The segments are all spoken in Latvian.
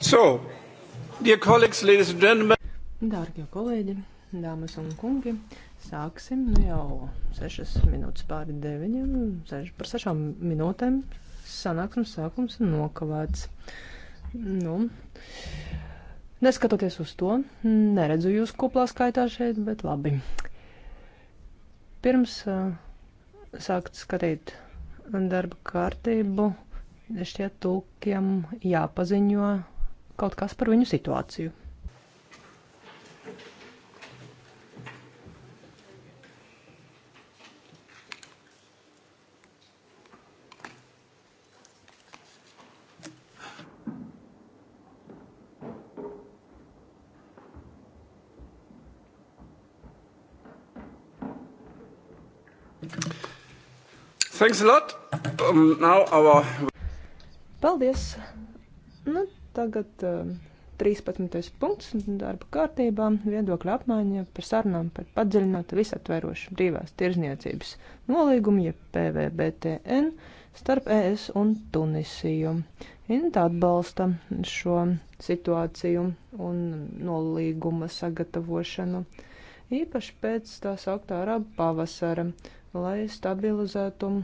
So, dear colleagues, ladies and gentlemen. Dārgie kolēģi, dāmas un kungi, sāksim nu jau 6 minūtes pāri 9, 6, par 6 minūtēm sanāksmes sākums ir nokavēts. Nu, neskatoties uz to, neredzu jūs kuplā skaitā šeit, bet labi. Pirms uh, sākt skatīt darba kārtību šķiet tulkiem jāpaziņo kaut kas par viņu situāciju. Thanks a lot. Um, now our Paldies! Nu, tagad uh, um, 13. punkts darba kārtībā - viedokļa apmaiņa par sarunām par padziļinātu visaptverošu brīvās tirzniecības nolīgumu, jeb PVBTN, starp ES un Tunisiju. Inta atbalsta šo situāciju un nolīguma sagatavošanu īpaši pēc tā sauktā arābu pavasara, lai stabilizētu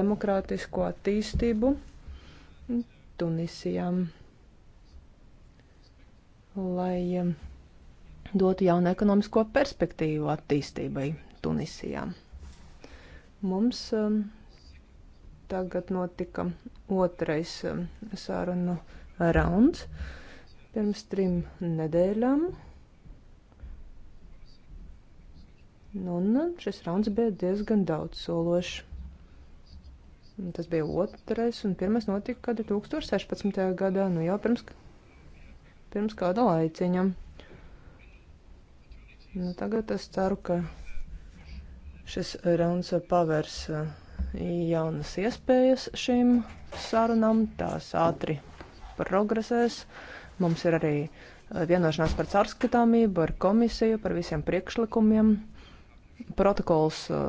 demokrātisko attīstību Tunisijā, lai um, dotu jaunu ekonomisko perspektīvu attīstībai Tunisijā. Mums um, tagad notika otrais um, sarunu rauns pirms trim nedēļām. Nu, un šis rauns bija diezgan daudz sološs. Tas bija otrais, un pirmais notika 2016. gadā, nu jau pirms, pirms kāda laiciņa. Nu, tagad es ceru, ka šis rauns pavērs uh, jaunas iespējas šīm sarunām, tās ātri progresēs. Mums ir arī uh, vienošanās par caurskatāmību, ar komisiju, par visiem priekšlikumiem. Protokols uh,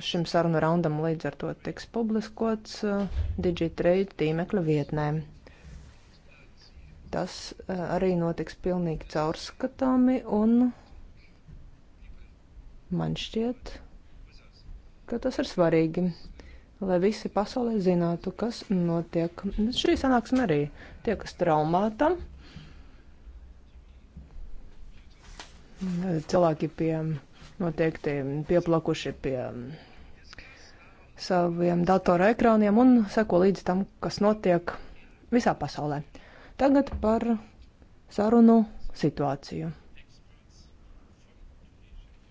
šim sarunu raundam līdz ar to tiks publiskots eh, Digitrade tīmekļa vietnē. Tas eh, arī notiks pilnīgi caurskatāmi un man šķiet, ka tas ir svarīgi, lai visi pasaulē zinātu, kas notiek. Šī sanāksme arī tie, kas traumāta. Cilvēki pie noteikti pieplakuši pie saviem datora ekrāniem un seko līdz tam, kas notiek visā pasaulē. Tagad par sarunu situāciju.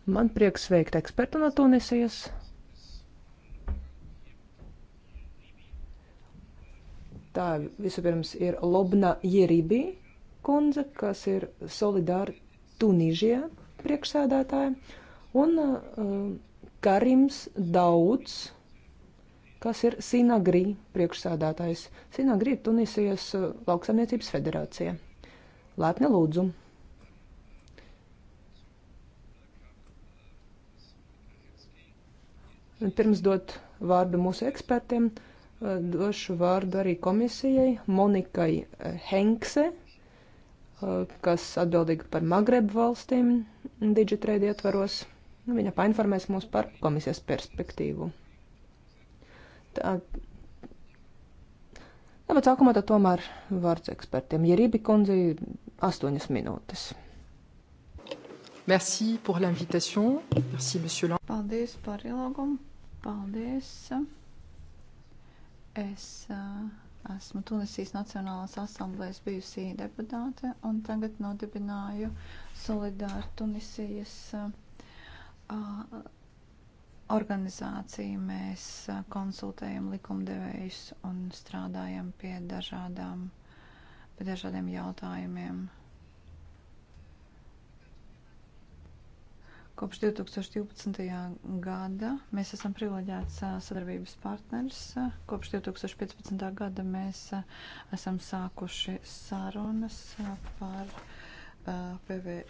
Man prieks sveikt ekspertu no Tunisijas. Tā vispirms ir Lobna Jeribī kundze, kas ir solidāra Tunīžie priekšsēdētāja Un uh, Karims Daudz, kas ir Sinagrī priekšsādātājs. Sinagrī ir Tunisijas uh, lauksaimniecības federācija. Lēpni lūdzu. Pirms dot vārdu mūsu ekspertiem, eh, došu vārdu arī komisijai Monikai Henkse, kas atbildīga par Magreb valstīm Digitrade ietvaros. Viņa painformēs mūs par komisijas perspektīvu. Tā, tāpēc sākumā tad tomēr vārds ekspertiem. Jerībi kundzi astoņas minūtes. Merci pour l'invitation. Merci, monsieur Lang. Paldies par ielūgumu. Paldies. Es uh, esmu Tunisijas Nacionālās asamblēs bijusī deputāte un tagad nodibināju Solidāru Tunisijas. Uh, organizāciju mēs konsultējam likumdevējus un strādājam pie, dažādām, pie dažādiem jautājumiem. Kopš 2012. gada mēs esam privileģēts sadarbības partners. Kopš 2015. gada mēs esam sākuši sarunas par PVE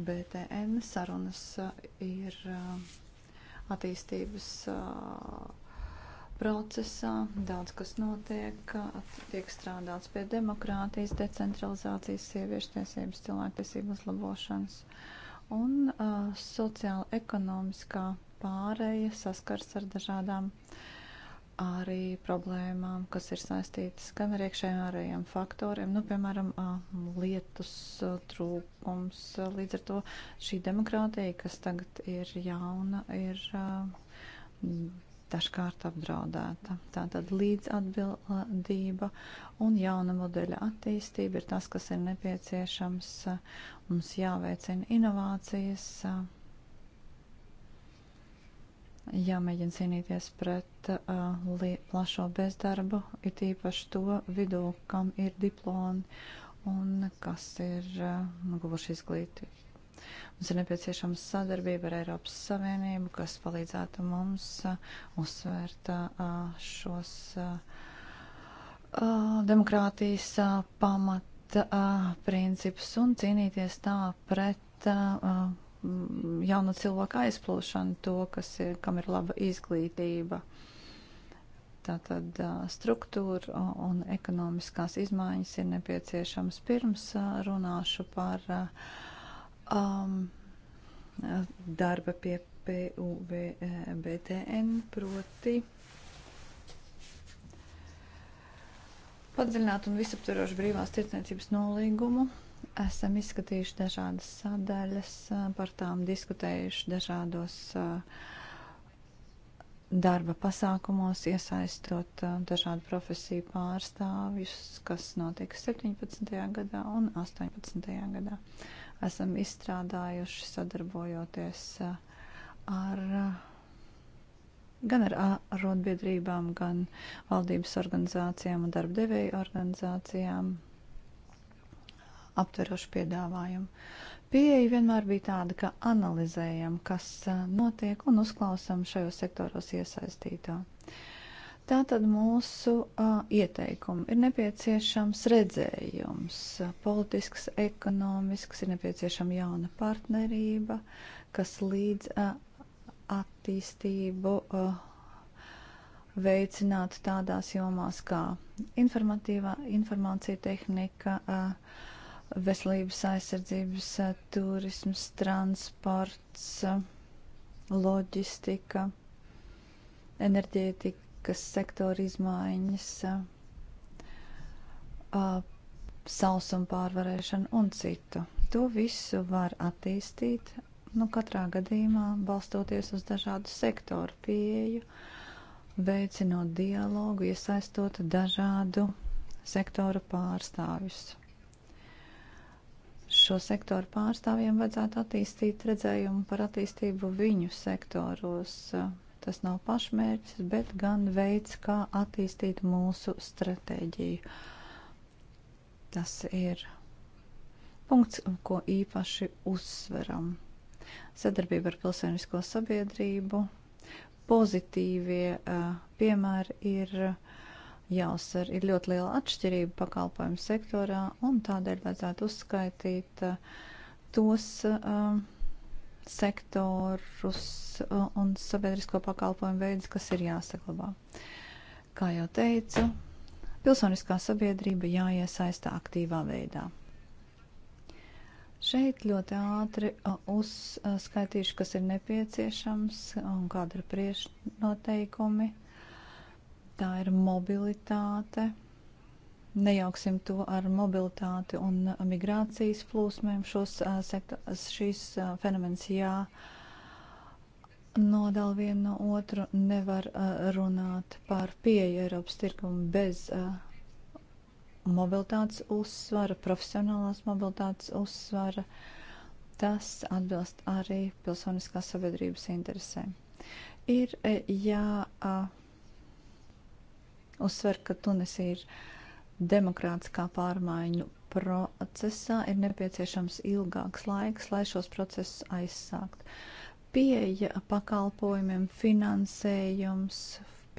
BTN sarunas uh, ir uh, attīstības uh, procesā, daudz kas notiek, tiek strādāts pie demokrātijas, decentralizācijas, sieviešu tiesības, cilvēktiesību uzlabošanas un sociāla ekonomiskā pārēja saskars ar dažādām uh, arī problēmām, kas ir saistītas gan ar iekšējiem ārējiem faktoriem, nu, piemēram, lietus trūkums. Līdz ar to šī demokrātija, kas tagad ir jauna, ir dažkārt apdraudēta. Tātad līdzatbildība un jauna modeļa attīstība ir tas, kas ir nepieciešams. Mums jāveicina inovācijas jāmēģina cīnīties pret uh, plašo bezdarbu, it īpaši to vidū, kam ir diplomi un kas ir uh, guvuši izglītību. Mums ir nepieciešama sadarbība ar Eiropas Savienību, kas palīdzētu mums uh, uzsvērt uh, šos uh, uh demokrātijas uh, pamata uh, principus un cīnīties tā pret. Uh, uh jaunu cilvēku aizplūšanu, to, kas ir, kam ir laba izglītība. Tātad struktūra un ekonomiskās izmaiņas ir nepieciešams pirms runāšu par um, darba pie PUVBTN e proti padziļināt un visaptverošu brīvās tirdzniecības nolīgumu esam izskatījuši dažādas sadaļas, par tām diskutējuši dažādos darba pasākumos, iesaistot dažādu profesiju pārstāvjus, kas notika 17. gadā un 18. gadā. Esam izstrādājuši sadarbojoties ar gan ar arotbiedrībām, gan valdības organizācijām un darbdevēju organizācijām aptverošu piedāvājumu. Pieeja vienmēr bija tāda, ka analizējam, kas eh, notiek un uzklausam šajos sektoros iesaistīto. Tātad mūsu uh, ieteikumi ir nepieciešams redzējums, politisks, ekonomisks, ir nepieciešama jauna partnerība, kas līdz uh, attīstību uh, veicinātu tādās jomās kā informatīvā informācija tehnika. Uh, veselības aizsardzības, turisms, transports, loģistika, enerģētikas sektora izmaiņas, sausuma pārvarēšana un citu. To visu var attīstīt, nu, katrā gadījumā balstoties uz dažādu sektoru pieeju, veicinot dialogu, iesaistot dažādu sektoru pārstāvjus šo sektoru pārstāvjiem vajadzētu attīstīt redzējumu par attīstību viņu sektoros. Tas nav pašmērķis, bet gan veids, kā attīstīt mūsu stratēģiju. Tas ir punkts, ko īpaši uzsveram. Sadarbība ar pilsēnisko sabiedrību, pozitīvie eh, piemēri ir jāuzsver, ir ļoti liela atšķirība pakalpojumu sektorā, un tādēļ vajadzētu uzskaitīt uh, tos uh, sektorus uh, un sabiedrisko pakalpojumu veidus, kas ir jāsaglabā. Kā jau teicu, pilsoniskā sabiedrība jāiesaista aktīvā veidā. Šeit ļoti ātri uh, uzskaitīšu, kas ir nepieciešams un kāda ir priešnoteikumi tā ir mobilitāte. Nejauksim to ar mobilitāti un migrācijas plūsmēm. Šos, šīs fenomens jā. Nodal vienu no otru nevar uh, runāt par pieeja Eiropas tirkumu bez uh, mobilitātes uzsvara, profesionālās mobilitātes uzsvara. Tas atbilst arī pilsoniskās sabiedrības interesēm. Ir uh, jā. Uh, uzsver, ka Tunisija ir demokrātiskā pārmaiņu procesā, ir nepieciešams ilgāks laiks, lai šos procesus aizsākt. Pieeja pakalpojumiem, finansējums,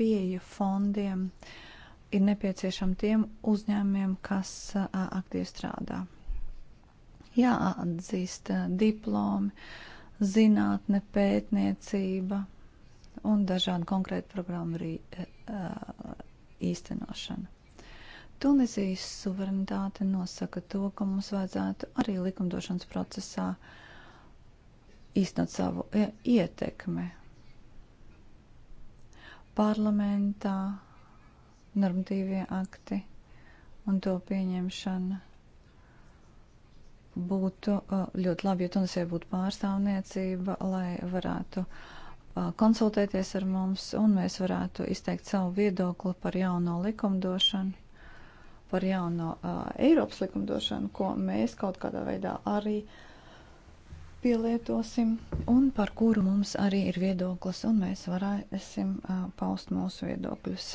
pieeja fondiem ir nepieciešama tiem uzņēmumiem, kas aktīvi strādā. Jāatzīst diplomi, zinātne, pētniecība un dažādi konkrēti programmu arī. Uh, īstenošana. Tunizijas suverenitāte nosaka to, ka mums vajadzētu arī likumdošanas procesā īstenot savu e, ietekmi. Parlamentā normatīvie akti un to pieņemšana būtu e, ļoti labi, ja Tunisijai būtu pārstāvniecība, lai varētu uh, konsultēties ar mums, un mēs varētu izteikt savu viedokli par jauno likumdošanu, par jauno uh, Eiropas likumdošanu, ko mēs kaut kādā veidā arī pielietosim, un par kuru mums arī ir viedoklis, un mēs varēsim uh, paust mūsu viedokļus.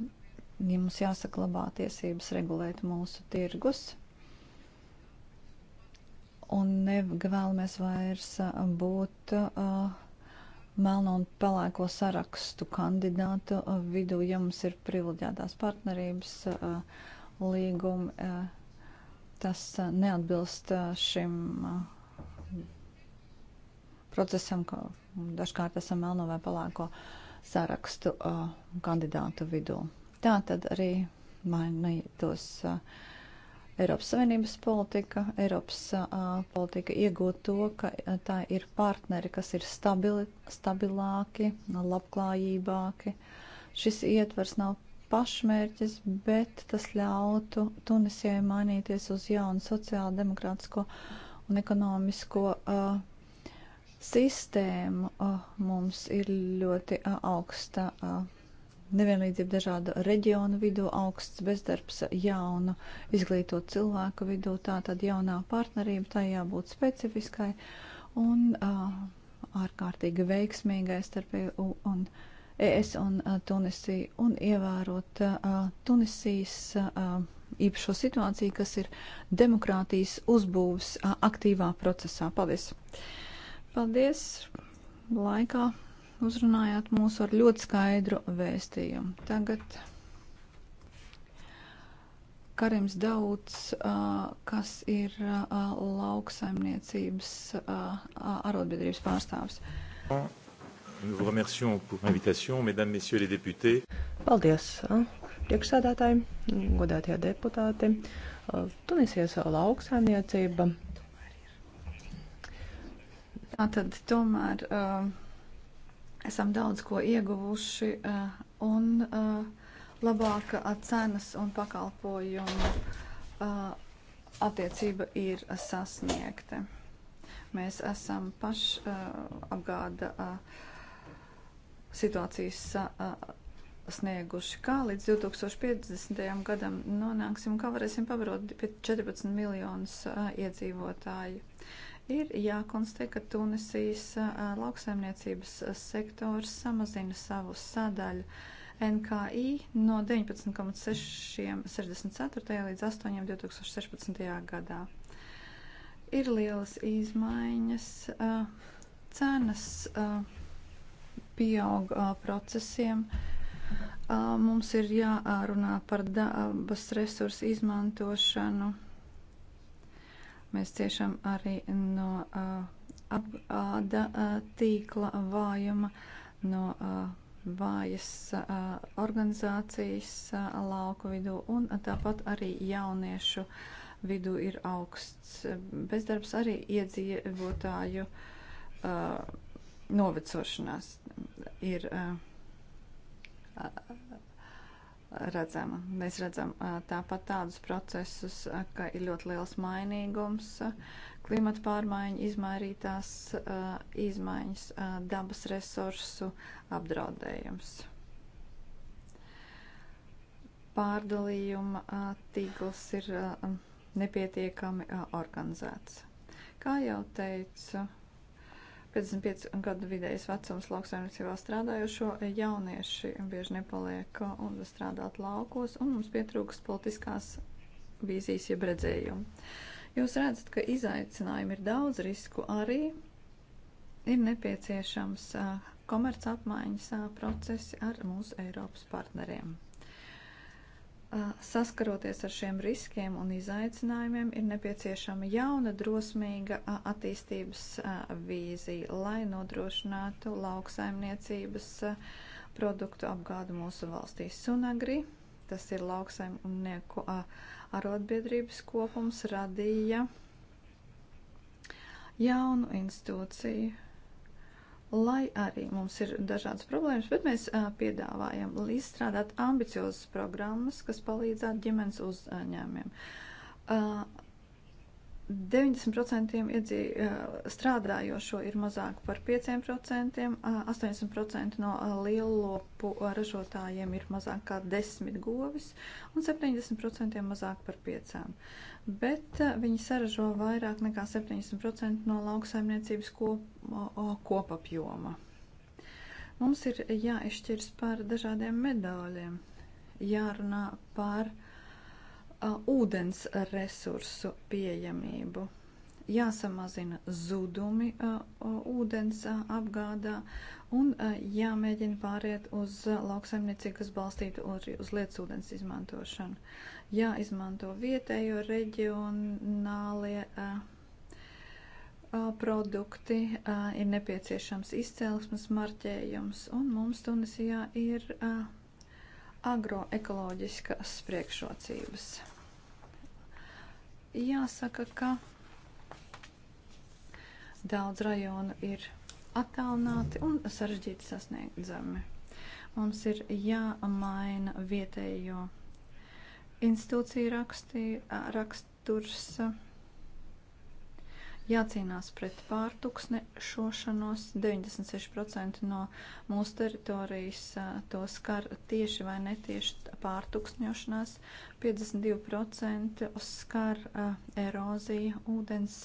Ja mums jāsaklabā tiesības regulēt mūsu tirgus, un nevēlamies vairs būt uh, melno un pelēko sarakstu kandidātu uh, vidū, ja mums ir privileģētās partnerības uh, līgumi. Uh, tas neatbilst šim procesam, ka dažkārt esam melno vai pelēko sarakstu kandidātu vidū. Tā tad arī mainītos. Uh, Eiropas Savienības politika. Eiropas uh, politika iegūt to, ka tā ir partneri, kas ir stabili, stabilāki, labklājībāki. Šis ietvers nav pašmērķis, bet tas ļautu Tunisijai mainīties uz jaunu sociāli demokrātisko un ekonomisko uh, sistēmu. Uh, mums ir ļoti uh, augsta. Uh, nevienlīdzība dažādu reģionu vidū, augsts bezdarbs jaunu izglītot cilvēku vidū, tā tad jaunā partnerība tā jābūt specifiskai un uh, ārkārtīgi veiksmīgai starp EU un ES un uh, Tunisiju un ievērot uh, Tunisijas uh, īpašo situāciju, kas ir demokrātijas uzbūves uh, aktīvā procesā. Paldies! Paldies! Laikā uzrunājāt mūs ar ļoti skaidru vēstījumu. Tagad Karims Daudz, kas ir lauksaimniecības arotbiedrības pārstāvs. Paldies priekšsēdētāji, godātie deputāti. Tunisijas lauksaimniecība. Tātad tomēr. Uh, esam daudz ko ieguvuši eh, un eh, labāka cenas un pakalpojumu eh, attiecība ir sasniegta. Mēs esam pašapgāda situācijas sasnieguši. Kā līdz 2050. gadam nonāksim, kā varēsim pavarot 14 miljonus iedzīvotāju. Ir jākonstatē, ka Tunisijas lauksaimniecības sektors samazina savu sadaļu NKI no 19,64 līdz 8 2016. gadā. Ir lielas izmaiņas, cenas pieaug procesiem, mums ir jārunā par dabas resursu izmantošanu Mēs ciešam arī no apgāda tīkla vājuma, no vājas organizācijas lauku vidū un tāpat arī jauniešu vidū ir augsts bezdarbs arī iedzīvotāju novecošanās ir redzama. Mēs redzam tāpat tādus procesus, ka ir ļoti liels mainīgums, klimata pārmaiņa, izmairītās izmaiņas, dabas resursu apdraudējums. Pārdalījuma tīkls ir nepietiekami organizēts. Kā jau teicu, 55 gadu vidējais vecums lauksaimniecībā strādājošo jaunieši bieži nepaliek uh, un strādāt laukos, un mums pietrūkst politiskās vīzijas jeb redzējumu. Jūs redzat, ka izaicinājumi ir daudz, risku arī ir nepieciešams uh, komerc apmaiņas uh, procesi ar mūsu Eiropas partneriem. Saskaroties ar šiem riskiem un izaicinājumiem, ir nepieciešama jauna, drosmīga attīstības vīzija, lai nodrošinātu lauksaimniecības produktu apgādu mūsu valstī Sunagri. Tas ir lauksaimnieku arotbiedrības kopums radīja jaunu institūciju Lai arī mums ir dažādas problēmas, bet mēs a, piedāvājam izstrādāt ambiciozas programmas, kas palīdzētu ģimenes uzņēmiem. A, 90% iedzī, eh, strādājošo ir mazāk par 5%, 80% no eh, lielopu ražotājiem ir mazāk kā 10 govis un 70% mazāk par 5. Bet eh, viņi saražo vairāk nekā 70% no lauksaimniecības kop, kopapjoma. Mums ir jāizšķirs par dažādiem medaļiem, jārunā par uh, Uh, ūdens resursu pieejamību. Jāsamazina zudumi uh, uh, ūdens apgādā un jāmēģina pāriet uz lauksaimniecību, kas balstītu uz lietas ūdens izmantošanu. Jāizmanto vietējo reģionālie produkti, ir nepieciešams izcelsmes marķējums, un mums Tunisijā ir agroekoloģiskas priekšrocības. Jāsaka, ka daudz rajonu ir attālināti un sarežģīti sasniegzami. Mums ir jāmaina vietējo institūciju rakstī, raksturs. Uh, jācīnās pret pārtuksnešošanos. 96% no mūsu teritorijas to skar tieši vai netieši pārtuksņošanās, 52% skar erozija ūdens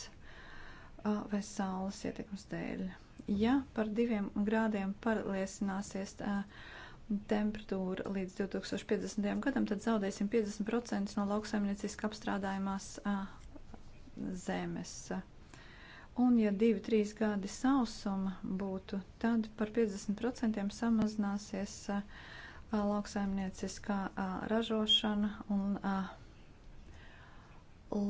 vai saules ietekmes dēļ. Ja par diviem grādiem paliesināsies temperatūra līdz 2050. gadam, tad zaudēsim 50% no lauksaimnieciski apstrādājumās zemes. Un, ja 2-3 gadi sausuma būtu, tad par 50% samazināsies a, lauksaimnieciskā a, ražošana un a,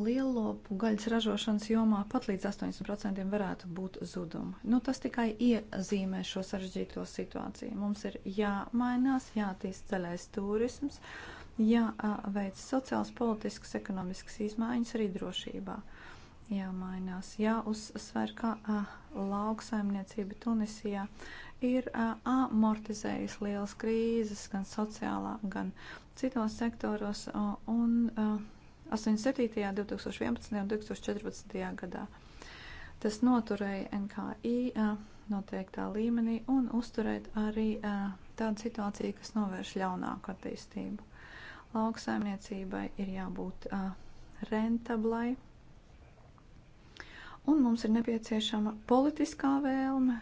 lielopu gaļas ražošanas jomā pat līdz 80% varētu būt zudumi. Nu, tas tikai iezīmē šo sarežģīto situāciju. Mums ir jāmainās, jātīst ceļais turisms, jāveic sociāls, politisks, ekonomisks izmaiņas arī drošībā jāmainās. Jāuzsver, ka uh, lauksaimniecība Tunisijā ir uh, amortizējusi lielas krīzes gan sociālā, gan citos sektoros uh, un uh, 87., 2011. un 2014. gadā. Tas noturēja NKI uh, noteiktā līmenī un uzturēt arī uh, tādu situāciju, kas novērš ļaunāku attīstību. Lauksaimniecībai ir jābūt uh, rentablai Un mums ir nepieciešama politiskā vēlme,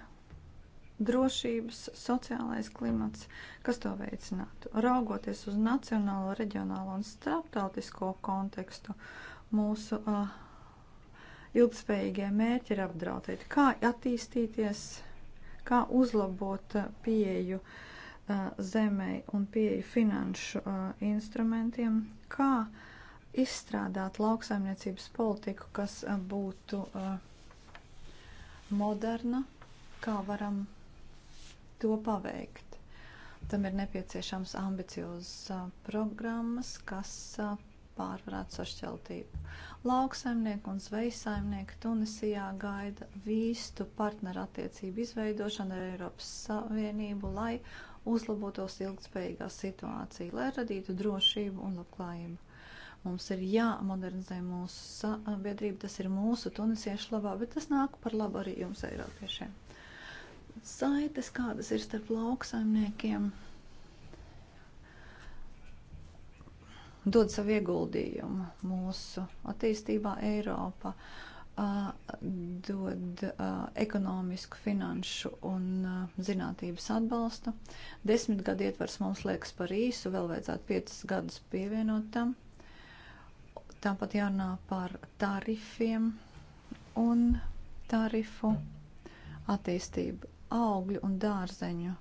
drošības, sociālais klimats, kas to veicinātu. Raugoties uz nacionālo, reģionālo un starptautisko kontekstu, mūsu uh, ilgspējīgie mērķi ir apdraudēti. Kā attīstīties, kā uzlabot ah, pieeju uh, ah, zemē un pieeju finanšu uh, instrumentiem, kā uh, izstrādāt lauksaimniecības politiku, kas eh, būtu eh, moderna, kā varam to paveikt. Tam ir nepieciešams ambiciozas eh, programmas, kas pārvarētu sašķeltību. Lauksaimnieku un zvejsaimnieku Tunisijā gaida vīstu partneru attiecību izveidošanu ar Eiropas Savienību, lai uzlabotos ilgspējīgā situācija, lai radītu drošību un labklājību. Mums ir jāmodernizē mūsu sabiedrība, tas ir mūsu tunisiešu labā, bet tas nāk par labu arī jums, Eiropiešiem. Saites, kādas ir starp lauksaimniekiem, dod savu ieguldījumu mūsu attīstībā Eiropā, dod ekonomisku, finanšu un zinātības atbalstu. Desmit gadu ietvars mums liekas par īsu, vēl vajadzētu piecas gadus pievienot tam. Tāpat jārunā par tarifiem un tarifu attīstību. Augļu un dārzeņu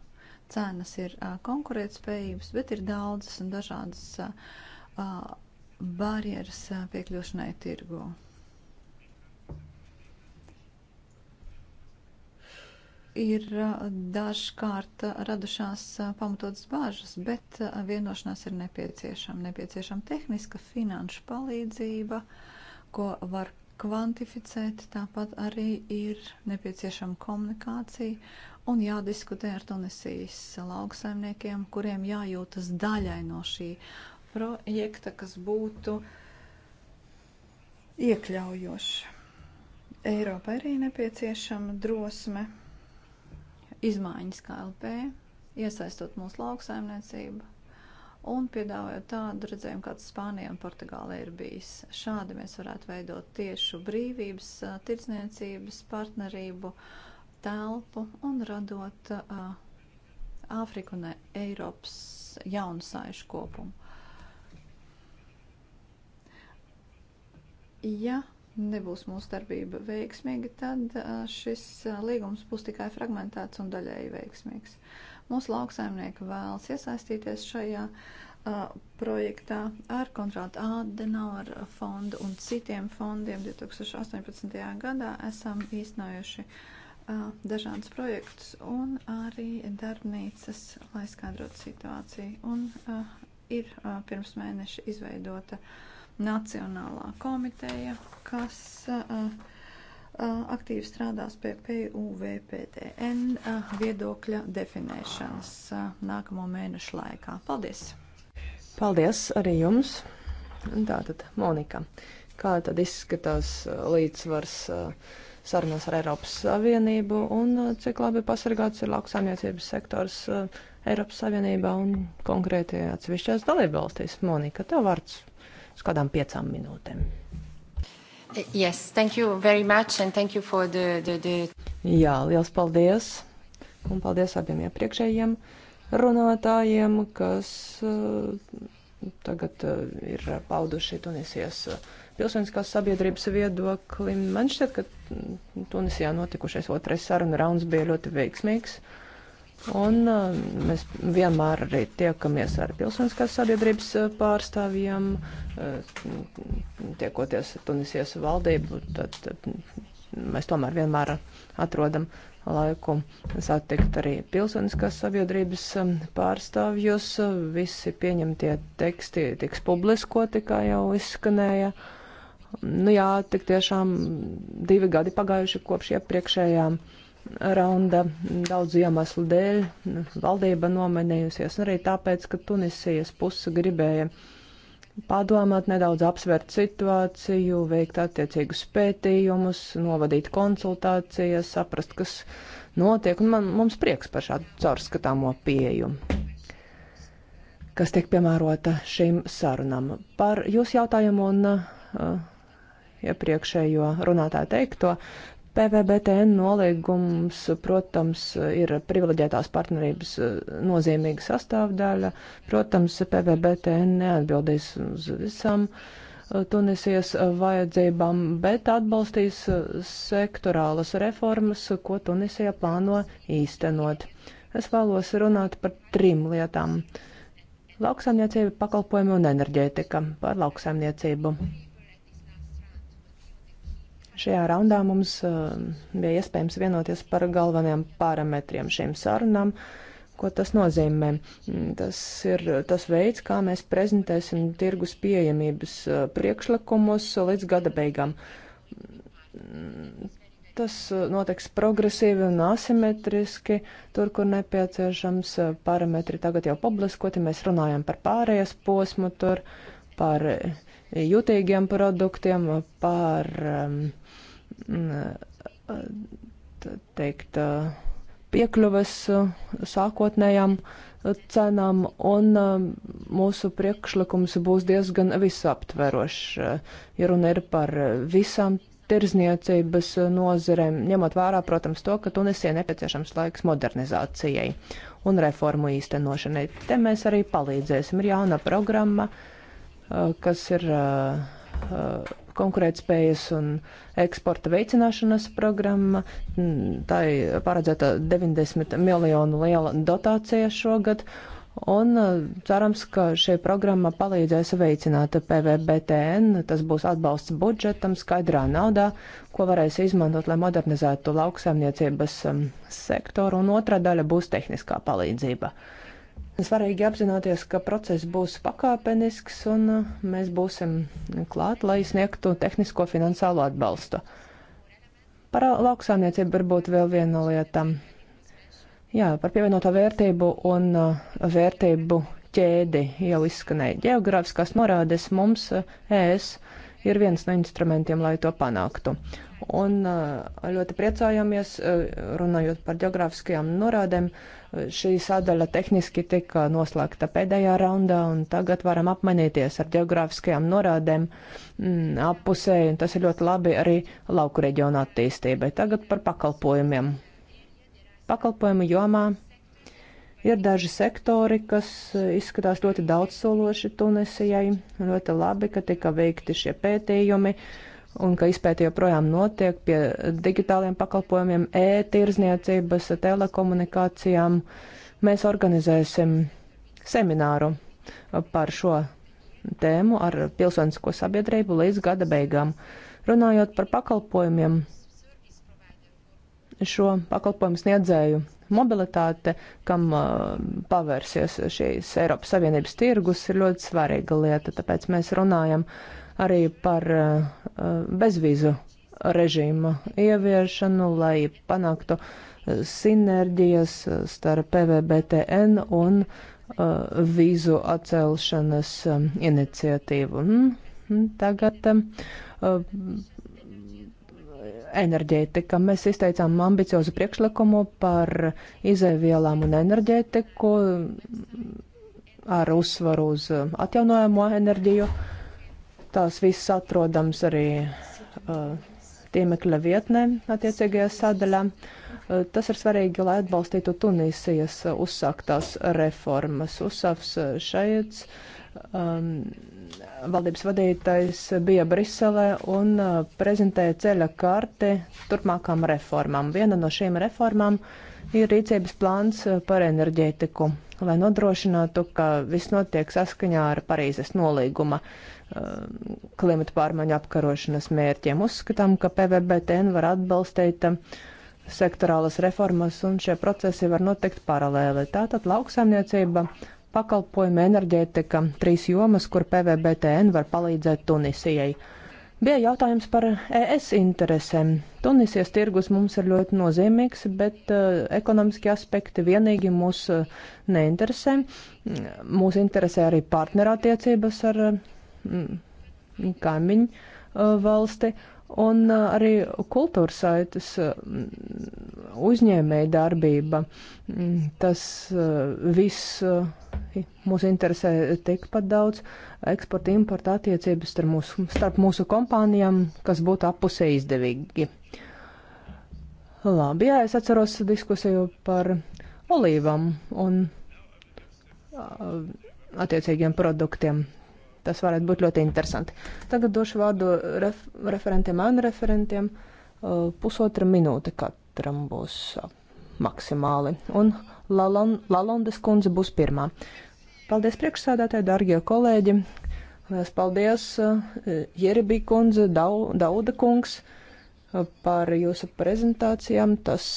cenas ir konkurētspējības, bet ir daudzas un dažādas barjeras piekļūšanai tirgū. ir dažkārt radušās pamatotas bāžas, bet vienošanās ir nepieciešama. Nepieciešama tehniska finanšu palīdzība, ko var kvantificēt, tāpat arī ir nepieciešama komunikācija un jādiskutē ar Tunisijas lauksaimniekiem, kuriem jājūtas daļai no šī projekta, kas būtu iekļaujoši. Eiropai arī nepieciešama drosme izmaiņas KLP, iesaistot mūsu lauksaimniecību un piedāvājot tādu redzējumu, kāds Spānijā un Portugālē ir bijis. Šādi mēs varētu veidot tiešu brīvības, tirdzniecības, partnerību telpu un radot Āfriku un Eiropas jaunu saišu kopumu. Ja nebūs mūsu darbība veiksmīga, tad šis līgums būs tikai fragmentēts un daļēji veiksmīgs. Mūsu lauksaimnieki vēlas iesaistīties šajā uh, projektā ar kontrātu Adenauer fondu un citiem fondiem. 2018. gadā esam īstenojuši uh, dažādus projektus un arī darbnīcas, lai skaidrotu situāciju. Un uh, ir pirms mēneša izveidota uh, Nacionālā komiteja, kas uh, uh aktīvi strādās pie PUVPTN uh, viedokļa definēšanas uh, nākamo mēnešu laikā. Paldies! Paldies arī jums! Tātad, Monika, kā tad izskatās līdzsvars sarunās ar Eiropas Savienību un cik labi pasargāts ir lauksaimniecības sektors Eiropas Savienībā un konkrēti atsevišķās dalībvalstīs? Monika, tev vārds! uz kādām piecām minūtēm. Yes, thank you very much and thank you for the, the, the... Jā, liels paldies. Un paldies abiem iepriekšējiem runātājiem, kas uh, tagad uh, ir pauduši Tunisijas uh, pilsoniskās sabiedrības viedokli. Man šķiet, ka mm, Tunisijā notikušais otrais saruna rauns bija ļoti veiksmīgs. Uh, Un uh, mēs vienmēr arī tiekamies ar pilsoniskās sabiedrības uh, pārstāvjiem, uh, tiekoties Tunisijas valdību, tad mēs tomēr vienmēr atrodam laiku satikt arī pilsoniskās sabiedrības um, pārstāvjus. Visi pieņemtie teksti tiks publiskoti, kā jau izskanēja. Nu jā, tik tiešām divi gadi pagājuši kopš iepriekšējām. Ja raunda daudzu iemeslu dēļ. Valdība nomenējusies arī tāpēc, ka Tunisijas puse gribēja padomāt, nedaudz apsvērt situāciju, veikt attiecīgus pētījumus, novadīt konsultācijas, saprast, kas notiek. Un man, mums prieks par šādu caurskatāmo pieju, kas tiek piemērota šīm sarunam. Par jūsu jautājumu un uh, iepriekšējo runātāju teikto, PVBTN noliegums, protams, ir privileģētās partnerības eh, nozīmīga sastāvdaļa. Protams, PVBTN neatbildīs uz visām eh, Tunisijas eh, vajadzībām, bet atbalstīs sektorālas reformas, ko Tunisija plāno īstenot. Es vēlos runāt par trim lietām - lauksaimniecība, pakalpojumi un enerģētika par lauksaimniecību. Mm. Šajā raundā mums uh, bija iespējams vienoties par galvenajiem parametriem šīm sarunām. Ko tas nozīmē? Mm, tas ir tas veids, kā mēs prezentēsim tirgus pieejamības uh, priekšlikumus līdz gada beigām. Mm, tas uh, notiks progresīvi un asimetriski, tur, kur nepieciešams parametri tagad jau publiskoti, mēs runājam par pārējais posmu tur, par jutīgiem produktiem, par um, teikt, piekļuves sākotnējām cenām, un um, mūsu priekšlikums būs diezgan visaptverošs, ja runa ir par visām tirzniecības nozerēm, ņemot vērā, protams, to, ka Tunisijai nepieciešams laiks modernizācijai un reformu īstenošanai. Te mēs arī palīdzēsim. Ir jauna programma, uh, kas ir uh, uh, konkurētspējas un eksporta veicināšanas programma. Mm, Tā ir paredzēta 90 miljonu liela dotācija šogad. Un uh, cerams, ka šī programma palīdzēs veicināt PVBTN, tas būs atbalsts budžetam skaidrā naudā, ko varēs izmantot, lai modernizētu lauksaimniecības um, sektoru, un otra daļa būs tehniskā palīdzība. Uh, Svarīgi apzināties, ka process būs pakāpenisks un uh, mēs būsim klāt, lai sniegtu tehnisko finansālo atbalstu. Par lauksāniecību varbūt vēl viena lieta. Jā, par pievienoto vērtību un uh, vērtību ķēdi jau izskanēja. Geogrāfiskās norādes mums uh, ES ir viens no instrumentiem, lai to panāktu. Uh, un eh, ļoti priecājamies, eh, runājot par geogrāfiskajām norādēm, eh, šī sadala tehniski tika noslēgta pēdējā raundā, un tagad varam apmainīties ar geogrāfiskajām norādēm mm, appusē, un tas ir ļoti labi arī lauku reģionu attīstībai. Tagad par pakalpojumiem. Pakalpojumu jomā ir daži sektori, kas izskatās ļoti daudzsološi Tunisijai, ļoti labi, ka tika veikti šie pētījumi. Uh, un ka izpēta joprojām notiek pie digitāliem pakalpojumiem, e-tirzniecības, telekomunikācijām. Mēs organizēsim semināru par šo tēmu ar pilsonisko sabiedrību līdz gada beigām. Runājot par pakalpojumiem, šo pakalpojumu sniedzēju mobilitāte, kam uh, pavērsies šīs Eiropas Savienības tirgus, ir ļoti svarīga lieta. Tāpēc mēs runājam arī par uh, uh, bezvīzu režīmu ieviešanu, lai panāktu uh, sinerģijas starp PVBTN un vīzu atcelšanas um, iniciatīvu. Mm, mm, tagad um, enerģētika. Mēs izteicām ambiciozu priekšlikumu par izēvielām un enerģētiku um, ar uzsvaru uz atjaunojamo enerģiju. Uh, Tās visas atrodams arī uh, tiemekļa vietnē attiecīgajā sadaļā. Uh, tas ir svarīgi, lai atbalstītu Tunīsijas uzsāktās reformas. Usavs šeit um, valdības vadītājs bija Briselē un uh, prezentēja ceļa karti turpmākām reformām. Viena no šīm reformām ir rīcības plāns par enerģētiku lai nodrošinātu, ka viss notiek saskaņā ar Parīzes nolīguma eh, klimata pārmaiņu apkarošanas mērķiem. Uzskatām, ka PVBTN var atbalstīt eh, sektorālas reformas un šie procesi var notikt paralēli. Tātad lauksaimniecība, pakalpojuma enerģētika, trīs jomas, kur PVBTN var palīdzēt Tunisijai. Bija jautājums par ES interesēm. Tunisijas tirgus mums ir ļoti nozīmīgs, bet uh, ekonomiski aspekti vienīgi mūs uh, neinteresē. Mūs interesē arī partnerattiecības ar uh, kaimiņu uh, valsti. Uh, un uh, arī kultūras saites uh, uzņēmēja darbība. Mm, tas uh, viss mūs interesē tikpat daudz eksporta, importa attiecības starp mūsu, starp mūsu kompānijām, kas būtu apusē izdevīgi. Labi, jā, es atceros diskusiju par olīvām un attiecīgiem produktiem. Tas varētu būt ļoti interesanti. Tagad došu vārdu ref referentiem, ānu referentiem. Uh, pusotra minūte katram būs uh, maksimāli. Un Lalondes Lalon kundze būs pirmā. Paldies priekšsādātāji, dargie kolēģi. Mēs paldies uh, Jeribī kundze, Dau, Dauda kungs par jūsu prezentācijām. Tas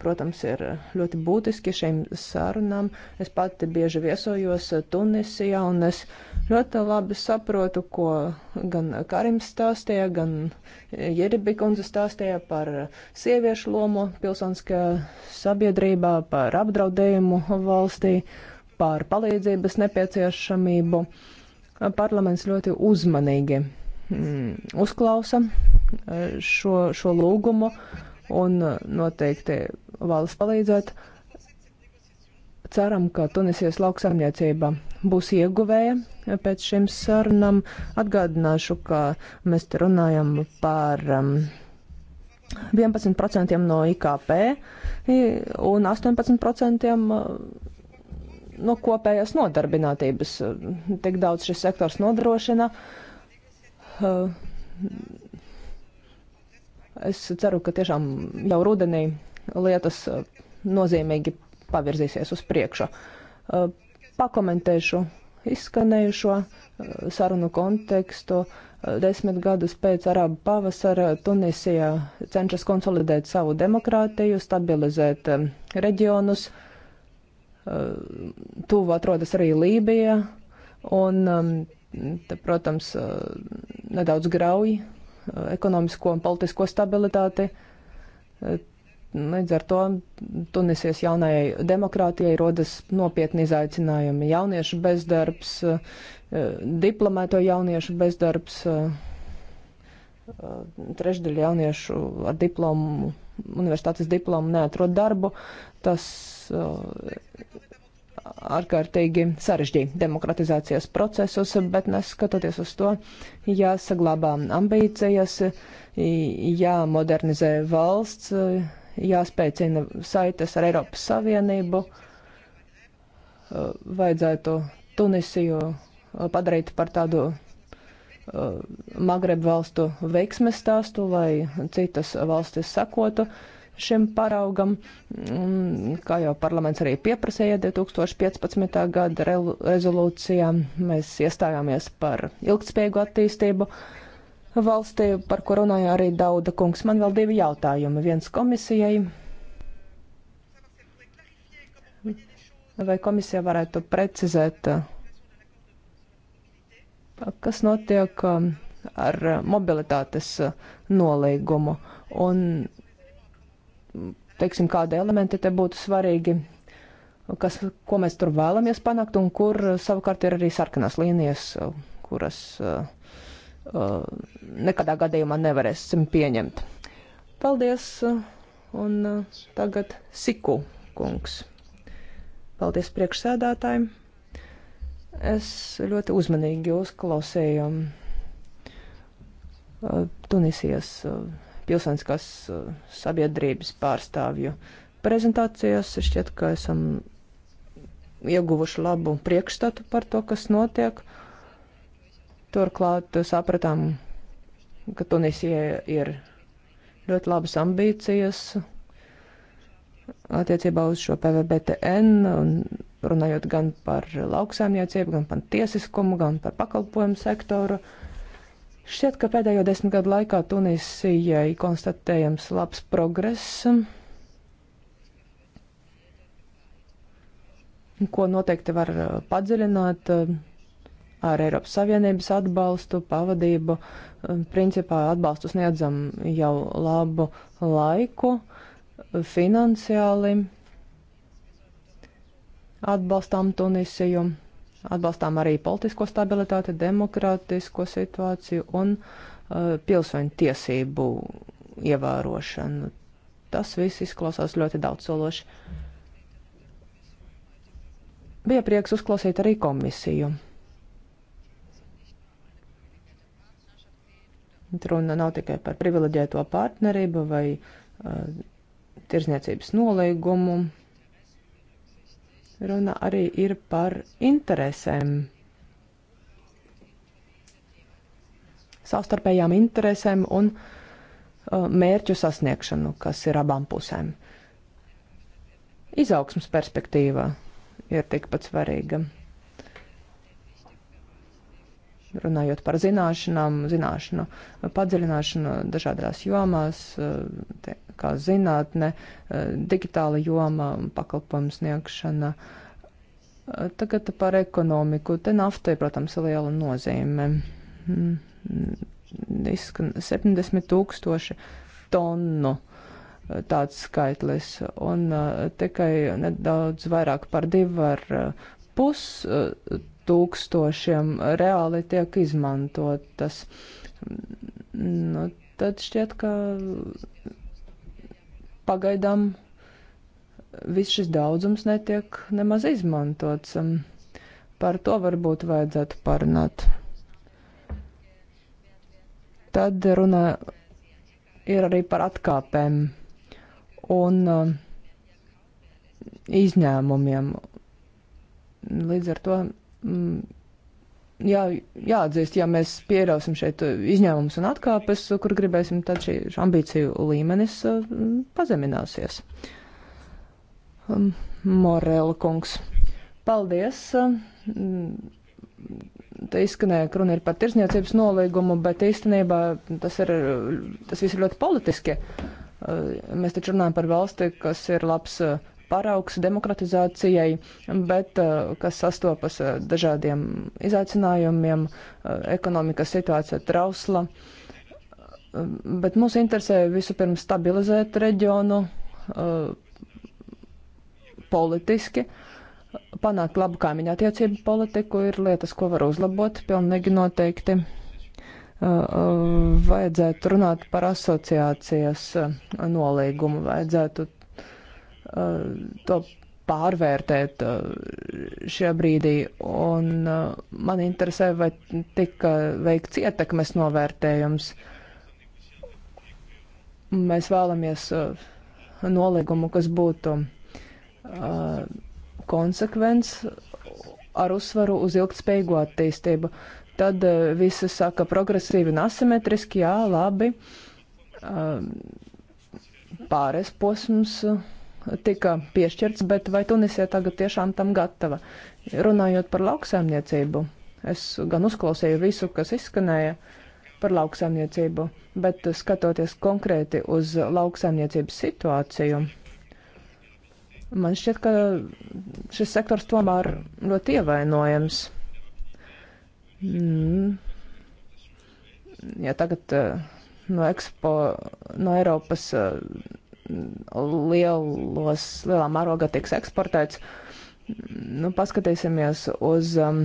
protams, ir ļoti būtiski šīm sarunām. Es pati bieži viesojos Tunisijā, un es ļoti labi saprotu, ko gan Karims stāstīja, gan Jeribikundze stāstīja par sieviešu lomu pilsoniskajā sabiedrībā, par apdraudējumu valstī, par palīdzības nepieciešamību. Parlaments ļoti uzmanīgi mm, uzklausa eh, šo, šo lūgumu. Uh, un uh, noteikti valsts palīdzēt. Ceram, ka Tunisijas lauksaimniecība būs ieguvēja pēc šīm sarunām. Atgādināšu, ka mēs te runājam par um, 11% no IKP un 18% uh, no kopējās nodarbinātības. Tik daudz šis sektors nodrošina. Uh, Es ceru, ka tiešām jau rudenī lietas uh, nozīmīgi pavirzīsies uz priekšu. Uh, pakomentēšu izskanējušo uh, sarunu kontekstu. Desmit gadus pēc Arabu pavasara Tunisija cenšas konsolidēt savu demokrātiju, stabilizēt um, reģionus. Tuvu atrodas arī Lībija, un, um, te, protams, nedaudz grauji ekonomisko un politisko stabilitāti. Līdz ar to Tunisijas jaunajai demokrātijai rodas nopietni izaicinājumi. Jauniešu bezdarbs, diplomēto jauniešu bezdarbs, trešdaļa jauniešu ar diplomu, universitātes diplomu neatrod darbu. Tas ārkārtīgi sarežģīja demokratizācijas procesus, bet neskatoties uz to, jāsaglabā ambīcijas, jāmodernizē valsts, jāspēcina saites ar Eiropas Savienību, vajadzētu Tunisiju padarīt par tādu uh, Magreb valstu veiksmes stāstu, lai citas valstis sakotu. Uh, šim paraugam, kā jau parlaments arī pieprasīja 2015. gada rezolūcijā. Mēs iestājāmies par ilgspējīgu attīstību valstī, par ko runāja arī Dauda kungs. Man vēl divi jautājumi. Viens komisijai. Vai komisija varētu precizēt, kas notiek um, ar mobilitātes uh, nolīgumu un teiksim, kādi elementi te būtu svarīgi, kas, ko mēs tur vēlamies panākt, un kur eh, savukārt ir arī sarkanās līnijas, eh, kuras eh, nekadā gadījumā nevarēsim pieņemt. Paldies, un tagad Siku kungs. Paldies priekšsēdātājiem. Es ļoti uzmanīgi uzklausīju Tunisijas pilsoniskās eh, sabiedrības pārstāvju prezentācijas. Šķiet, ka esam ieguvuši labu priekšstatu par to, kas notiek. Turklāt eh, sapratām, ka Tunisija ir ļoti labas ambīcijas attiecībā uz šo PVBTN, runājot gan par lauksēmniecību, gan par tiesiskumu, gan par pakalpojumu sektoru. Uh, Šķiet, ka pēdējo desmit gadu laikā Tunisijai konstatējams labs progress, ko noteikti var uh, padziļināt uh, ar Eiropas Savienības atbalstu, pavadību. Um, principā atbalstus neatzam jau labu laiku finansiāli atbalstām Tunisiju. Atbalstām arī politisko stabilitāti, demokrātisko situāciju un uh, pilsoņu tiesību ievērošanu. Tas viss izklausās ļoti daudzsološi. Bija prieks uzklausīt arī komisiju. Runa nav tikai par privileģēto partnerību vai uh, tirzniecības nolīgumu Runa arī ir par interesēm. Savstarpējām interesēm un uh, mērķu sasniegšanu, kas ir abām pusēm. Izaugsmas perspektīva ir tikpat svarīga runājot par zināšanām, zināšanu padziļināšanu dažādās jomās, te, kā zinātne, digitāla joma, pakalpojumu sniegšana. Tagad par ekonomiku. Te naftai, protams, ir liela nozīme. Mm, izskan 70 tūkstoši tonu tāds skaitlis, un uh, tikai nedaudz vairāk par divu ar uh, pus uh, tūkstošiem reāli tiek izmantotas. Nu, tad šķiet, ka pagaidām viss šis daudzums netiek nemaz izmantots. Um, par to varbūt vajadzētu parunāt. Tad runa ir arī par atkāpēm un uh, izņēmumiem. Līdz ar to Mm, jā, jāatzīst, ja mēs pieļausim šeit uh, izņēmumus un atkāpes, uh, kur gribēsim, tad šī ambīciju līmenis uh, mm, pazemināsies. Um, Morēla kungs. Paldies! Mm, te izskanēja, ka runa ir par tirsniecības nolīgumu, bet īstenībā tas, ir, tas viss ir ļoti politiski. Mēs taču runājam par valsti, kas ir labs paraugs demokratizācijai, bet uh, kas sastopas uh, dažādiem izaicinājumiem, uh, ekonomikas situācija trausla. Bet mūs interesē vispirms stabilizēt reģionu politiski, panākt labu kaimiņu attiecību politiku ir lietas, ko var uzlabot pilnīgi noteikti vajadzētu runāt par asociācijas nolīgumu, vajadzētu Eh, to pārvērtēt eh, šajā brīdī. Un eh, man interesē, vai tika veikts ietekmes novērtējums. Mēs vēlamies nolīgumu, kas būtu konsekvents ar uzsvaru uz ilgtspējīgu attīstību. Tad visi saka progresīvi un asimetriski, jā, labi. Pāris posms. Uh, tika piešķirts, bet vai Tunisija tagad tiešām tam gatava? Runājot par lauksēmniecību, es gan uzklausīju visu, kas izskanēja par lauksēmniecību, bet skatoties konkrēti uz lauksēmniecības situāciju, man šķiet, ka šis sektors tomēr ļoti ievainojams. Mm. Ja tagad eh, no, ekspo, no Eiropas eh, lielos, lielā mērogā tiks eksportēts. Nu, paskatīsimies uz um,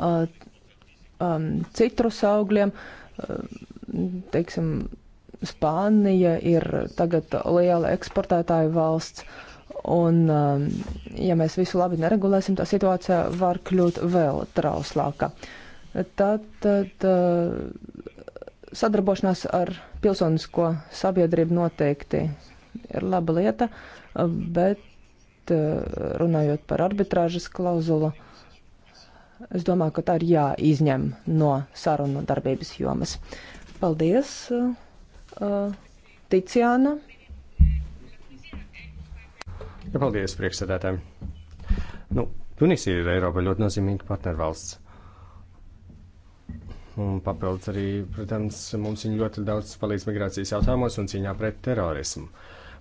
um, citrus augļiem. Teiksim, Spānija ir tagad liela eksportētāja valsts. Un, um, ja mēs visu labi neregulēsim, tā situācija var kļūt vēl trauslāka. Tad, tad Sadarbošanās ar pilsonisko sabiedrību noteikti ir laba lieta, bet eh, runājot par arbitrāžas klauzulu, es domāju, ka tā ir jāizņem no sarunu darbības jomas. Paldies, eh, Ticiāna. Ja, paldies, priekšsēdētājiem. Nu, Tunisija ir Eiropa ļoti nozīmīga partnervalsts. Un papildus arī, protams, mums viņi ļoti daudz palīdz migrācijas jautājumos un cīņā pret terorismu.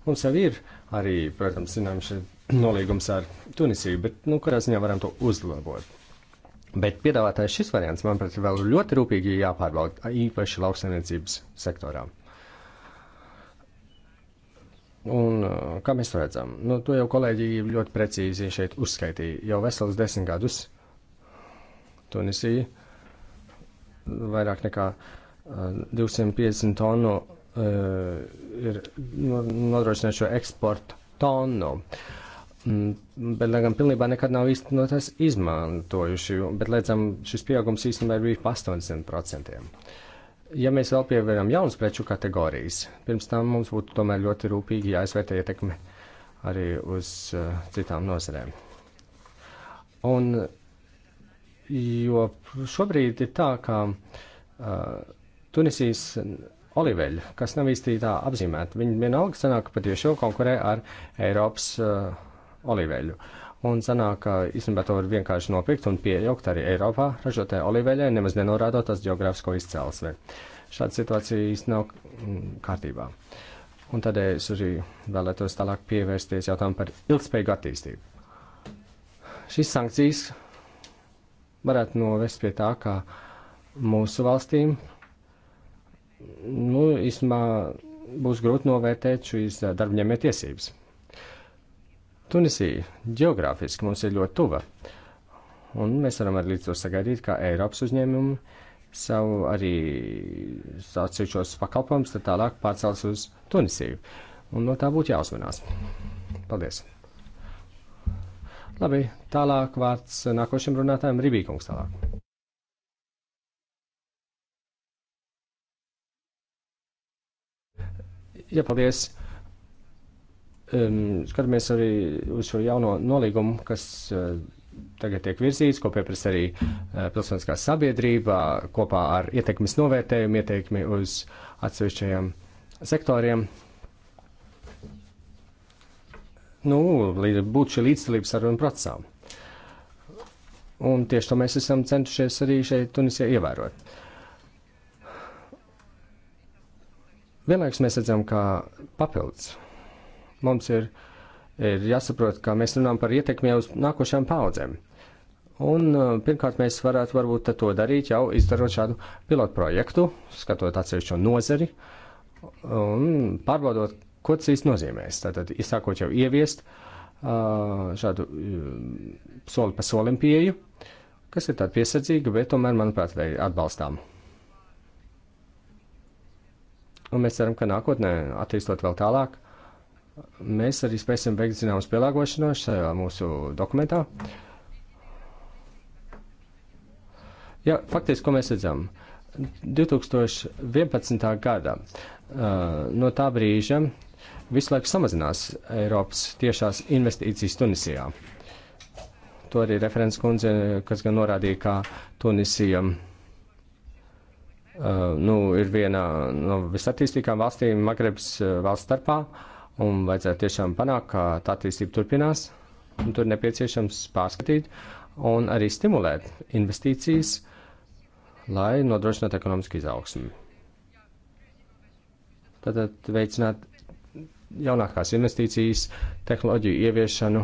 Mums jau ir arī, protams, zinām, šeit nolīgums ar Tunisiju, bet, nu, kādā ziņā varam to uzlabot. Bet piedāvātais šis variants, manuprāt, ir vēl ļoti rūpīgi jāpārbauda, īpaši lauksaimniecības sektorā. Un kā mēs to redzam? Nu, to jau kolēģi ļoti precīzi šeit uzskaitīja. Jau vesels desmit gadus Tunisija vairāk nekā 250 uh, tonu uh, ir nodrošināt šo eksportu tonu. Mm, bet, lai gan pilnībā nekad nav īsti no tās izmantojuši, bet, liecam, šis pieaugums īstenībā bija pa 80%. Ja mēs vēl pievēram jaunas preču kategorijas, pirms tam mums būtu tomēr ļoti rūpīgi jāizvērtē ietekme arī uz uh, citām nozarēm. Un jo šobrīd ir tā, ka uh, Tunisijas oliveļa, kas nav īsti tā apzīmēta, viņi vienalga sanāk, ka patiešām konkurē ar Eiropas uh, oliveļu. Un sanāk, ka īstenībā to var vienkārši nopirkt un pieaugt arī Eiropā ražotajai oliveļai, nemaz nenorādot tās geogrāfisko izcelsmi. Šāda situācija īstenībā nav mm, kārtībā. Un tādēļ es arī vēlētos tālāk pievērsties jautājumu par ilgspējīgu attīstību. Šīs sankcijas varētu novest pie tā, ka mūsu valstīm, nu, īstenībā būs grūti novērtēt šīs darbņēmē tiesības. Tunisija geogrāfiski mums ir ļoti tuva, un mēs varam arī līdz to sagaidīt, kā Eiropas uzņēmumi savu arī atsevišķos pakalpojumus tad tālāk pārcels uz Tunisiju, un no tā būtu jāuzmanās. Paldies! Labi, tālāk vārds nākošiem runātājiem Rībīkungs tālāk. Jā, paldies. Um, skatāmies arī uz šo jauno nolīgumu, kas uh, tagad tiek virzīts, ko pieprasa arī uh, pilsoniskā sabiedrība kopā ar ietekmes novērtējumu, ieteikmi uz atsevišķajiem sektoriem. Uh, nu, būtu šī līdzdalība sarunu procesā. Un tieši to mēs esam centušies arī šeit Tunisijā ievērot. Vienlaikus mēs redzam, ka papildus mums ir, ir jāsaprot, ka mēs runājam par ietekmi uz nākošajām paudzēm. Un uh, pirmkārt, mēs varētu varbūt to darīt jau izdarot šādu pilotu projektu, skatot atsevišķo nozari un pārbaudot, Ko tas īsti nozīmēs? Tātad, sākot jau ieviest šādu soli pa solim pieju, kas ir tāda piesardzīga, bet tomēr, manuprāt, arī atbalstām. Un mēs ceram, ka nākotnē, attīstot vēl tālāk, mēs arī spēsim veikt zināmas pielāgošanās šajā mūsu dokumentā. Jā, faktiski, ko mēs redzam? 2011. gada no tā brīža visu laiku samazinās Eiropas tiešās investīcijas Tunisijā. To arī referents kundze, kas gan norādīja, ka Tunisija uh, nu, ir viena no visattīstīgākām valstīm Magrebs uh, valsts starpā, un vajadzētu tiešām panākt, ka tā attīstība turpinās, un tur nepieciešams pārskatīt un arī stimulēt investīcijas, lai nodrošinātu ekonomisku izaugsmu. Tātad veicināt jaunākās investīcijas, tehnoloģiju ieviešanu,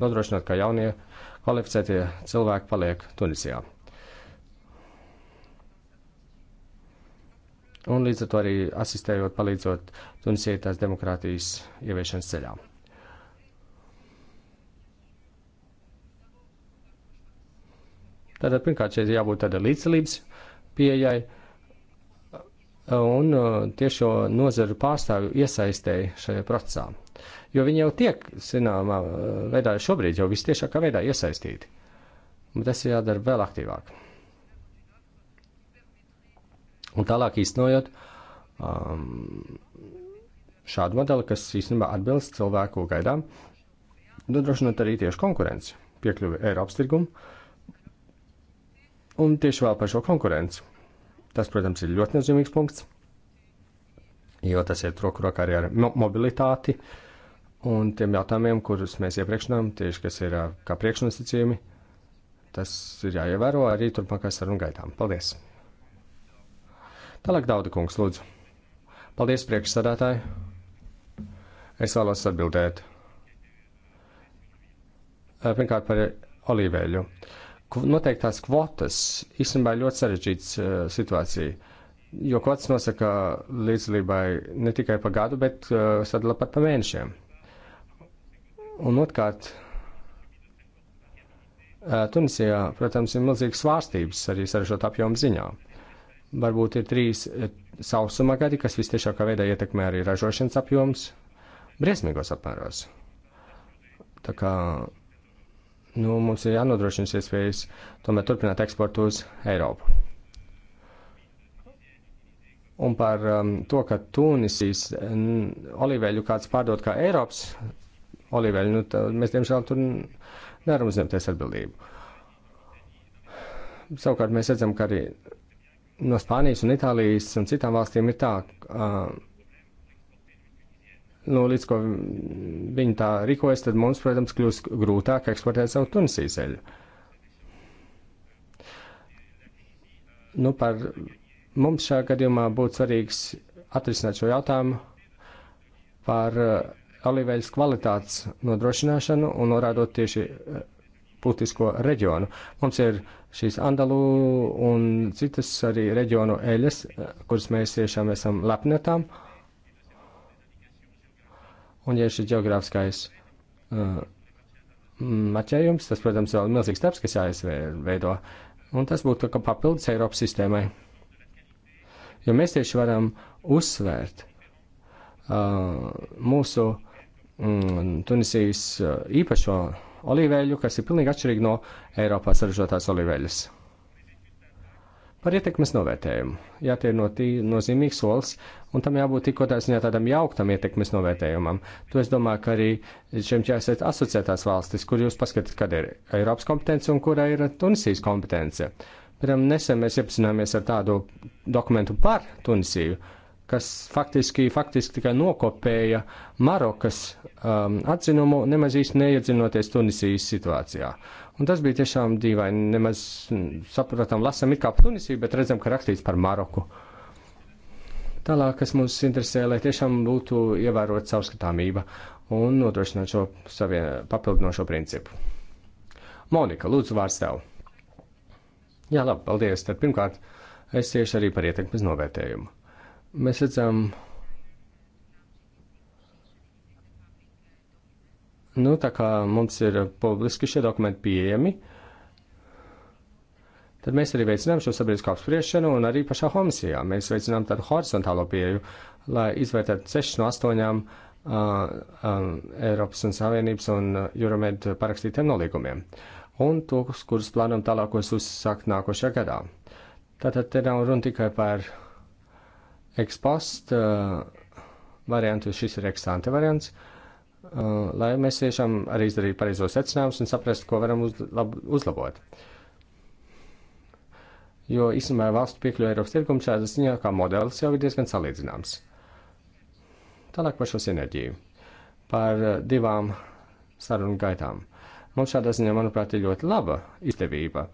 nodrošinot, ka jaunie kvalificētie cilvēki paliek Tunisijā. Un līdz ar to arī asistējot, palīdzot Tunisijai tās demokrātijas ieviešanas ceļā. Tātad pirmkārt šeit jābūt tādai līdzdalības pieejai un uh, tiešo nozaru pārstāvju iesaistēji šajā procesā. Jo viņi jau tiek, zināmā uh, veidā, šobrīd jau vistiešākā veidā iesaistīti. Un tas ir jādara vēl aktīvāk. Un tālāk īstenojot um, šādu modeli, kas īstenībā atbilst cilvēku gaidām, nodrošinot arī tieši konkurenci, piekļuvi Eiropas tirgumu un tieši vēl par šo konkurenci Tas, protams, ir ļoti nozīmīgs punkts, jo tas iet roku rokā arī ar mobilitāti un tiem jautājumiem, kurus mēs iepriekšinām, tieši kas ir kā priekšnosacījumi. Tas ir jāievēro arī turpmākās sarunu gaitām. Paldies! Tālāk Dauda kungs, lūdzu. Paldies, priekšsādātāji! Es vēlos atbildēt. Pirmkārt par olīveļu. Uh, noteiktās kvotas īstenībā ir ļoti sarežģīts uh, situācija, jo kvotas nosaka līdzdalībai ne tikai pa gadu, bet uh, eh, sadala pat pa mēnešiem. Un otrkārt, uh, Tunisijā, protams, ir milzīgas svārstības arī sarežot apjomu ziņā. Varbūt ir trīs sausuma gadi, kas visciešākā veidā ietekmē arī ražošanas apjoms, briesmīgos apmēros. Tā kā nu, mums ir jānodrošina šīs iespējas tomēr turpināt eksportu uz Eiropu. Un par um, to, ka Tunisijas olīveļu kāds pārdod kā Eiropas olīveļu, nu, tā, mēs diemžēl tur nevaram uzņemties atbildību. Savukārt mēs redzam, ka arī no Spānijas un Itālijas un citām valstīm ir tā, uh, um, nu, līdz ko viņi tā rīkojas, tad mums, protams, kļūs grūtāk eksportēt savu Tunisijas eļu. Nu, par mums šajā gadījumā būtu svarīgs atrisināt šo jautājumu par eh, olīveļas kvalitātes nodrošināšanu un norādot tieši būtisko eh, reģionu. Mums ir šīs Andalū un citas arī reģionu eļas, eh, kuras mēs tiešām esam lepnetām. Uh, Un, ja ir šis geogrāfiskais uh, maķējums, tas, protams, vēl ir milzīgs darbs, kas jāizveido. Un tas būtu kā papildus Eiropas sistēmai. Jo mēs tieši varam uzsvērt uh, mūsu mm, Tunisijas uh, īpašo olīveļu, kas ir pilnīgi atšķirīga no Eiropā saražotās olīveļas. Par ietekmes novērtējumu. Jā, tie ir no tī, nozīmīgs solis, un tam jābūt tikko tā ziņā tādam jauktam ietekmes novērtējumam. To es domāju, ka arī šiem jāsēt asociētās valstis, kur jūs paskatāt, kad ir Eiropas kompetence un kura ir Tunisijas kompetence. Piemēram, nesen mēs iepazināmies ar tādu dokumentu par Tunisiju, kas faktiski, faktiski tikai nokopēja Marokas um, atzinumu, nemaz īsti neiedzinoties Tunisijas situācijā. Un tas bija tiešām dīvaini. Nemaz mm, saprotam, lasam it kā par Tunisiju, bet redzam, ka rakstīts par Maroku. Tālāk, kas mums interesē, lai tiešām būtu ievērot savskatāmība un nodrošināt šo savien, papildinošo principu. Monika, lūdzu, vārds tev. Jā, labi, paldies. Tad pirmkārt, es tieši arī par ietekmes novērtējumu. Mēs redzam, ka Nu, tā kā mums ir publiski šie dokumenti pieejami, tad mēs arī veicinām šo sabiedrisko apspriešanu un arī pašā komisijā. Mēs veicinām tādu horizontālo pieju, lai izvērtētu 6 no 8 uh, um, Eiropas un Savienības un Euromed parakstītiem nolīgumiem un tos, kurus plānojam tālākos uzsākt nākošajā gadā. Tātad te nav runa tikai par ekspostu uh, variantu, šis ir eksante variants. Uh, Eh, lai mēs tiešām arī izdarītu pareizos secinājumus un saprastu, ko varam uz, lab, uzlabot. Jo īstenībā valstu piekļuva Eiropas tirgumu šādā ziņā kā modelis jau ir diezgan salīdzināms. Tālāk par šo sinerģiju, par eh, divām sarunu gaitām. Mums šādā ziņā, manuprāt, ir ļoti laba izdevība,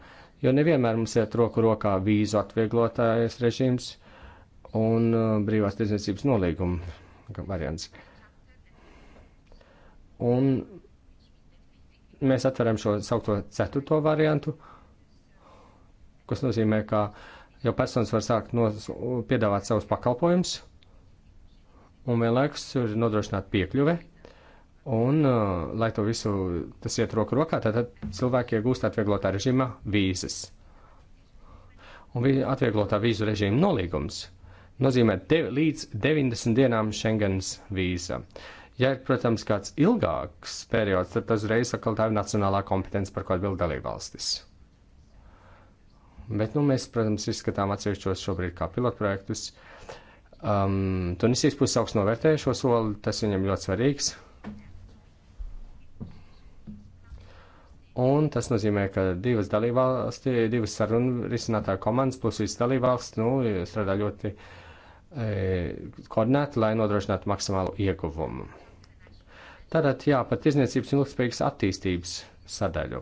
jo nevienmēr mums iet roku rokā vīzu atvieglotājas režīms un eh, brīvās tirdzniecības nolīguma variants. Uh, Un mēs atveram šo saukto ceturto variantu, kas nozīmē, ka jau personas var sākt nos, piedāvāt savus pakalpojumus, un vienlaikus ir nodrošināta piekļuve. Un, uh, lai to visu tas iet roku rokā, tad cilvēki iegūst atvieglotā režīmā vīzas. Un vi, atvieglotā vīzu režīma nolīgums nozīmē de, līdz 90 dienām Schengens vīza. Uh, Ja ir, protams, kāds ilgāks periods, tad tas uzreiz atkal tā ir nacionālā kompetence, par ko atbild dalībvalstis. Bet, nu, mēs, protams, izskatām atsevišķos šobrīd kā pilotprojektus. Um, Tunisijas puses augsts novērtēja šo soli, tas viņam ļoti svarīgs. Un tas nozīmē, ka divas dalībvalsti, divas sarunu risinātāju komandas plus visas dalībvalsts nu, strādā ļoti e, koordinēti, lai nodrošinātu maksimālu ieguvumu. Tātad, jā, par tirzniecības un ilgspējīgas attīstības sadaļu.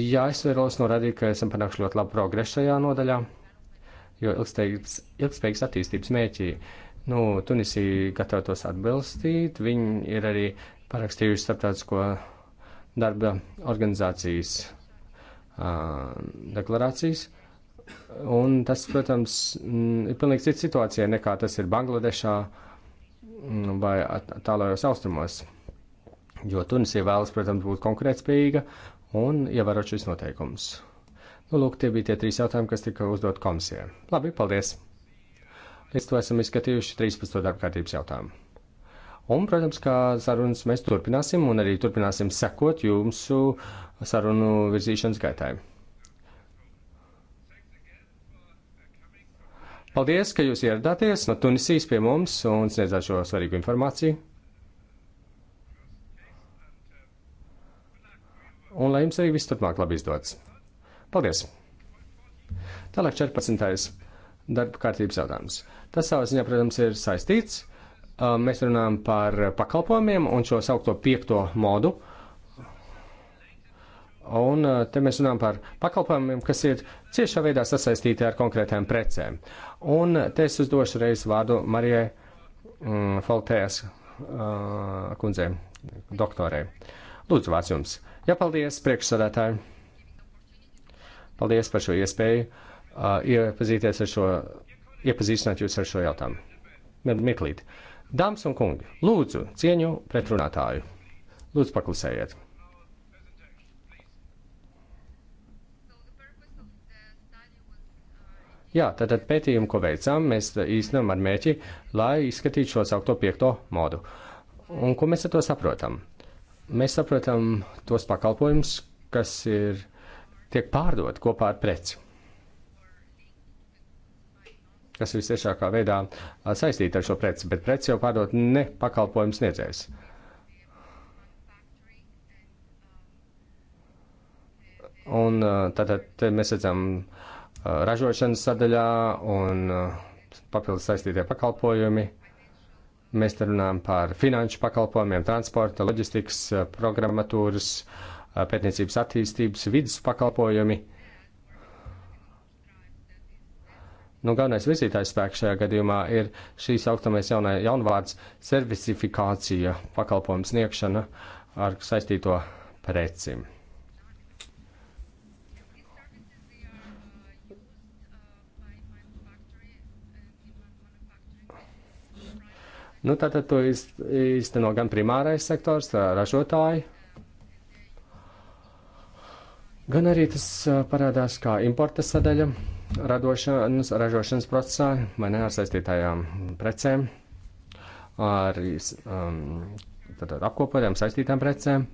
Jā, es vēlos norādīt, ka esam panākuši ļoti labu progresu šajā nodaļā, jo ilgspējīgas, ilgspējīgas attīstības mēķi, nu, Tunisija gatavo tos atbilstīt, viņi ir arī parakstījuši starptautisko darba organizācijas uh, deklarācijas, un tas, protams, mm, ir pilnīgi cita situācija nekā tas ir Bangladešā mm, vai tālajos austrumos jo Tunisija vēlas, protams, būt konkurētspējīga un ievērot šis noteikums. Nu, lūk, tie bija tie trīs jautājumi, kas tika uzdot komisijai. Labi, paldies! Līdz to esam izskatījuši 13. darbkārtības jautājumu. Un, protams, kā sarunas mēs turpināsim un arī turpināsim sekot jūsu sarunu virzīšanas gaitai. Paldies, ka jūs ieradāties no Tunisijas pie mums un sniedzāt šo svarīgu informāciju. un lai jums arī viss turpmāk labi izdodas. Paldies! Tālāk 14. darba kārtības jautājums. Tas savā ziņā, protams, ir saistīts. Uh, mēs runājam par pakalpojumiem un šo saukto piekto modu. Un uh, te mēs runājam par pakalpojumiem, kas ir ciešā veidā sasaistīti ar konkrētām precēm. Un te es uzdošu reiz vārdu Marijai mm, Faltēs uh, kundzei, doktorei. Lūdzu, vārds jums! Uh, Jā, paldies priekšsādātāji. Paldies par šo iespēju uh, iepazīties ar šo, iepazīstināt jūs ar šo jautājumu. Miklīt. Dāmas un kungi, lūdzu, cieņu pretrunātāju. Lūdzu, paklusējiet. Jā, tātad pētījumu, ko veicām, mēs īstenam ar mērķi, lai izskatītu šo saukto piekto modu. Un ko mēs ar to saprotam? Uh, Mēs saprotam tos pakalpojumus, kas ir, tiek pārdot kopā ar preci, kas ir visciešākā veidā saistīta ar šo preci, bet preci jau pārdot ne pakalpojums sniedzējs. Un tātad mēs redzam ražošanas sadaļā un papildus saistītie pakalpojumi Mēs te runājam par finanšu pakalpojumiem, transporta, loģistikas, eh, programmatūras, eh, pētniecības attīstības, vidas pakalpojumi. Nu, galvenais virzītājs spēks šajā gadījumā ir šīs augstamais jaunā, jaunvārds servisifikācija, pakalpojums sniegšana ar saistīto precim. Nu, tātad to īsteno gan primārais sektors, ražotāji, gan arī tas parādās kā importa sadaļa radošanas, ražošanas procesā vai ne ar saistītājām precēm, ar um, apkopotām saistītām precēm.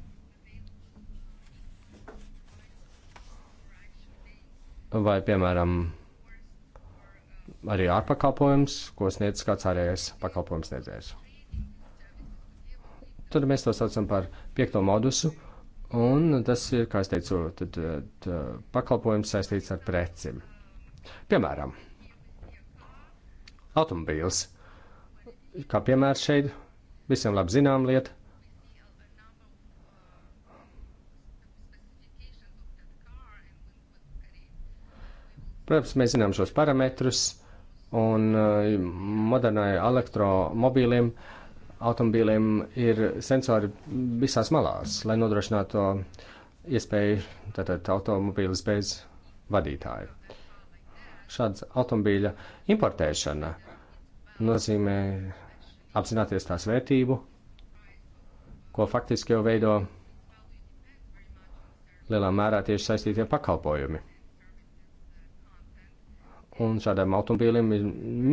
Vai, piemēram, arī ārpakalpojums, ko sniedz kāds ārējais pakalpojums sniedzējs. Tad mēs to saucam par piekto modusu, un tas ir, kā es teicu, tad, tad pakalpojums saistīts ar precim. Piemēram, automobīls. Kā piemērs šeit visiem labi zinām lieta, Protams, mēs zinām šos parametrus, un eh, modernai elektromobīliem, automobīliem ir sensori visās malās, lai nodrošinātu iespēju tātad automobīlis bez vadītāju. Šāds automobīļa importēšana nozīmē apzināties tās vērtību, ko faktiski jau veido lielā mērā tieši saistītie pakalpojumi. Un šādiem automobīliem ir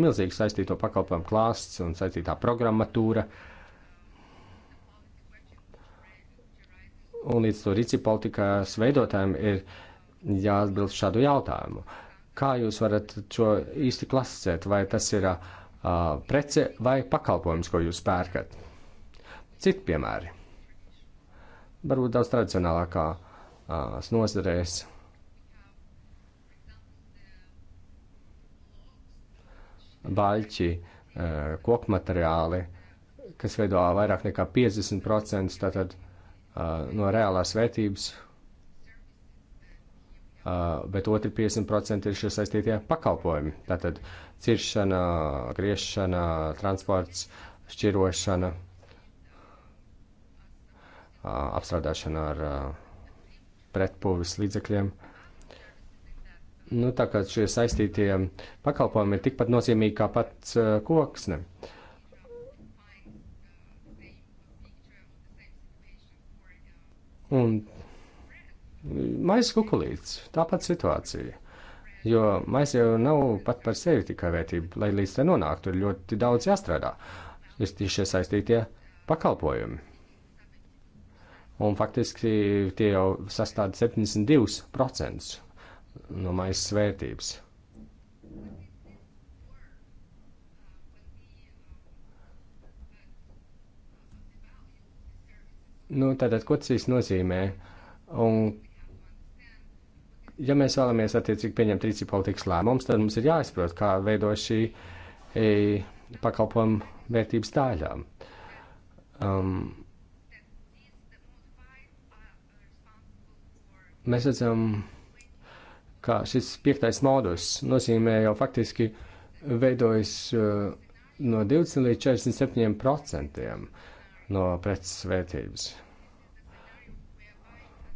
milzīgs saistīto pakalpojumu klāsts un saistītā programmatūra. Un līdz to rīcību politikas veidotājiem ir jāatbild šādu jautājumu. Kā jūs varat šo īsti klasificēt, vai tas ir uh, prece vai pakalpojums, ko jūs pērkat? Citi piemēri. Varbūt daudz tradicionālākās uh, nozarēs baļķi, eh, koku materiāli, kas veido vairāk nekā 50% tātad, eh, no reālās vērtības, eh, bet otri 50% ir šie saistītie pakalpojumi. Tātad ciršana, griešana, transports, šķirošana, apstrādāšana ar pretpūvis līdzekļiem. Uh, nu, tā kā šie saistītie pakalpojumi ir tikpat nozīmīgi kā pats uh, koksne. Un maisa kukulīts, tāpat situācija. Jo maisa jau nav pat par sevi tikai vērtība, lai līdz te nonāktu, ir ļoti daudz jāstrādā. Ir tieši saistītie pakalpojumi. Un faktiski tie jau sastāda 72% no maisa svētības. Nu, tātad, ko tas īsti nozīmē? Un, ja mēs vēlamies attiecīgi pieņemt rīcību politikas lēmumus, tad mums ir jāizprot, kā veido šī e, pakalpojuma vērtības daļā. Um, mēs redzam, ka ka šis piektais modus nozīmē jau faktiski veidojas uh, no 20 līdz 47 procentiem no preces vērtības.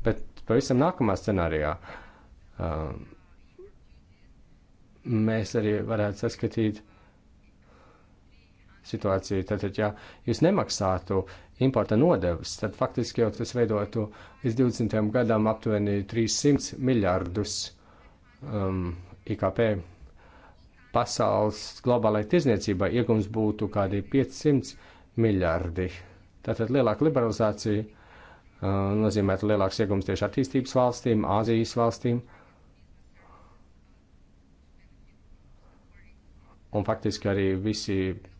Bet pavisam nākamā scenārijā um, mēs arī varētu saskatīt situāciju. Tātad, ja jūs nemaksātu importa nodevas, tad faktiski jau tas veidotu līdz 20. gadam aptuveni 300 miljardus um, IKP pasaules globālajai tirzniecībai iegums būtu kādi 500 miljardi. Tātad lielāka liberalizācija uh, nozīmētu lielāks iegums tieši attīstības valstīm, Āzijas valstīm. Un faktiski arī visi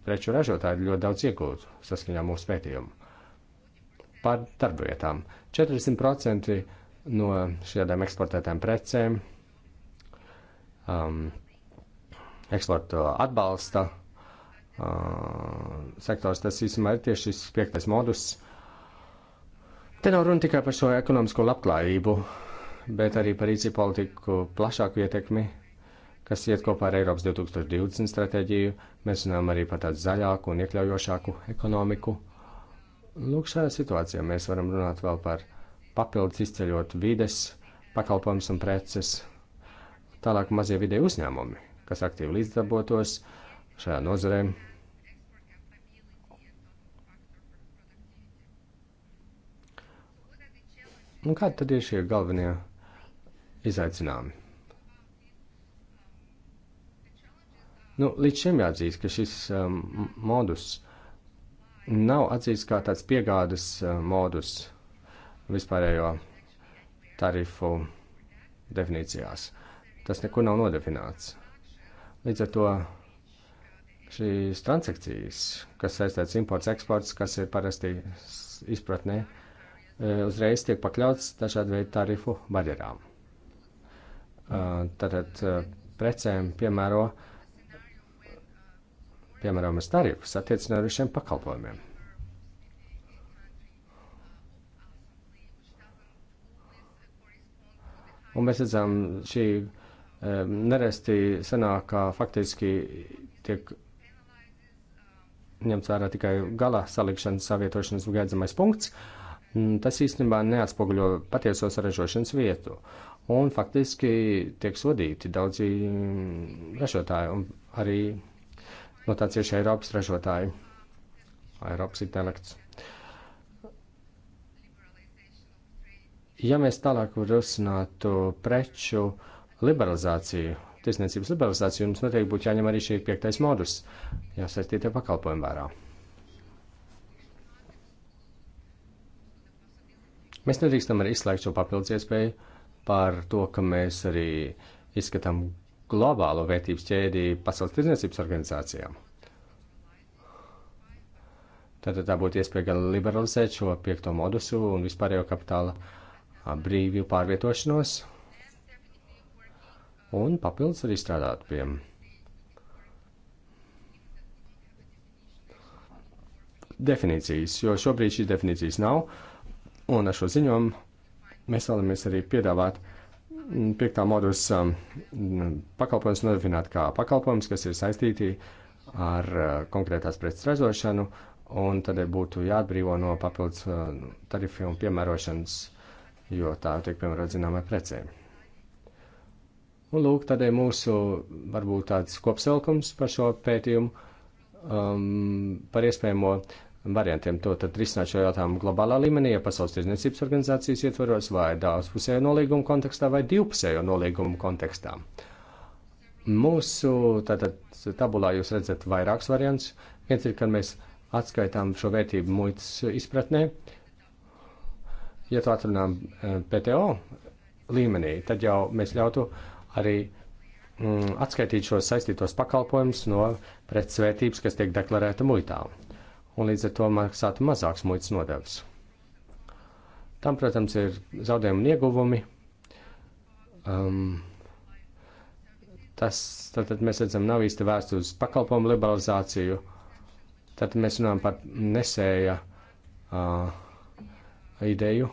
preču ražotāji ļoti daudz iegūtu saskaņā mūsu pētījumu. Par darba vietām. 40% no šādām eksportētām precēm um, eksporta atbalsta uh, sektors, tas īstenībā ir tieši šis piektais modus. Te nav runa tikai par šo ekonomisko labklājību, bet arī par rīcību politiku plašāku ietekmi, kas iet kopā ar Eiropas 2020 stratēģiju. Mēs runājam arī par tādu zaļāku un iekļaujošāku ekonomiku. Lūk, šajā situācijā mēs varam runāt vēl par papildus izceļot vides pakalpojumus un preces, Tālāk mazie vidēji uzņēmumi, kas aktīvi līdzdarbotos šajā nozarē. Un kādi tad ir šie galvenie izaicinājumi? Nu, līdz šim jāatzīst, ka šis um, modus nav atzīts kā tāds piegādes uh, modus vispārējo tarifu definīcijās tas nekur nav nodefinēts. Līdz ar to šīs transakcijas, kas saistītas imports, eksports, kas ir parasti izpratnē, e, uzreiz tiek pakļauts dažādu veidu tarifu barjerām. E, tātad e, precēm piemēro piemērojamas tarifus attiecināt uz šiem pakalpojumiem. Un mēs redzam, šī Ehm, neresti sanāk, ka faktiski tiek ņemts vērā tikai gala salikšanas savietošanas gaidzamais punkts. Mm, tas īstenībā neatspoguļo patieso saražošanas vietu. Un faktiski tiek sodīti daudzi mm, ražotāji un arī no tā cieši Eiropas ražotāji. Eiropas intelekts. Ja mēs tālāk rosinātu preču uh, liberalizāciju, tirsniecības liberalizāciju, mums noteikti būtu jāņem arī šī piektais modus, jāsaistītie pakalpojumi vērā. Mēs nedrīkstam arī izslēgt šo papildus iespēju par to, ka mēs arī izskatām globālo vērtības ķēdi pasaules tirdzniecības organizācijām. Tātad tā būtu iespēja gan liberalizēt šo piekto modusu un vispārējo kapitāla brīvju pārvietošanos, un papildus arī strādāt pie definīcijas, jo šobrīd šīs definīcijas nav, un ar šo ziņojumu mēs vēlamies arī piedāvāt piektā modus um, pakalpojums nodefinēt kā pakalpojums, kas ir saistīti ar uh, konkrētās preces ražošanu, un tad būtu jāatbrīvo no papildus uh, e, tarifiem piemērošanas, jo tā tiek piemērot zināmai precēm. Un nu, lūk, tādēļ mūsu varbūt tāds kopsavilkums par šo pētījumu, um, par iespējamo variantiem to tad risināt šo jautājumu globālā līmenī, ja pasaules tirdzniecības organizācijas ietvaros, vai daudzpusējo nolīgumu kontekstā, vai divpusējo nolīgumu kontekstā. Mūsu tātad tabulā jūs redzat vairākus variants. Viens ir, kad mēs atskaitām šo vērtību muitas izpratnē. Ja to atrunām eh, PTO līmenī, tad jau mēs ļautu uh, arī mm, atskaitīt šos saistītos pakalpojumus no pretsvērtības, kas tiek deklarēta muitā, un līdz ar to maksātu mazāks muitas nodevs. Tam, protams, ir zaudējumi un ieguvumi. Um, tas, tad, tad mēs redzam, nav īsti vērsts uz pakalpojumu liberalizāciju. Tad mēs runājam par nesēja uh, ideju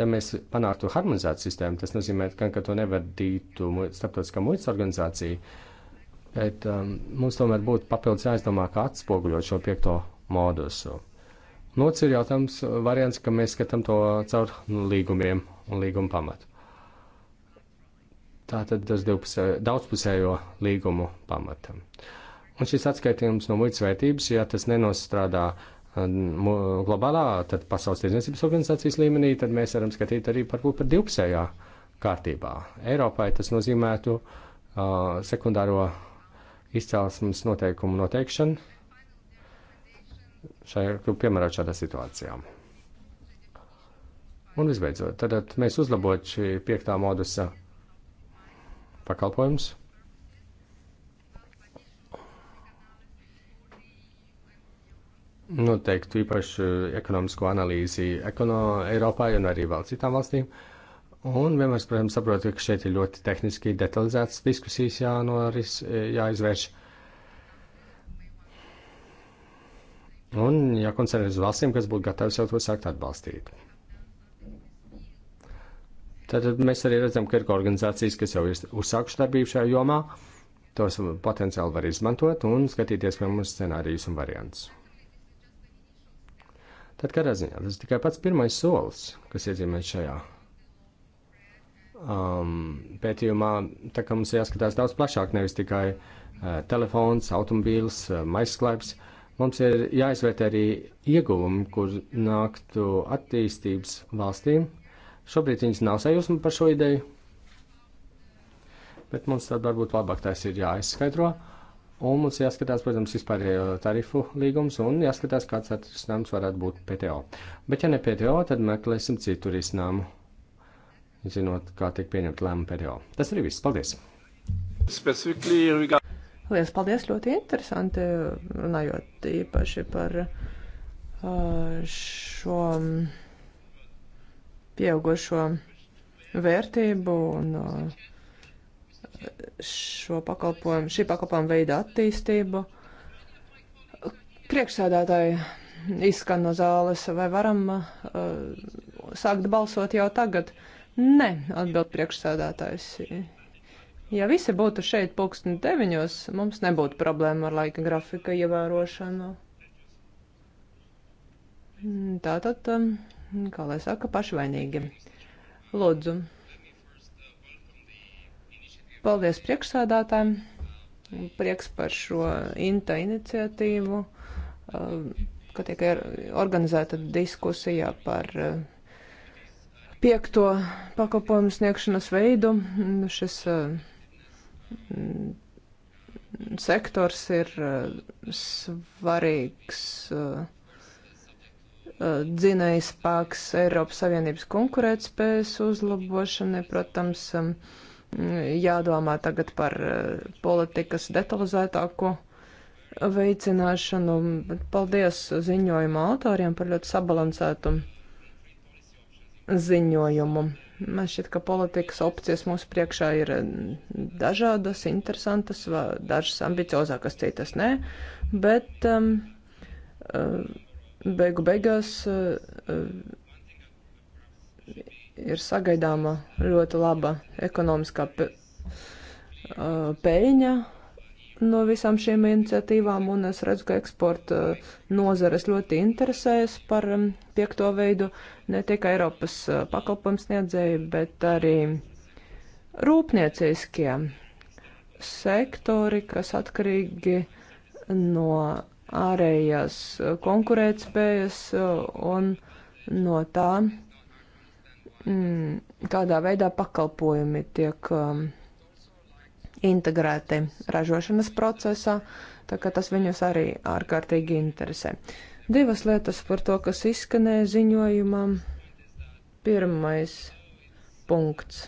Ja mēs panāktu harmonizētu sistēmu, tas nozīmē, gan, ka to nevadītu starptautiskā muitas organizācija, bet um, mums tomēr būtu papildus jāizdomā, kā atspoguļot šo piekto modusu. Nots ir jautājums, uh, variants, ka mēs skatām to caur līgumiem un līguma pamatu. Tā tad tas divpusē, daudzpusējo līgumu pamatam. Un šis atskaitījums no muitas vērtības, ja tas nenostrādā uh, globālā, tad pasaules tirdzniecības organizācijas līmenī, tad mēs varam skatīt arī varbūt par divpusējā kārtībā. Eiropai tas nozīmētu uh, sekundāro izcelsmes noteikumu noteikšanu šai, piemērot šādā situācijā. Un visbeidzot, tad mēs uzlabot šī piektā modusa pakalpojums noteiktu īpašu e, ekonomisko analīzi ekono, Eiropā un arī vēl citām valstīm. Un vienmēr, protams, saprotu, ka šeit ir ļoti tehniski detalizētas diskusijas jānoris, e, jāizvērš. Un jākoncentrējas uz valstīm, kas būtu gatavas jau to sākt atbalstīt. Tad mēs arī redzam, ka ir organizācijas, kas jau ir uzsākušas darbību šajā jomā, tos potenciāli var izmantot un skatīties, vai mums scenārijus un variants. Tad, kādā ziņā, tas ir tikai pats pirmais solis, kas iezīmēts šajā um, pētījumā. Tā kā mums jāskatās daudz plašāk, nevis tikai uh, telefons, automobīls, uh, maisklaips. Mums ir jāizvērtē arī ieguvumi, kur nāktu attīstības valstīm. Šobrīd viņas nav sajūsma par šo ideju, bet mums tad varbūt labāk tas ir jāizskaidro. Uh, Un mums jāskatās, protams, vispārējo tarifu līgums un jāskatās, kāds atrisinājums varētu būt PTO. Bet, ja ne PTO, tad meklēsim citu risinājumu, zinot, kā tiek pieņemt lēmumu PTO. Tas arī viss. Paldies! Lielas paldies! Ļoti interesanti runājot īpaši par šo pieaugušo vērtību un šo pakalpojumu, šī pakalpojuma veida attīstību. Priekšsēdētāji izskan no zāles, vai varam uh, sākt balsot jau tagad? Nē, atbild priekšsēdētājs. Ja visi būtu šeit pulksten deviņos, mums nebūtu problēma ar laika grafika ievērošanu. Tātad, um, kā lai saka, pašvainīgi. Lūdzu. Paldies priekšsādātājiem. Prieks par šo INTA iniciatīvu, um, ka tiek organizēta diskusija par uh, piekto pakalpojumu sniegšanas veidu. Mm, šis uh, mm, sektors ir uh, svarīgs dzinējs spēks Eiropas Savienības konkurētspējas uzlabošanai, protams, um, jādomā tagad par eh, politikas detalizētāko veicināšanu. Paldies ziņojuma autoriem par ļoti sabalansētu ziņojumu. Man šķiet, ka politikas opcijas mūsu priekšā ir eh, dažādas, interesantas, dažas ambiciozākas, citas nē, bet um, beigu beigās uh, ir sagaidāma ļoti laba ekonomiskā peļņa no visām šīm iniciatīvām, un es redzu, ka eksporta nozares ļoti interesēs par um, piekto veidu ne tikai Eiropas pakalpojums sniedzēji, bet arī rūpnieciskie sektori, kas atkarīgi no ārējās konkurētspējas un no tā, mm, kādā veidā pakalpojumi tiek um, integrēti ražošanas procesā, tā ka tas viņus arī ārkārtīgi interesē. Divas lietas par to, kas izskanēja ziņojumā. Pirmais punkts.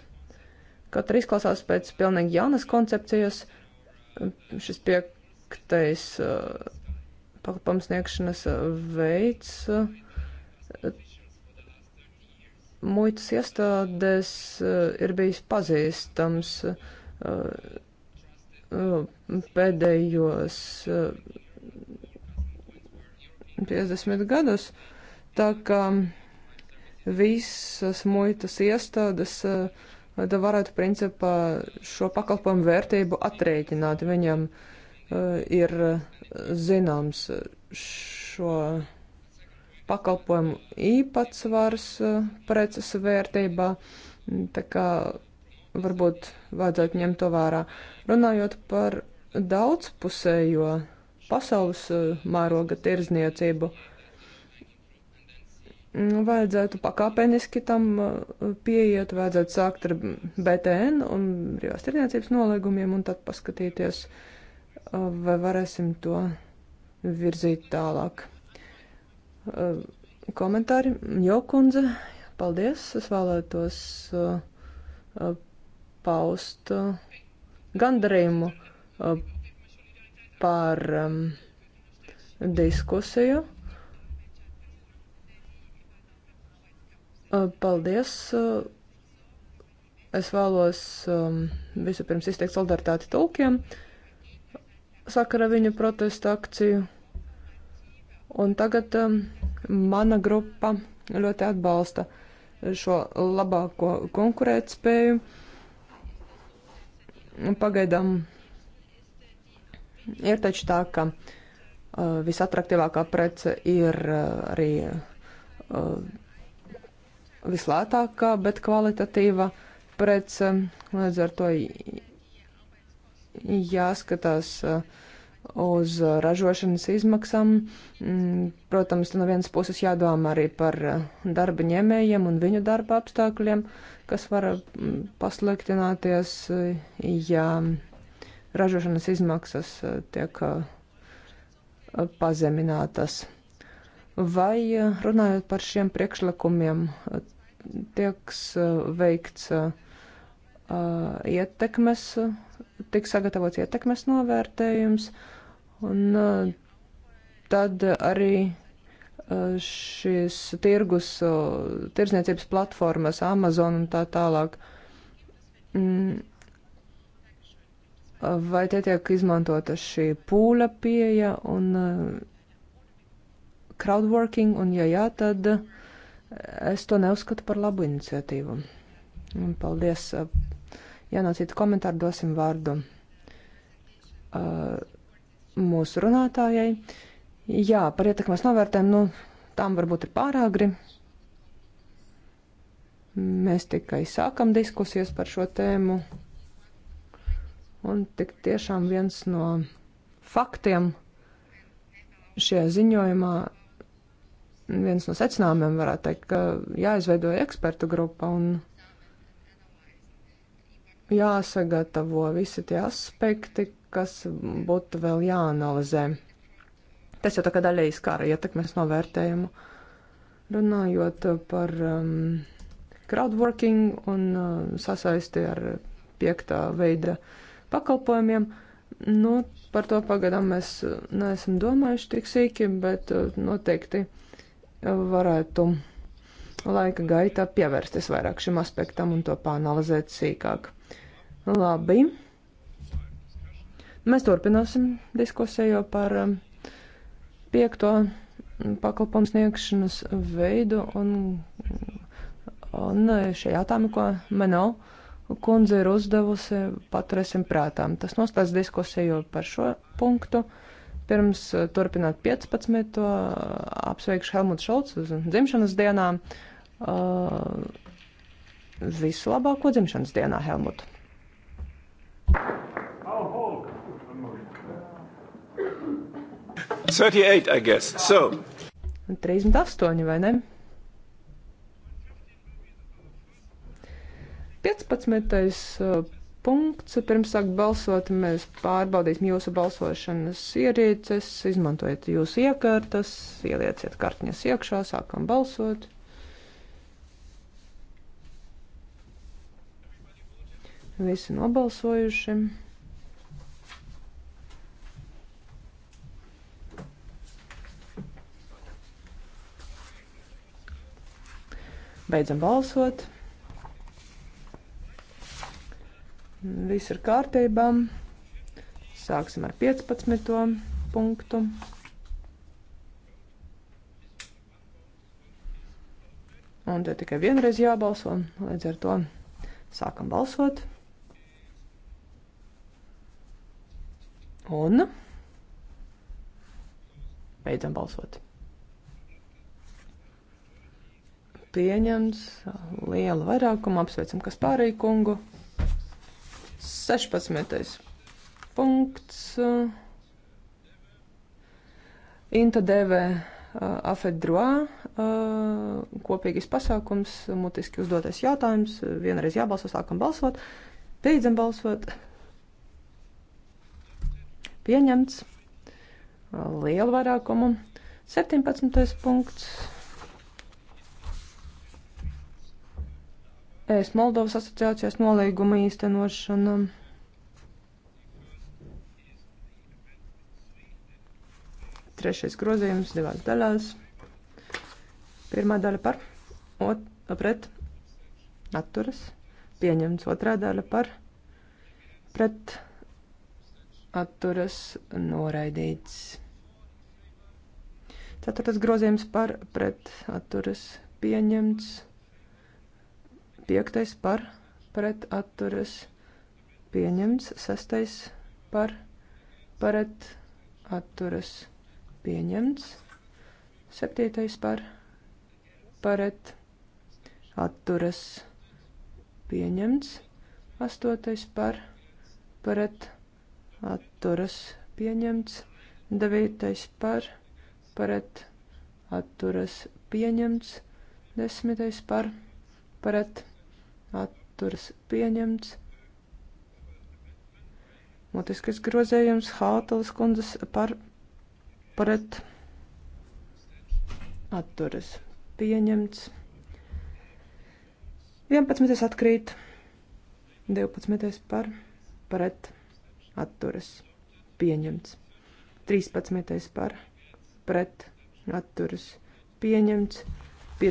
Kaut arī izklausās pēc pilnīgi jaunas koncepcijas, šis piektais uh, pakalpojums sniegšanas veids uh, muitas iestādēs eh, ir bijis pazīstams eh, eh, pēdējos 50 gadus, tā ka visas muitas iestādes tā varētu principā šo pakalpojumu vērtību atrēķināt. Viņam ir zināms šo pakalpojumu īpatsvars eh, preces vērtībā, mm, tā kā varbūt vajadzētu ņemt to vērā. Runājot par daudzpusējo pasaules eh, mēroga tirzniecību, mm, vajadzētu pakāpeniski tam eh, pieiet, vajadzētu sākt ar BTN un brīvās tirniecības nolīgumiem un tad paskatīties, vai varēsim to virzīt tālāk. Uh, komentāri. Jokundze, paldies. Es vēlētos uh, uh, paust gandarījumu par um, diskusiju. Paldies. Es vēlos um, vispirms izteikt solidaritāti tulkiem sakara viņu protesta akciju Un tagad um, mana grupa ļoti atbalsta šo labāko konkurētspēju. Pagaidām ir taču tā, ka uh, visatraktīvākā prece ir uh, arī uh, vislētākā, bet kvalitatīva prece. Līdz ar to jāskatās. Uh, uz uh, ražošanas izmaksām. Mm, protams, no vienas puses jādomā arī par uh, darba ņēmējiem un viņu darba apstākļiem, kas var mm, pasliktināties, uh, ja ražošanas izmaksas tiek pazeminātas. Vai runājot par šiem priekšlikumiem, tieks veikts ietekmes, tiks sagatavots ietekmes novērtējums, uh, Un uh, tad arī uh, šīs tirgus, uh, tirsniecības platformas, Amazon un tā tālāk. Mm. Vai te tiek izmantota šī pūļa pieeja un crowdworking, un ja jā, tad es to neuzskatu par labu iniciatīvu. Un paldies. Ja nav citu komentāru, dosim vārdu. Uh, mūsu runātājai. Jā, par ietekmes novērtēm, nu, tām varbūt ir pārāgri. Mēs tikai sākam diskusijas par šo tēmu. Un tik tiešām viens no faktiem šajā ziņojumā, viens no secinājumiem varētu teikt, ka jāizveido ekspertu grupa un jāsagatavo visi tie aspekti, kas būtu vēl jāanalizē. Tas jau tā kā daļēji skara ietekmes novērtējumu. Runājot par um, crowdworking un uh, sasaisti ar piektā veida pakalpojumiem, nu, par to pagaidām mēs neesam domājuši tik sīki, bet uh, noteikti varētu laika gaitā pievērsties vairāk šim aspektam un to pāanalizēt sīkāk. Labi, Mēs turpināsim diskusiju par um, piekto pakalpojumu sniegšanas veidu un, un e, šie jautājumi, ko Meno kundze ir uzdevusi, paturēsim prātām. Tas noslēdz diskusiju par šo punktu. Pirms e, turpināt 15. E, apsveikšu Helmutu Šolcu uz dzimšanas dienā. Uh, visu labāko dzimšanas dienā, Helmut! Thank you. 38, I guess. So. 38, vai ne? 15. Uh, punkts. Pirms sāk balsot, mēs pārbaudīsim jūsu balsošanas ierīces. Izmantojiet jūsu iekārtas, ielieciet kartiņas iekšā, sākam balsot. Visi nobalsojuši. Beidzam balsot. Viss ir kārtībā. Sāksim ar 15. punktu. Un te tikai vienreiz jābalso, līdz ar to sākam balsot. Un beidzam balsot. pieņemts liela vairākuma. Apsveicam, kas pārēj kungu. 16. punkts. Inta devē afedroā kopīgais pasākums, mutiski uzdotais jautājums. Vienreiz jābalso, sākam balsot, beidzam balsot. Pieņemts lielu vairākumu. 17. punkts ES Moldovas asociācijas nolīguma īstenošana. Trešais grozījums divās daļās. Pirmā daļa par, ot, pret, atturas, pieņemts. Otrā daļa par, pret, atturas, noraidīts. Ceturtais grozījums par, pret, atturas, pieņemts. Piektais par pret atturas pieņemts. Sestais par pret atturas pieņemts. Septītais par pret atturas pieņemts. Astotais par pret atturas pieņemts. Devītais par pret atturas pieņemts. Desmitais par pret atturas pieņemts atturas pieņemts. Mutiskais grozējums Hātalas kundzes par pret atturas pieņemts. 11. atkrīt, 12. par pret atturas pieņemts, 13. par pret atturas pieņemts,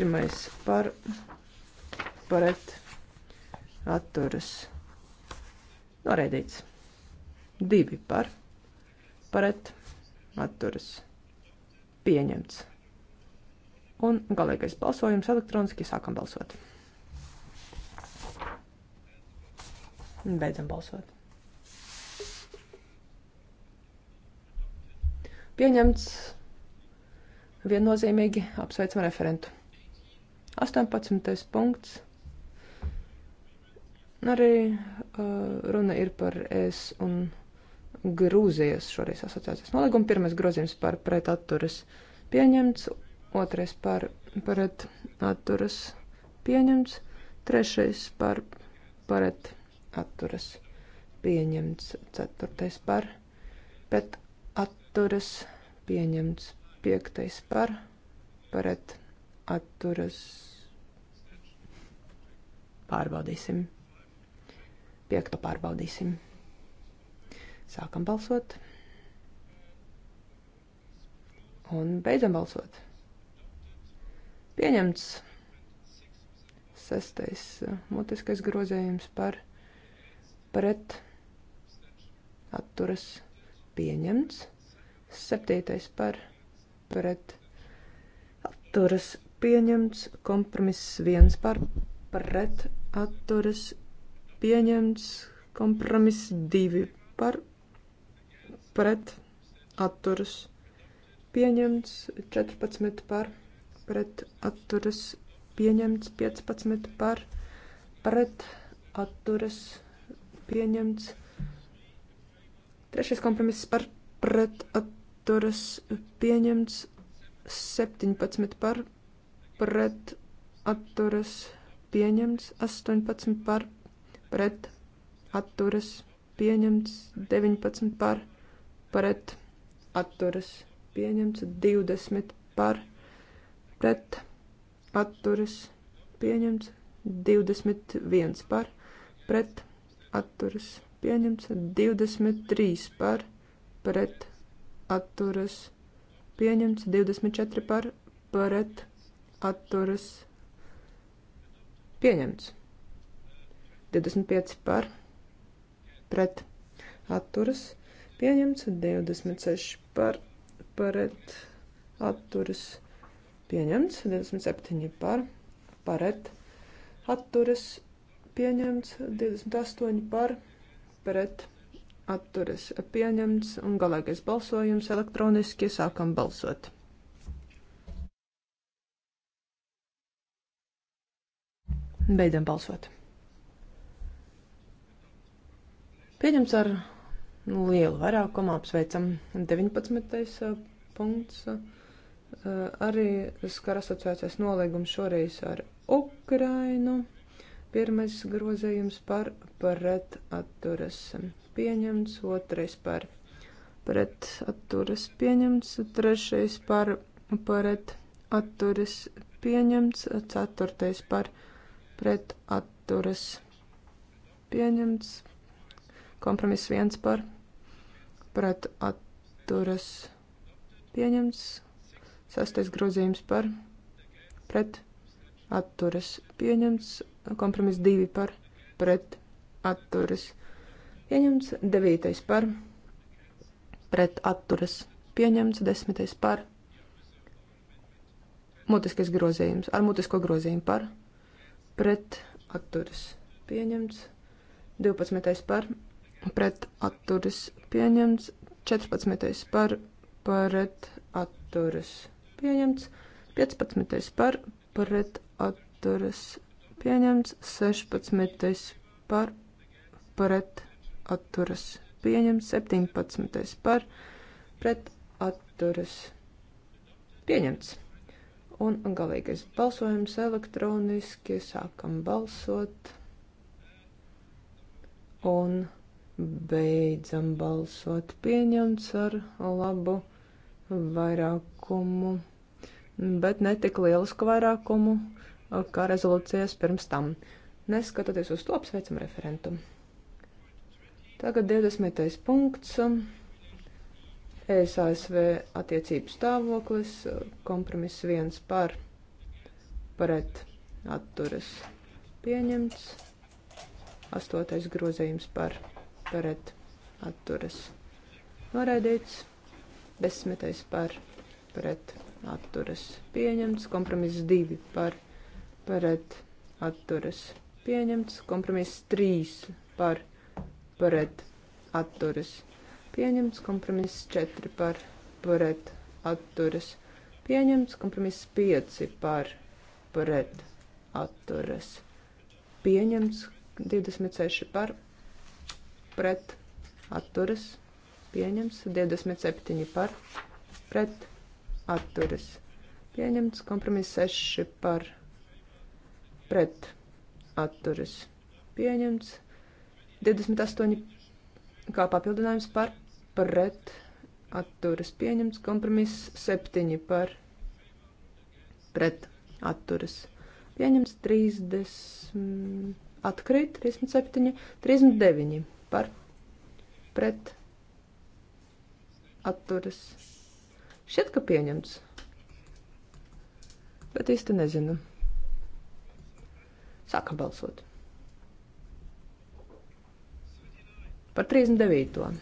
1. par pret atturas pieņemts atturas noraidīts. Divi par pret atturas pieņemts. Un galīgais balsojums elektroniski sākam balsot. Beidzam balsot. Pieņemts viennozīmīgi apsveicam referentu. 18. punkts. Arī uh, runa ir par es un Grūzijas šoreiz asociācijas nolīgumu. Pirmais grozījums par pretatturas pieņemts, otrais par pretatturas pieņemts, trešais par pretatturas pieņemts, ceturtais par pretatturas pieņemts, piektais par pretatturas pārbaudīsim. Piekto pārbaudīsim. Sākam balsot. Un beidzam balsot. Pieņemts sestais eh, mutiskais grozējums par pret atturas pieņemts. Septītais par pret atturas pieņemts. Kompromiss viens par pret atturas pieņemts kompromiss divi par pret atturas pieņemts 14 par pret atturas pieņemts 15 par pret atturas pieņemts trešais kompromiss par pret atturas pieņemts 17 par pret atturas pieņemts 18 par pret pret atturas pieņemts 19 par pret atturas pieņemts 20 par pret atturas pieņemts 21 par pret atturas pieņemts 23 par pret atturas pieņemts 24 par pret atturas pieņemts. 25 par pret atturas pieņemts, 26 par pret atturas pieņemts, 27 par pret atturas pieņemts, 28 par pret atturas pieņemts un galīgais balsojums elektroniski sākam balsot. Beidzam balsot. Pieņems ar lielu vairākumu apsveicam 19. Eh, punkts. Eh, arī skar asociācijas nolīgums šoreiz ar Ukrainu. Pirmais grozījums par pret atturas pieņemts, otrais par pret atturas pieņemts, trešais par pret atturas pieņemts, ceturtais par pret atturas pieņemts, Kompromiss viens par pret atturas pieņemts. Sastais grozījums par pret atturas pieņemts. Kompromiss divi par pret atturas pieņemts. Devītais par pret atturas pieņemts. Desmitais par mutiskais grozījums ar mutisko grozījumu par pret atturas pieņemts. 12. par pret pret atturas pieņemts, 14. par pret atturas pieņemts, 15. par pret atturas pieņemts, 16. par pret atturas pieņemts, 17. par pret atturas pieņemts. Un galīgais balsojums elektroniski, sākam balsot. Un Beidzam balsot pieņemts ar labu vairākumu, bet ne tik lielisku vairākumu kā rezolūcijas pirms tam. Neskatoties uz to, apsveicam referentu. Tagad 20. punkts. ESASV attiecības stāvoklis, kompromiss viens par pret atturas pieņemts, astotais grozījums par pret pret atturas noraidīts. Desmitais par pret atturas pieņemts. Kompromiss divi par pret atturas pieņemts. Kompromiss trīs par pret atturas pieņemts. Kompromiss četri par pret atturas pieņemts. Kompromiss pieci par pret atturas pieņemts. 26 par pret atturas pieņems, 27 par pret atturas pieņemts, kompromiss 6 par pret atturas pieņemts, 28 kā papildinājums par pret atturas pieņemts, kompromiss 7 par pret atturas pieņemts, 30 atkrīt, 37, 39 par pret atturas. Šķiet, ka pieņemts, bet īsti nezinu. Sākam balsot. Par 39.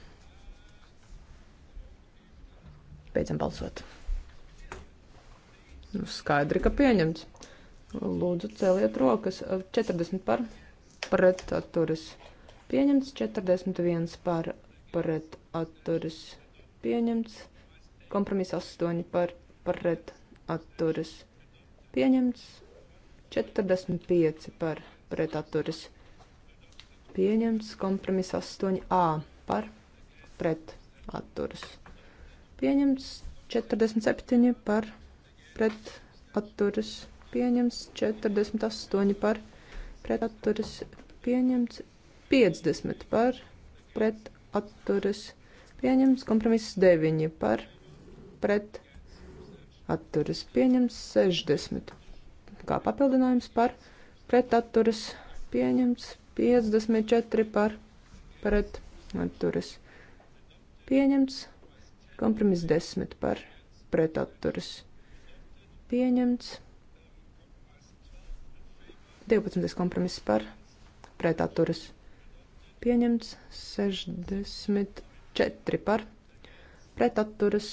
Beidzam balsot. Nu, skaidri, ka pieņemts. Lūdzu, celiet rokas. 40 par pret atturas pieņemts, 41 par pret atturas pieņemts, kompromiss 8 par pret atturas pieņemts, 45 par pret atturas pieņemts, kompromiss 8a par pret atturas pieņemts, 47 par pret atturas pieņemts, 48 par pret atturas pieņemts, 50 par pret atturas pieņems, kompromiss 9 par pret atturas pieņems, 60 kā papildinājums par pret atturas pieņems, 54 par pret atturas pieņems, kompromiss 10 par pret atturas pieņemts, 12 kompromiss par pret atturas pieņems pieņemts 64 par pret atturas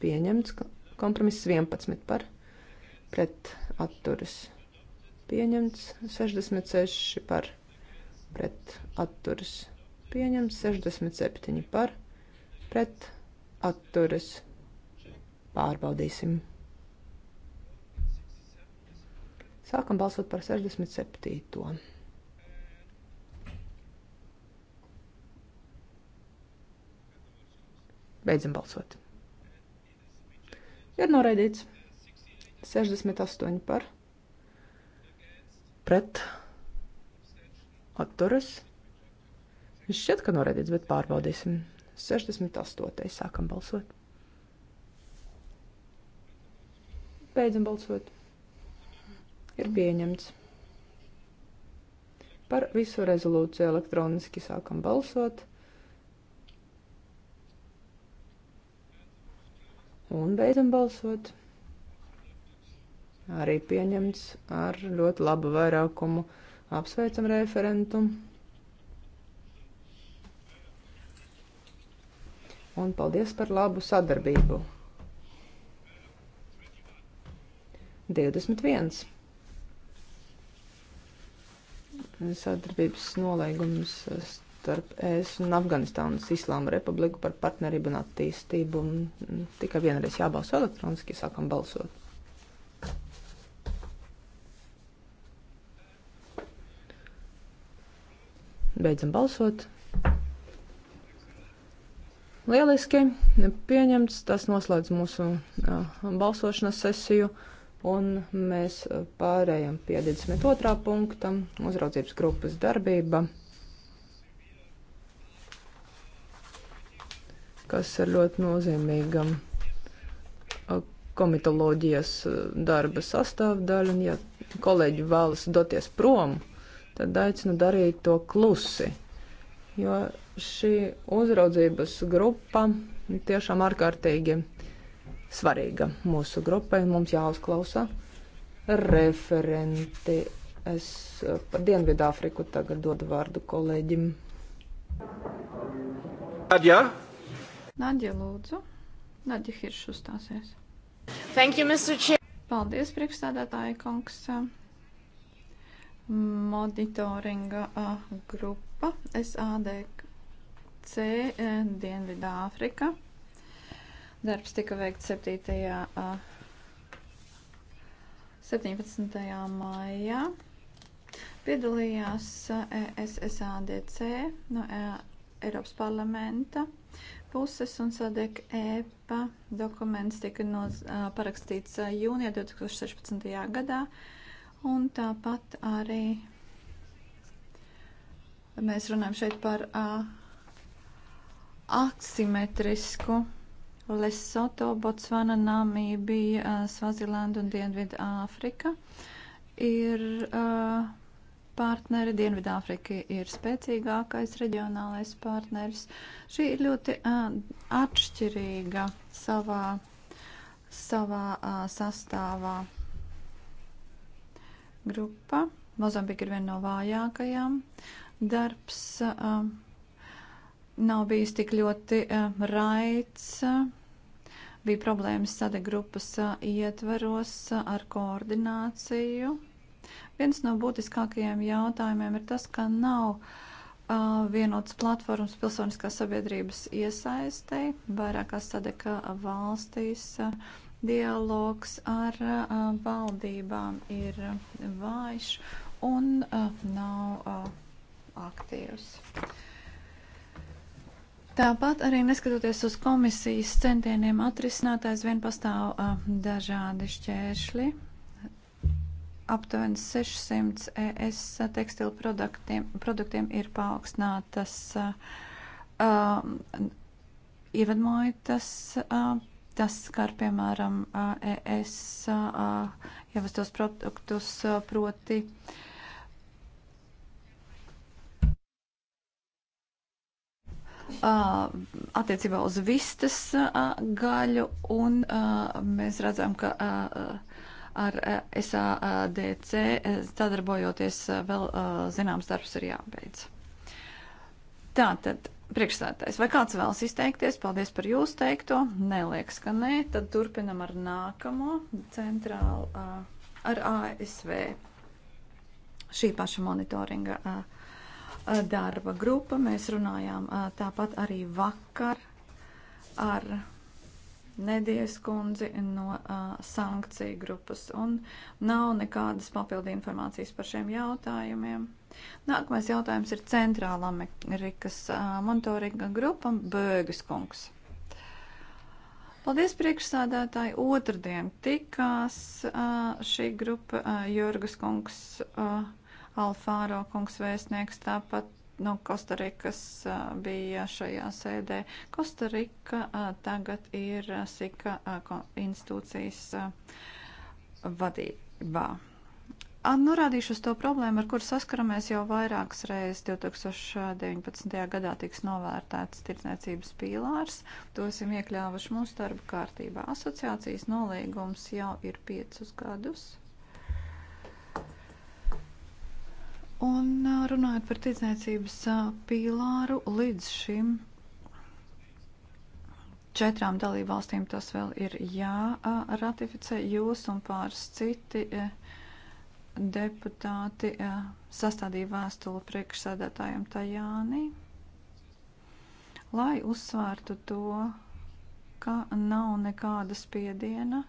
pieņemts kompromiss 11 par pret atturas pieņemts 66 par pret atturas pieņemts 67 par pret atturas pārbaudīsim. Sākam balsot par 67. Beidzam balsot. Ir noraidīts. 68 par. Pret. Atturas. Šķiet, ka noraidīts, bet pārbaudīsim. 68. Sākam balsot. Beidzam balsot. Ir pieņemts. Par visu rezolūciju elektroniski sākam balsot. Un beidzam balsot. Arī pieņemts ar ļoti labu vairākumu. Apsveicam referentu. Un paldies par labu sadarbību. 21. Sadarbības nolaigums starp ES un Afganistānas Islāma Republiku par partnerību un attīstību. Mm, tikai vienreiz jābalso elektroniski, sākam balsot. Beidzam balsot. Lieliski pieņemts, tas noslēdz mūsu uh, balsošanas sesiju, un mēs uh, pārējām pie 22. punkta - uzraudzības grupas darbība. kas ir ļoti nozīmīga komitoloģijas darba sastāvdaļa, un ja kolēģi vēlas doties prom, tad aicinu darīt to klusi, jo šī uzraudzības grupa tiešām ārkārtīgi svarīga mūsu grupai, un mums jāuzklausa referenti. Es par Dienvidāfriku tagad dodu vārdu kolēģim. Tad, ja? Nadja, lūdzu. Nadja Hirš uzstāsies. Thank you, Mr. Chair. Paldies, priekšstādātāja kungs. Monitoringa grupa SADC e, Dienvidā Āfrika. Darbs tika veikts 7. 17. maijā. Piedalījās e, SSADC no e, Eiropas parlamenta puses, un Sadek ēpa e dokuments tika noz, parakstīts jūnijā 2016. gadā, un tāpat arī mēs runājam šeit par uh, asimetrisku Lesoto, Botsvana, Namībija, uh, Svazilanda un Dienvidu Āfrika. Ir uh, partneri. Dienvidāfrika ir spēcīgākais reģionālais partneris. Šī ir ļoti uh, atšķirīga savā, savā uh, sastāvā grupa. Mozambika ir viena no vājākajām. Darbs uh, nav bijis tik ļoti uh, raids. Uh, bija problēmas sada grupas ietvaros ar koordināciju. Viens no būtiskākajiem jautājumiem ir tas, ka nav uh, vienotas platformas pilsoniskās sabiedrības iesaistei vairākās sadeka valstīs. Uh, dialogs ar uh, valdībām ir vājš un uh, nav uh, aktīvs. Tāpat arī neskatoties uz komisijas centieniem atrisināt, aizvien pastāv uh, dažādi šķēršļi aptuveni 600 ES tekstilu produktiem, produktiem ir paaugstinātas uh, ievedmojotas. Uh, tas skar, piemēram, uh, ES uh, ievestos produktus, uh, proti. Uh, attiecībā uz vistas uh, gaļu, un uh, mēs redzam, ka uh, ar eh, SADC eh, sadarbojoties eh, vēl zināms darbs ir jābeidz. Tātad, priekšsētājs, vai kāds vēlas izteikties? Paldies par jūsu teikto. Neliekas, ka nē. Tad turpinam ar nākamo centrālu, ar ASV šī paša monitoringa darba grupa. Mēs runājām tāpat arī vakar ar Nedijas kundzi no uh, sankciju grupas, un nav nekādas papildi informācijas par šiem jautājumiem. Nākamais jautājums ir Centrāla Amerikas uh, monitoringa grupa Bēgas kungs. Paldies priekšsādātāji. Otradien tikās uh, šī grupa uh, Jurgas kungs, uh, Alfāro kungs vēstnieks, tāpat no Kostarikas bija šajā sēdē. Kostarika tagad ir SIKA institūcijas vadībā. Norādīšu uz to problēmu, ar kuru saskaramies jau vairākas reizes. 2019. gadā tiks novērtēts tirdzniecības pīlārs. To esam iekļāvuši mūsu darba kārtībā. Asociācijas nolīgums jau ir piecus gadus Un runājot par tirdzniecības pīlāru, līdz šim četrām dalībvalstīm tas vēl ir jāratificē. Jūs un pāris citi deputāti sastādīja vēstuli priekšsēdētājiem Tajānī, lai uzsvērtu to, ka nav nekāda spiediena,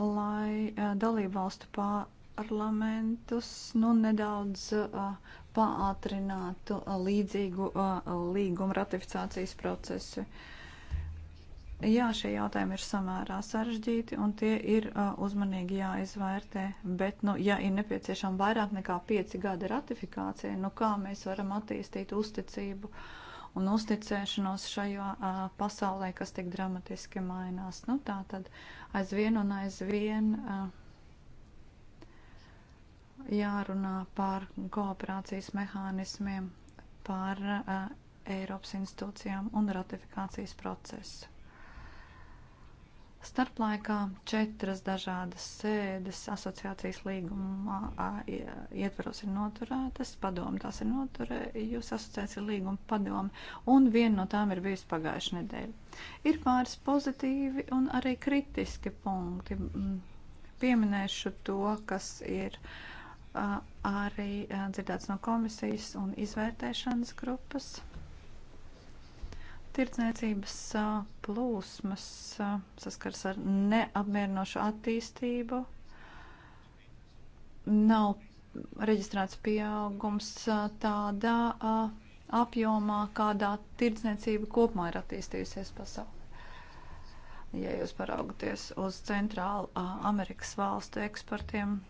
lai dalībvalstu pārējiem parlamentus nu, nedaudz uh, paātrinātu uh, līdzīgu uh, līgumu ratifikācijas procesu. Jā, šie jautājumi ir samērā sarežģīti un tie ir uh, uzmanīgi jāizvērtē, bet, nu, ja ir nepieciešama vairāk nekā pieci gadi ratifikācijai, nu kā mēs varam attīstīt uzticību un uzticēšanos šajā uh, pasaulē, kas tik dramatiski mainās? Nu, tā tad aizvien un aizvien. Uh, jārunā par kooperācijas mehānismiem, par uh, Eiropas institūcijām un ratifikācijas procesu. Starplaikā četras dažādas sēdes asociācijas līguma ietvaros ir noturētas, padomu tās ir noturējusi asociācija līguma padomu, un viena no tām ir bijusi pagājuša nedēļa. Ir pāris pozitīvi un arī kritiski punkti. Mm, pieminēšu to, kas ir uh, arī dzirdēts no komisijas un izvērtēšanas grupas. Tirdzniecības plūsmas saskars ar neapmierinošu attīstību. Nav reģistrēts pieaugums tādā apjomā, kādā tirdzniecība kopumā ir attīstījusies pasaulē ja jūs paraugaties uz Centrālu Amerikas valstu eksportiem,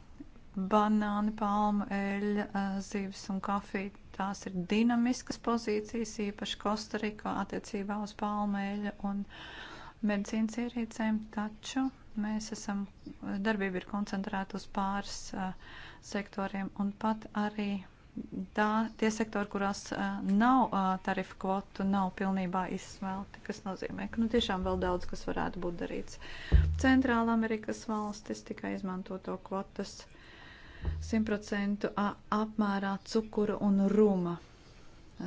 banāni, palmu, eļļa, eh, zivs un kafija. Tās ir dinamiskas pozīcijas, īpaši Kostarikā attiecībā uz palmu, eļļu un medicīnas ierīcēm, taču mēs esam, darbība ir koncentrēta uz pāris uh, sektoriem un pat arī tā, tie sektori, kurās uh, nav uh, tarifu kvotu, nav pilnībā izsmelti, kas nozīmē, ka nu, tiešām vēl daudz, kas varētu būt darīts. Centrāla Amerikas valstis tikai izmanto to kvotas. Uh, 100% apmērā cukura un ruma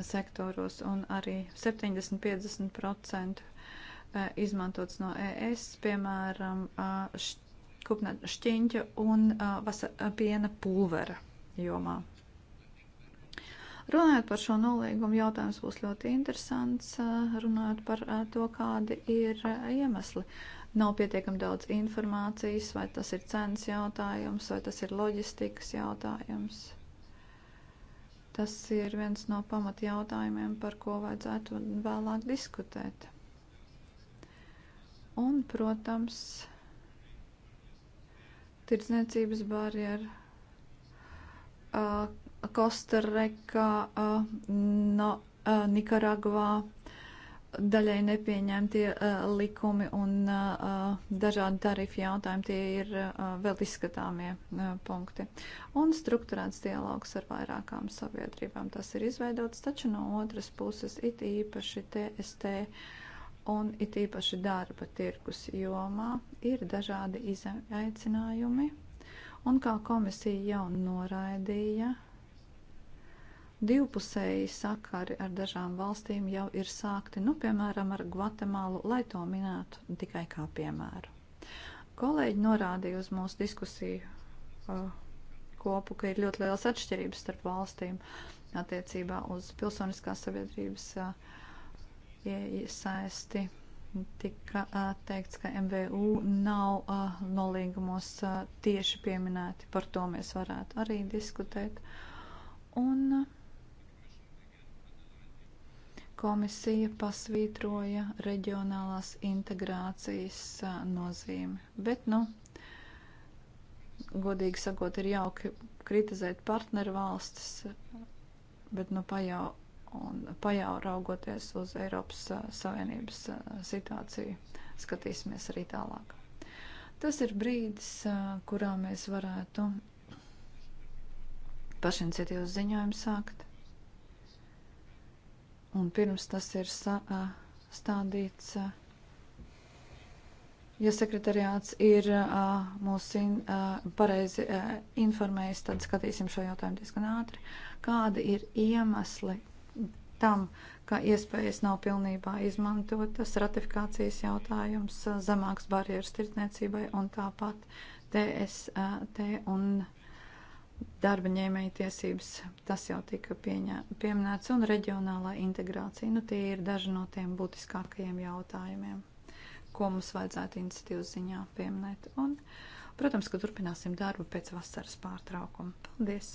sektoros un arī 70-50% e, izmantots no ES, piemēram, šķiņķa un piena pulvera jomā. Runājot par šo nolīgumu, jautājums būs ļoti interesants, runājot par to, kādi ir iemesli Nav pietiekami daudz informācijas, vai tas ir cenas jautājums, vai tas ir loģistikas jautājums. Tas ir viens no pamatjautājumiem, par ko vajadzētu vēlāk diskutēt. Un, protams, tirdzniecības barjeru. Uh, Kostarikā, uh, no, uh, Nikaragvā, daļai nepieņemtie uh, likumi un uh, dažādi tarifu jautājumi, tie ir uh, vēl izskatāmie uh, punkti. Un struktūrēts dialogs ar vairākām sabiedrībām tas ir izveidots, taču no otras puses it īpaši TST un it īpaši darba tirkus jomā ir dažādi izaicinājumi. Un kā komisija jau noraidīja, Divpusēji sakari ar dažām valstīm jau ir sākti, nu, piemēram, ar Gvatemalu, lai to minētu tikai kā piemēru. Kolēģi norādīja uz mūsu diskusiju uh, kopu, ka ir ļoti liels atšķirības starp valstīm attiecībā uz pilsoniskās sabiedrības uh, iesaisti. Tika uh, teikts, ka MVU nav nolīgumos tieši pieminēti, par to mēs varētu arī diskutēt. Un uh, Komisija pasvītroja reģionālās integrācijas nozīmi. Bet, nu, godīgi sakot, ir jauki kritizēt partneru valstis, bet, nu, pajau, un, pajau raugoties uz Eiropas Savienības situāciju, skatīsimies arī tālāk. Tas ir brīdis, kurā mēs varētu pašiniciatīvas ziņojumu sākt. Un pirms tas ir stādīts, ja sekretariāts ir mūs in, pareizi informējis, tad skatīsim šo jautājumu diezgan ātri. Kādi ir iemesli tam, ka iespējas nav pilnībā izmantotas, ratifikācijas jautājums, zemāks barjeras tirdzniecībai un tāpat DST un darba ņēmēja tiesības, tas jau tika pieņā, pieminēts, un reģionālā integrācija. Nu, tie ir daži no tiem būtiskākajiem jautājumiem, ko mums vajadzētu iniciatīvas ziņā pieminēt. Un, protams, ka turpināsim darbu pēc vasaras pārtraukuma. Paldies!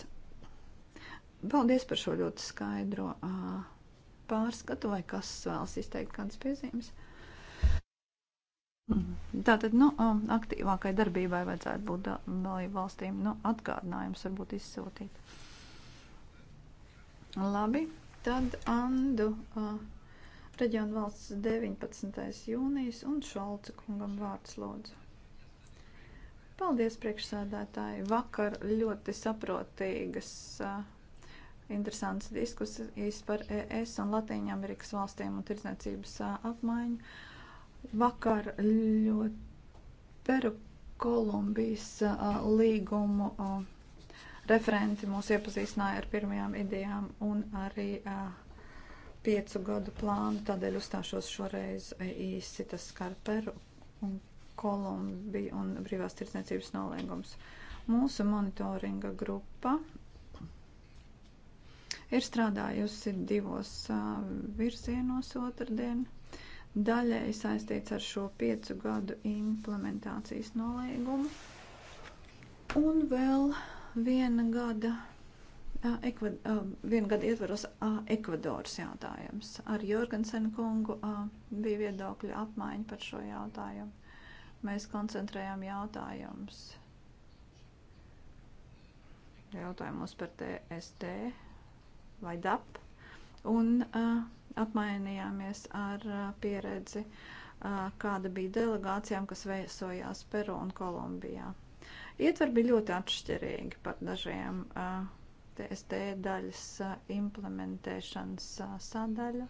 Paldies par šo ļoti skaidro uh, pārskatu, vai kas vēlas izteikt kādas piezīmes. Mhm. Tātad, nu, um, aktīvākai darbībai vajadzētu būt dalību valstīm, nu, atgādinājums varbūt izsūtīt. Labi, tad Andu uh, reģionu valsts 19. jūnijas un Šalca kungam vārds lūdzu. Paldies, priekšsēdētāji. Vakar ļoti saprotīgas, uh, interesantas diskusijas par ES un Latīņamerikas valstīm un tirdzniecības uh, apmaiņu Vakar ļoti Peru Kolumbijas uh, līgumu uh, referenti mūs iepazīstināja ar pirmajām idejām un arī uh, piecu gadu plānu, tādēļ uzstāšos šoreiz e, īsi tas skar Peru un Kolumbiju un brīvās tirdzniecības nolīgums. Mūsu monitoringa grupa ir strādājusi divos virzienos otrdien daļai saistīts ar šo piecu gadu implementācijas nolīgumu un vēl viena gada, ekvad, viena gada ietvaros Ekvadoras jautājums. Ar Jorgensenu kungu bija viedokļa apmaiņa par šo jautājumu. Mēs koncentrējām jautājumus jautājumos par TST vai DAP. Un uh, apmainījāmies ar pieredzi, kāda bija delegācijām, kas viesojās Peru un Kolumbijā. Ietver bija ļoti atšķirīgi par dažiem TST daļas implementēšanas sadaļu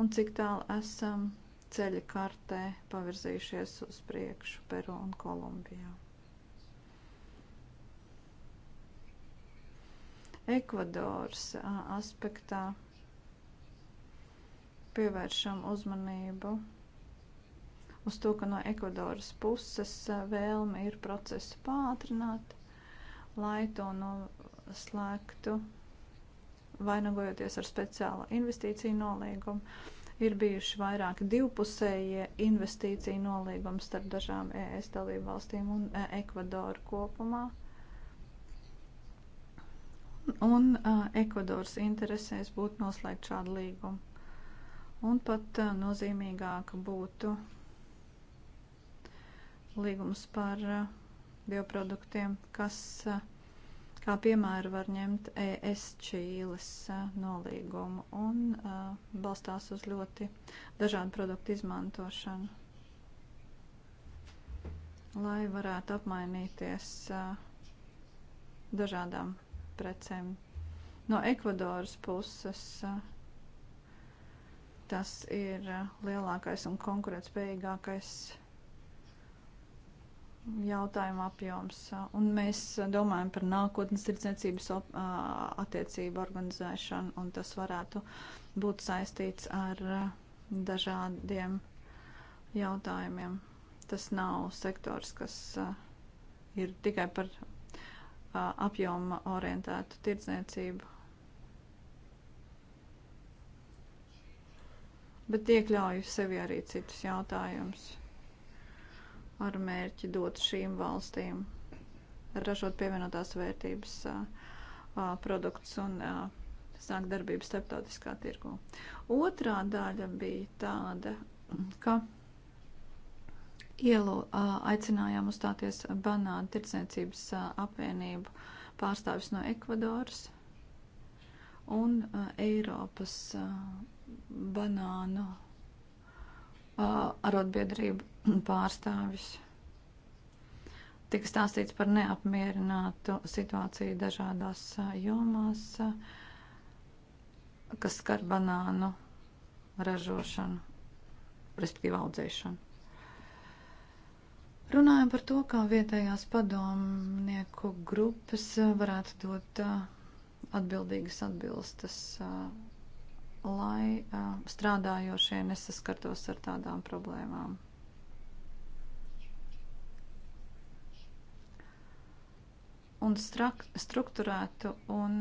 un cik tālu esam ceļa kartē pavirzījušies uz priekšu Peru un Kolumbijā. Ekvadoras aspektā pievēršam uzmanību uz to, ka no Ekvadoras puses eh, vēlme ir procesu pātrināt, lai to noslēgtu, vainagojoties ar speciālu investīciju nolīgumu. Ir bijuši vairāki divpusējie investīciju nolīgumi starp dažām ES dalību valstīm un eh, Ekvadoru kopumā. Un uh, Ekvadoras interesēs būtu noslēgt šādu līgumu Un pat eh, nozīmīgāk būtu līgums par eh, bioproduktiem, kas eh, kā piemēru var ņemt ES Čīles nolīgumu un balstās uz ļoti dažādu produktu izmantošanu, lai varētu apmainīties dažādām precēm. No Ekvadoras puses Tas ir eh, lielākais un konkurētspējīgākais jautājuma apjoms. Un mēs domājam par nākotnes tirdzniecības eh, attiecību organizēšanu, un tas varētu būt saistīts ar eh, dažādiem jautājumiem. Tas nav sektors, kas ir tikai par apjoma orientētu tirdzniecību bet iekļauju sevi arī citus jautājumus ar mērķi dot šīm valstīm, ražot pievienotās vērtības a, a, produkts un a, sākt darbību starptautiskā tirgu. Otrā daļa bija tāda, ka ielu a, aicinājām uzstāties banānu tirdzniecības apvienību pārstāvis no Ekvadoras – un uh, Eiropas uh, banānu uh, arotbiedrību pārstāvis. Tika stāstīts par neapmierinātu situāciju dažādās uh, jomās, uh, kas skar banānu ražošanu, respektīvi audzēšanu. Runājam par to, kā vietējās padomnieku grupas varētu dot uh, atbildīgas atbilstas, lai strādājošie nesaskartos ar tādām problēmām. Un struktūrētu un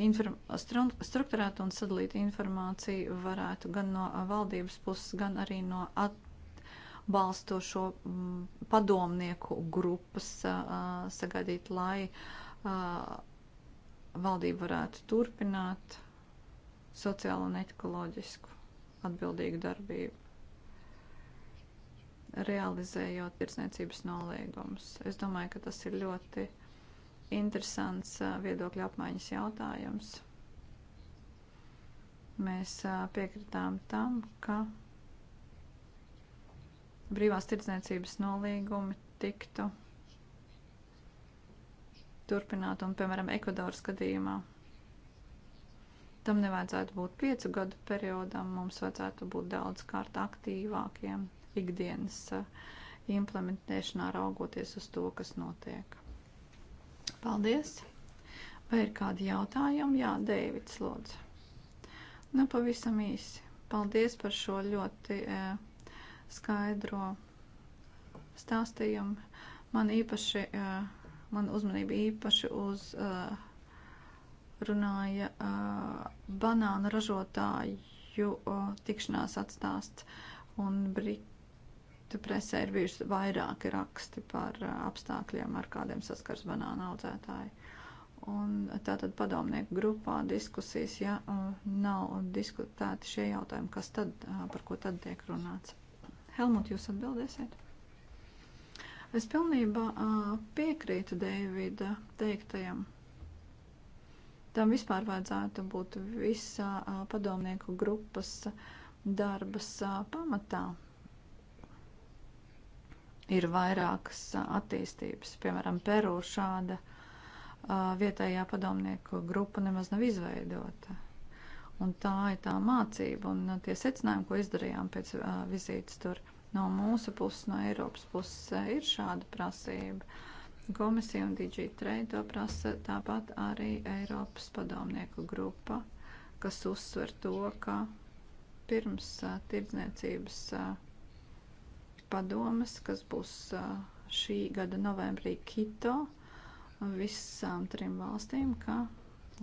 Inform, struktūrēta un sadalīta informācija varētu gan no valdības puses, gan arī no at, balstošo mm, padomnieku grupas sagaidīt, lai valdība varētu turpināt sociālo un ekoloģisku atbildīgu darbību, realizējot tirsniecības nolīgumus. Es domāju, ka tas ir ļoti interesants viedokļu apmaiņas jautājums. Mēs piekritām tam, ka brīvās tirdzniecības nolīgumi tiktu turpināt un, piemēram, Ekvadoras gadījumā. Tam nevajadzētu būt piecu gadu periodam, mums vajadzētu būt daudz kārt aktīvākiem ikdienas eh, implementēšanā raugoties uz to, kas notiek. Paldies! Vai ir kādi jautājumi? Jā, Dēvids, lūdzu. Nu, pavisam īsi. Paldies par šo ļoti. Eh, skaidro stāstījumu. Man īpaši, man uzmanība īpaši uzrunāja banānu ražotāju tikšanās atstāsts un Britu presē ir bijuši vairāki raksti par apstākļiem, ar kādiem saskars banāna audzētāji. Un tātad padomnieku grupā diskusijas, ja nav diskutēti šie jautājumi, kas tad, par ko tad tiek runāts. Helmut, jūs atbildēsiet? Es pilnībā piekrītu Deivida teiktajam. Tam vispār vajadzētu būt visā padomnieku grupas darbas pamatā. Ir vairākas attīstības, piemēram, Peru šāda vietējā padomnieku grupa nemaz nav izveidota. Un tā ir tā mācība un uh, tie secinājumi, ko izdarījām pēc uh, vizītes tur. No mūsu puses, no Eiropas puses uh, ir šāda prasība. Komisija un DG Trade to prasa, tāpat arī Eiropas padomnieku grupa, kas uzsver to, ka pirms uh, tirdzniecības uh, padomas, kas būs uh, šī gada novembrī Kito, visām trim valstīm, ka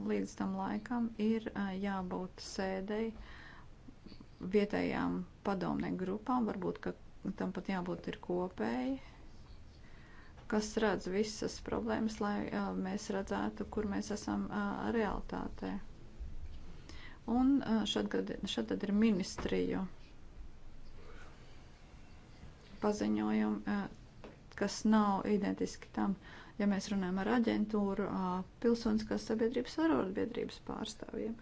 līdz tam laikam ir jābūt sēdei vietējām padomnieku grupām, varbūt, ka tam pat jābūt ir kopēji, kas redz visas problēmas, lai mēs redzētu, kur mēs esam realitātē. Un šad tad ir ministriju paziņojumi, kas nav identiski tam, uh, ja mēs runājam ar aģentūru, pilsoniskās sabiedrības arotbiedrības pārstāvjiem.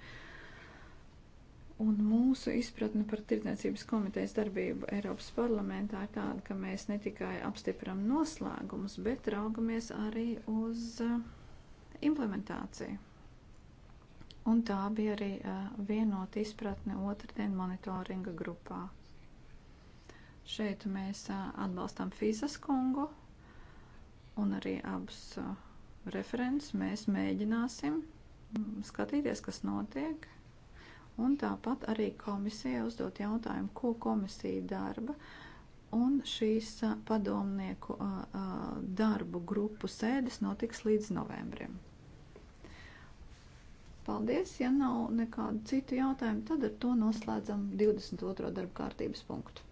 Un mūsu izpratne par tirdzniecības komitejas darbību Eiropas parlamentā ir tāda, ka mēs ne tikai apstipram noslēgumus, bet raugamies arī uz implementāciju. Un tā bija arī vienota izpratne otrdien monitoringa grupā. Šeit mēs atbalstam Fīzas kungu, un arī abas referents mēs mēģināsim mm, skatīties, kas notiek. Un tāpat arī komisijai uzdot jautājumu, ko komisija darba un šīs padomnieku darbu grupu sēdes notiks līdz novembrim. Paldies, ja nav nekādu citu jautājumu, tad ar to noslēdzam 22. darba kārtības punktu.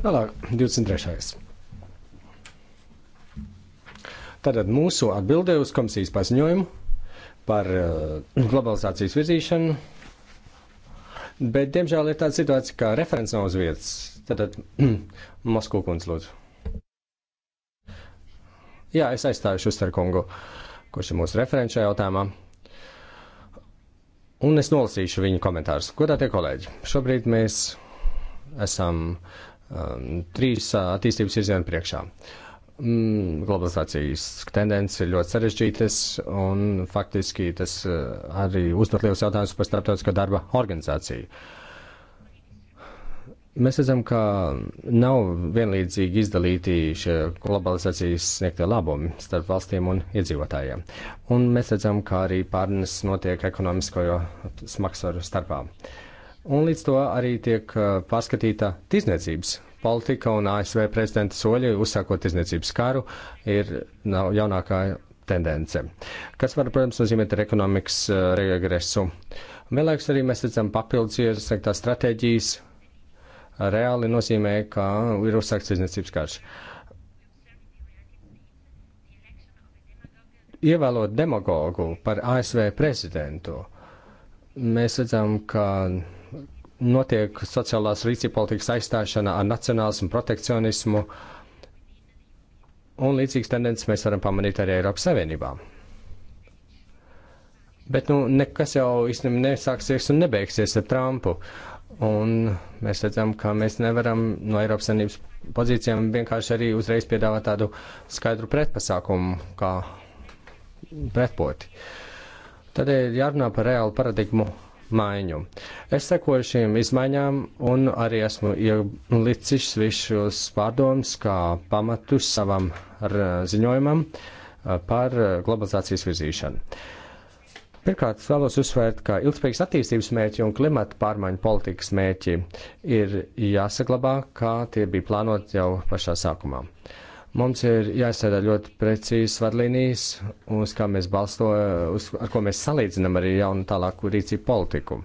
Vēlāk, 23. Tātad mūsu atbildē uz komisijas paziņojumu par uh, globalizācijas virzīšanu, bet, diemžēl, ir tāda situācija, ka referents nav uz vietas. Tātad Moskva kundze lūdzu. Jā, es aizstāju Šusterkungu, kurš ir mūsu referents šajā jautājumā. Un es nolasīšu viņu komentārus. Godātie kolēģi, šobrīd mēs esam um, trīs uh, attīstības virzienu priekšā. Uh, mm, globalizācijas tendence ir ļoti sarežģītas, un faktiski tas eh, arī uzdot liels jautājums par starptautiskā darba organizāciju. Mēs redzam, ka nav vienlīdzīgi izdalīti šie globalizācijas sniegtie labumi starp valstīm un iedzīvotājiem. Un mēs redzam, ka arī pārnes notiek ekonomiskojo smaksaru starpā. Un līdz to arī tiek eh, pārskatīta tirzniecības politika un ASV prezidenta soļi, uzsākot izniecības karu, ir jaunākā tendence, kas var, protams, nozīmēt ar ekonomikas eh, regresu. Vienlaikus arī mēs redzam papildus iesniegtās stratēģijas, reāli nozīmē, ka ir uzsākts izniecības karš. Ievēlot demagogu par ASV prezidentu, mēs redzam, ka notiek sociālās rīcība politikas aizstāšana ar nacionālismu, protekcionismu, un līdzīgas tendences mēs varam pamanīt arī Eiropas Savienībā. Bet nu, nekas jau īstenībā nesāksies un nebeigsies ar Trumpu. Un mēs redzam, ka mēs nevaram no Eiropas Savienības pozīcijām vienkārši arī uzreiz piedāvāt tādu skaidru pretpasākumu, kā pretpoti. Tādēļ jārunā par reālu paradigmu maiņu. Es sekoju šīm izmaiņām un arī esmu ielicis visus pārdomus kā pamatus savam ziņojumam par globalizācijas virzīšanu. Pirmkārt, vēlos uzsvērt, ka ilgspējīgas attīstības mērķi un klimata pārmaiņu politikas mērķi ir jāsaglabā, kā tie bija plānoti jau pašā sākumā. Uh, Mums ir jāizstrādā ļoti precīzas vadlīnijas, uz kā mēs balsto, uz, ar ko mēs salīdzinām arī jaunu tālāku rīcību politiku.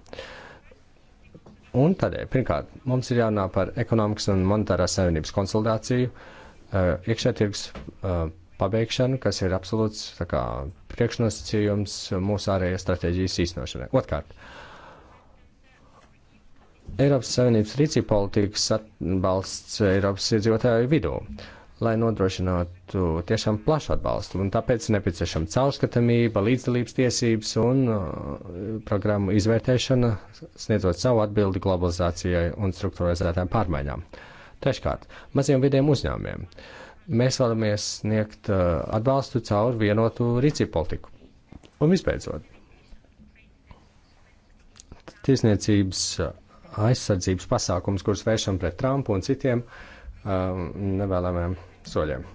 Un tādēļ, pirmkārt, mums ir jārunā par ekonomikas un monetārās savienības konsolidāciju, eh, iekšē tirgus eh, pabeigšanu, kas ir absolūts kā, priekšnosacījums mūsu ārējās stratēģijas īstenošanai. Otkārt, Eiropas Savienības rīcība politikas atbalsts Eiropas iedzīvotāju vidū. Uh, lai nodrošinātu tiešām plašu atbalstu. Un tāpēc ir nepieciešama caurskatāmība, līdzdalības tiesības un uh, programmu izvērtēšana, sniedzot savu atbildi globalizācijai un struktūrizētām pārmaiņām. Treškārt, maziem vidiem uzņēmumiem. Mēs vēlamies sniegt uh, atbalstu caur vienotu rīcību politiku. Un visbeidzot, tiesniecības uh, aizsardzības pasākums, kurus vēršam pret Trumpu un citiem um, nevēlamiem soļiem.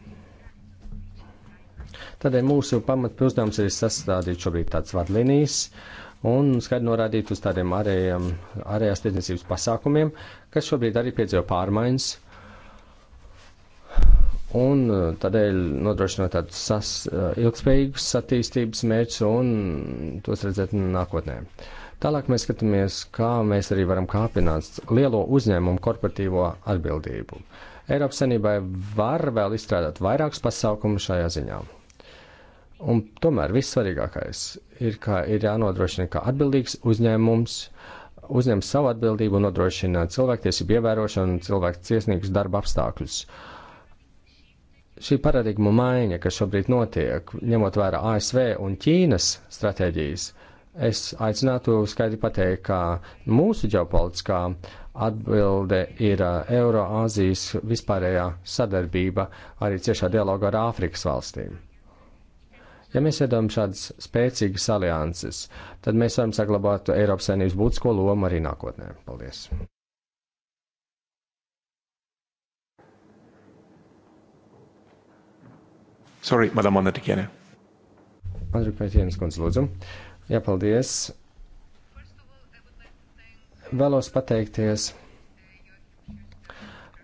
Tādēļ mūsu pamatpilsdevums ir sastādīt šobrīd tāds vadlinijas un skaidri norādīt uz tādiem ārējiem, ārējās tirdzniecības pasākumiem, kas šobrīd arī piedzīvo pārmaiņas. Un eh, tādēļ nodrošinot tādus sas, eh, ilgspējīgus attīstības mērķus un tos redzēt nākotnē. Tālāk mēs skatāmies, kā mēs arī varam kāpināt lielo uzņēmumu korporatīvo atbildību. Uh, Eiropas Sanībai var vēl izstrādāt vairākus pasaukumus šajā ziņā. Un tomēr vissvarīgākais ir, ka ir jānodrošina, ka atbildīgs uzņēmums uzņem savu atbildību un nodrošina cilvēktiesību ievērošanu un cilvēku ciesnīgus darba apstākļus. Šī paradigma maiņa, kas šobrīd notiek, ņemot vērā ASV un Ķīnas stratēģijas, es aicinātu skaidri pateikt, ka mūsu ģeopolitiskā uh, Atbilde ir Eiroāzijas vispārējā sadarbība arī ciešā dialoga ar Āfrikas valstīm. Ja mēs iedodam šādas spēcīgas alianses, tad mēs varam saglabāt Eiropas saimnības būtisko lomu arī nākotnē. Paldies! Sorry, Madam Andrikiene. Andrikiene, kundze, lūdzu. Jā, paldies vēlos pateikties.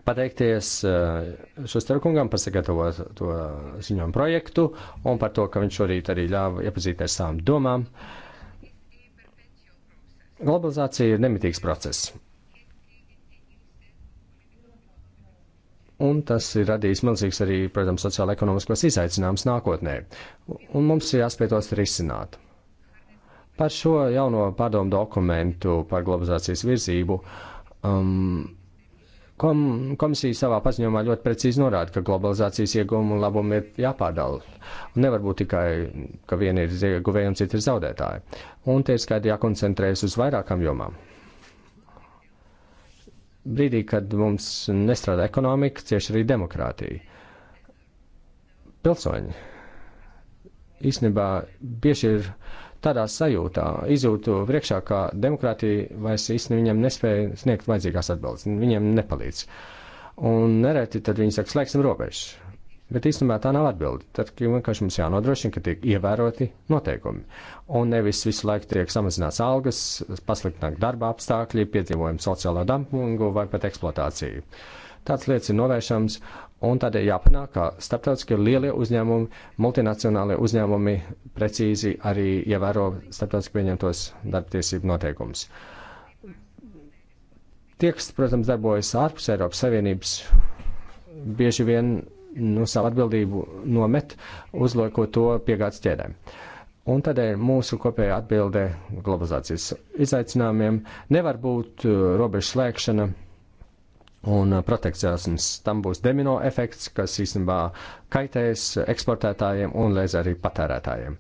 Pateikties eh, Šusterkungam par sagatavoto to ziņojumu projektu un par to, ka viņš šorīt arī ļāva iepazīties savām domām. Globalizācija ir nemitīgs process. un tas ir radījis milzīgs arī, protams, sociāla ekonomiskos izaicinājums nākotnē. Un mums ir jāspēj tos risināt. Par šo jauno padomu dokumentu par globalizācijas virzību um, kom, komisija savā paziņojumā ļoti precīzi norāda, ka globalizācijas iegūmu un labumu ir jāpārdala. Un nevar būt tikai, ka viena ir guvēja un cita ir zaudētāja. Un te ir skaidri jākoncentrējas uz vairākām jomām brīdī, kad mums nestrādā ekonomika, cieši arī demokrātija. Pilsoņi īstenībā bieži ir tādā sajūtā, izjūtu priekšā, ka demokrātija vairs īstenībā viņam nespēja sniegt vajadzīgās atbildes, viņiem nepalīdz. Un nereti tad viņi saka, slēgsim robežas. Bet īstenībā tā nav atbilde. Tad vienkārši mums jānodrošina, ka tiek ievēroti noteikumi. Un nevis visu laiku tiek samazināts algas, pasliktināt darba apstākļi, piedzīvojam sociālo dumpingu vai pat eksploatāciju. Uh, Tāds lietas ir novēršams, un tādēļ jāpanāk, ka starptautiskie lielie uzņēmumi, multinacionālie uzņēmumi precīzi arī ievēro starptautiski pieņemtos darbtiesību noteikumus. Tie, kas, protams, darbojas ārpus Eiropas Savienības, bieži vien nu, savu atbildību nomet, uzliekot to piegādes ķēdēm. Un tādēļ mūsu kopējā atbilde globalizācijas izaicinājumiem nevar būt uh, robežu slēgšana un uh, protekcionisms. Tam būs domino efekts, kas īstenībā kaitēs eksportētājiem un lēs arī patērētājiem.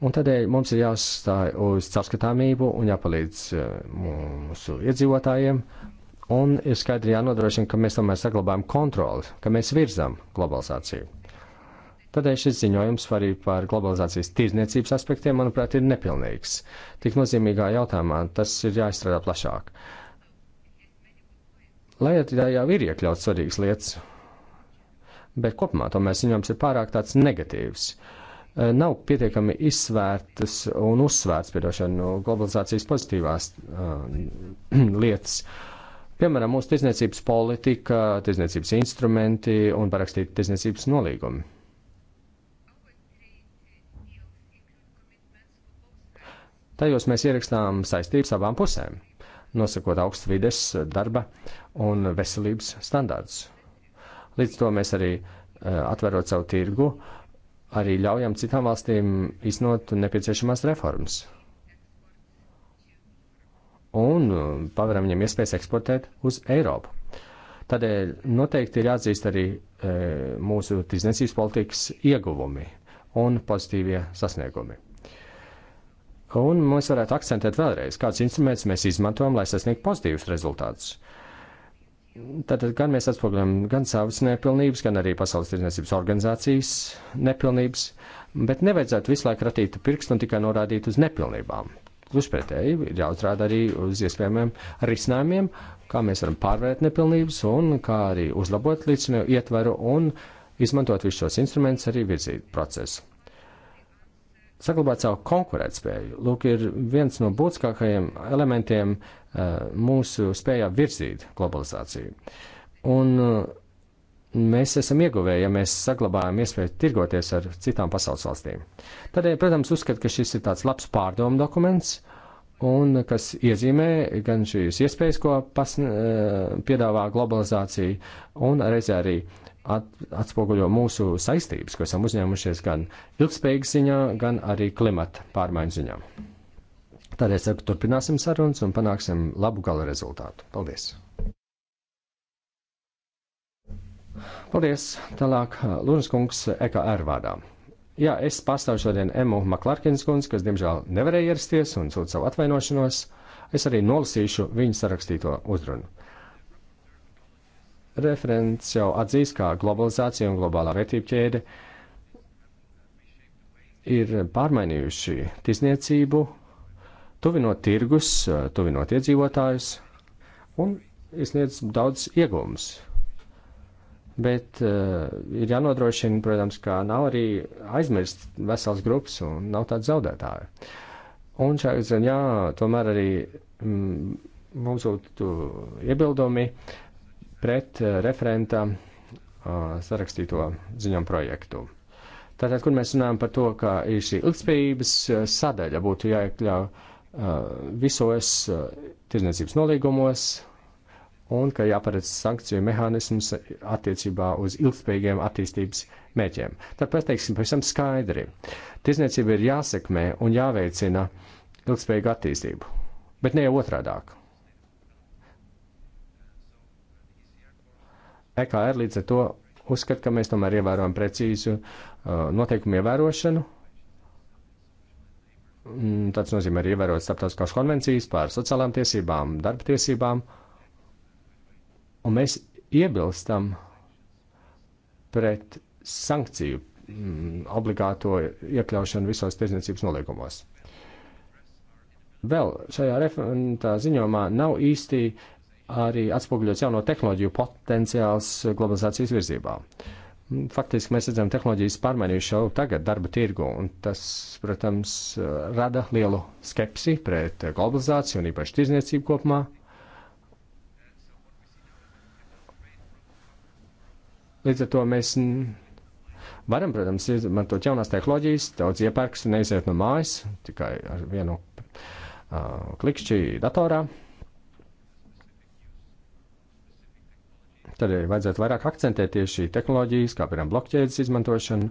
Un tādēļ eh, mums ir jāuzstāj uz caurskatāmību un jāpalīdz eh, mūsu iedzīvotājiem. Un ir skaidri jānodrošina, ka mēs tomēr saglabājam kontroli, ka mēs virzam globalizāciju. Tādēļ eh, šis ziņojums arī par globalizācijas tirzniecības aspektiem, manuprāt, ir nepilnīgs. Tik nozīmīgā jautājumā tas ir jāizstrādā plašāk. Uh, Lai arī tajā ir iekļauts svarīgas lietas, bet kopumā tomēr ziņojums ir pārāk tāds negatīvs. Eh, nav pietiekami izsvērtas un uzsvērts, piedošana, no globalizācijas pozitīvās uh, lietas. Piemēram, mūsu tirzniecības politika, tirzniecības instrumenti un parakstīti tirzniecības nolīgumi. Tajos mēs ierakstām saistības abām pusēm nosakot augstu vides, eh, darba un veselības standārtus. Līdz to mēs arī eh, atverot savu tirgu, arī ļaujam citām valstīm iznot nepieciešamās reformas. Un eh, paveram viņiem iespējas eksportēt uz Eiropu. Tādēļ noteikti ir jāatzīst arī e, mūsu tirdzniecības politikas ieguvumi un pozitīvie sasniegumi. Un mums varētu akcentēt vēlreiz, kāds instruments mēs izmantojam, lai sasniegtu pozitīvus rezultātus. Tātad gan mēs atspoguļam gan savas nepilnības, gan arī Pasaules tirdzniecības organizācijas nepilnības, bet nevajadzētu visu laiku ratīt pirkstu un tikai norādīt uz nepilnībām. Gluži pretēji, ir jāuzrāda arī uz iespējamiem risinājumiem, kā mēs varam pārvērt nepilnības un kā arī uzlabot līdzinājumu ietveru un izmantot visus šos instrumentus arī virzīt procesu saglabāt savu konkurētspēju. Lūk, ir viens no būtiskākajiem elementiem eh, mūsu spējā virzīt globalizāciju. Un eh, mēs esam ieguvēji, ja mēs saglabājam iespēju tirgoties ar citām pasaules valstīm. Tādēļ, eh, protams, uzskatu, ka šis ir tāds labs pārdomu dokuments, un kas iezīmē gan šīs iespējas, ko pasn, piedāvā globalizācija, un reizē arī uh, atspoguļo mūsu saistības, ko esam uzņēmušies gan ilgspējīgas ziņā, gan arī klimata pārmaiņu ziņā. Tādēļ ceru, ka turpināsim sarunas un panāksim labu gala rezultātu. Paldies! Paldies! Tālāk Lunas kungs EKR vārdā. Jā, es pārstāvu šodien Emu Maklārkins kungs, kas diemžēl nevarēja ierasties un sūt savu atvainošanos. Es arī nolasīšu viņu sarakstīto uzrunu. Referents jau atzīst, ka globalizācija un globālā vērtība ķēde ir pārmainījuši tirzniecību, tuvinot tirgus, tuvinot iedzīvotājus un izsniedz daudz iegūmus. Bet uh, ir jānodrošina, protams, ka nav arī aizmirst vesels grupas un nav tāds zaudētāji. Un šajā ziņā tomēr arī mm, mums būtu iebildumi pret eh, referenta eh, sarakstīto ziņām projektu. Tātad, kur mēs runājam par to, ka ir šī ilgspējības eh, sadaļa būtu jāiekļauj visos tirdzniecības nolīgumos un ka jāparedz sankciju mehānisms attiecībā uz ilgspējīgiem attīstības mēķiem. Tad pateiksim pavisam skaidri. Tirdzniecība ir jāsekmē un jāveicina ilgspējīgu attīstību, bet ne otrādāk. EKR līdz ar to uzskata, ka mēs tomēr ievērojam precīzu uh, noteikumu ievērošanu. Mm, tas nozīmē arī ievērot starptautiskās konvencijas par sociālām tiesībām, darba tiesībām. Un mēs iebilstam pret sankciju mm, obligāto iekļaušanu visos tirdzniecības noliekumos. Vēl šajā ziņojumā nav īsti arī atspoguļots jauno tehnoloģiju potenciāls globalizācijas virzībā. Mm, faktiski mēs redzam tehnoloģijas pārmainījuši jau tagad darba tirgu, un tas, protams, eh, rada lielu skepsi pret eh, globalizāciju un īpaši tirzniecību kopumā. Līdz ar to mēs varam, protams, izmantot jaunās tehnoloģijas, daudz iepērks un neiziet no mājas tikai ar vienu uh, klikšķi datorā. Uh, Tad arī vajadzētu vairāk akcentēt tieši tehnoloģijas, kā piemēram blokķēdes izmantošanu,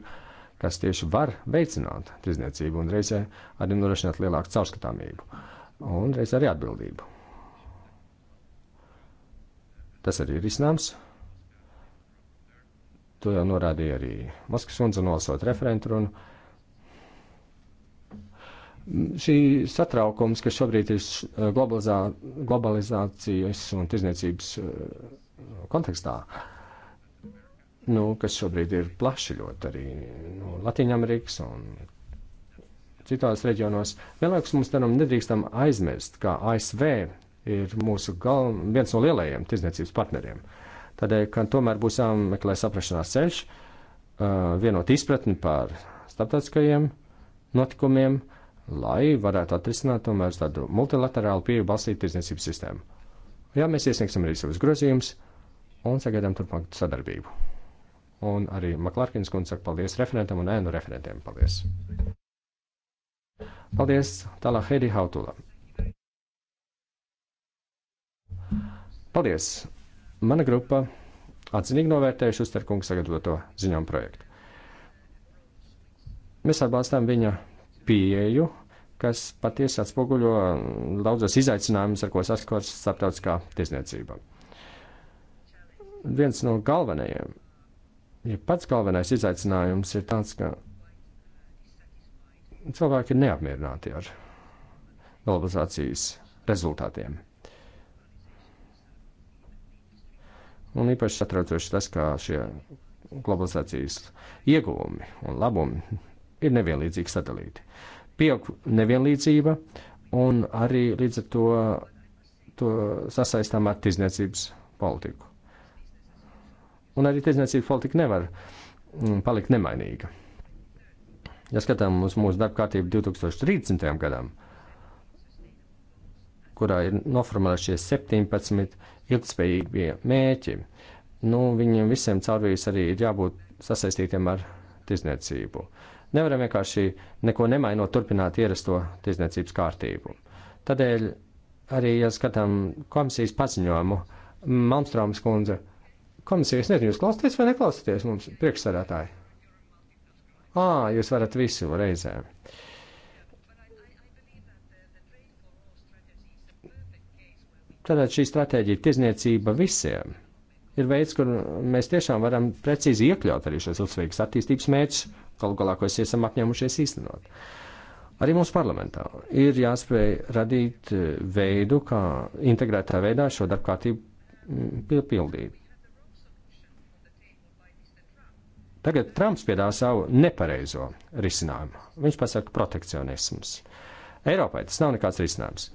kas tieši var veicināt tirzniecību un reizē arī nodrošināt lielāku caurskatāmību un reizē arī atbildību. Tas arī ir iznāms. To jau norādīja arī Maskavas kundze nolasot referentu runu. Šī satraukums, kas šobrīd ir globalizā, globalizācijas un tirzniecības kontekstā, nu, kas šobrīd ir plaši ļoti arī nu, Latvijas-Amerikas un citos reģionos. Vienlaikus mums tam nedrīkstam aizmirst, ka ASV ir mūsu gal, viens no lielajiem tirdzniecības partneriem. Tādēļ, ka tomēr būs jāmeklē saprašanās ceļš, vienot izpratni par starptautiskajiem notikumiem, lai varētu atrisināt tomēr tādu multilaterālu pieeju balstītu tirdzniecības sistēmu. Jā, mēs iesniegsim arī savus grozījumus un sagaidām turpmāk sadarbību. Un arī Maklārkins kundze saka paldies referentam un ēnu referentiem. Paldies! Paldies! Tālāk Heidi Hautula. Paldies! Mana grupa atzinīgi novērtējuši uztarkungu sagatavoto ziņām projektu. Mēs atbalstām viņa pieeju, kas patiesi atspoguļo daudzos izaicinājumus, ar ko saskars starptautiskā tiesniecība viens no galvenajiem, ja pats galvenais izaicinājums ir tāds, ka cilvēki ir neapmierināti ar globalizācijas rezultātiem. Un īpaši satraucoši tas, kā šie globalizācijas ieguvumi un labumi ir nevienlīdzīgi sadalīti. Pieaug nevienlīdzība un arī līdz ar to, to sasaistām ar tirzniecības politiku un arī tirdzniecības politika nevar mm, palikt nemainīga. Ja skatām uz mūsu darba kārtību 2030. gadam, kurā ir noformulēti šie 17 ilgspējīgie mērķi, nu, viņiem visiem caurvīs arī ir jābūt sasaistītiem ar tirdzniecību. Nevaram vienkārši neko nemainot, turpināt ierasto tirdzniecības kārtību. Tādēļ arī, ja skatām komisijas paziņojumu, Malmstrāms kundze Komisija, es nezinu, jūs klausāties vai neklausāties mums priekšsēdētāji? Ā, jūs varat visu reizē. Tātad šī stratēģija ir tirzniecība visiem. Ir veids, kur mēs tiešām varam precīzi iekļaut arī šos ilgspējīgas attīstības mērķus, galu galā, ko es esam apņēmušies īstenot. Arī mums parlamentā ir jāspēj radīt eh, veidu, kā integrētā veidā šo darbkārtību mm, pildīt. Tagad Trumps piedāvā savu nepareizo risinājumu. Viņš pasaka protekcionisms. Eiropai tas nav nekāds risinājums.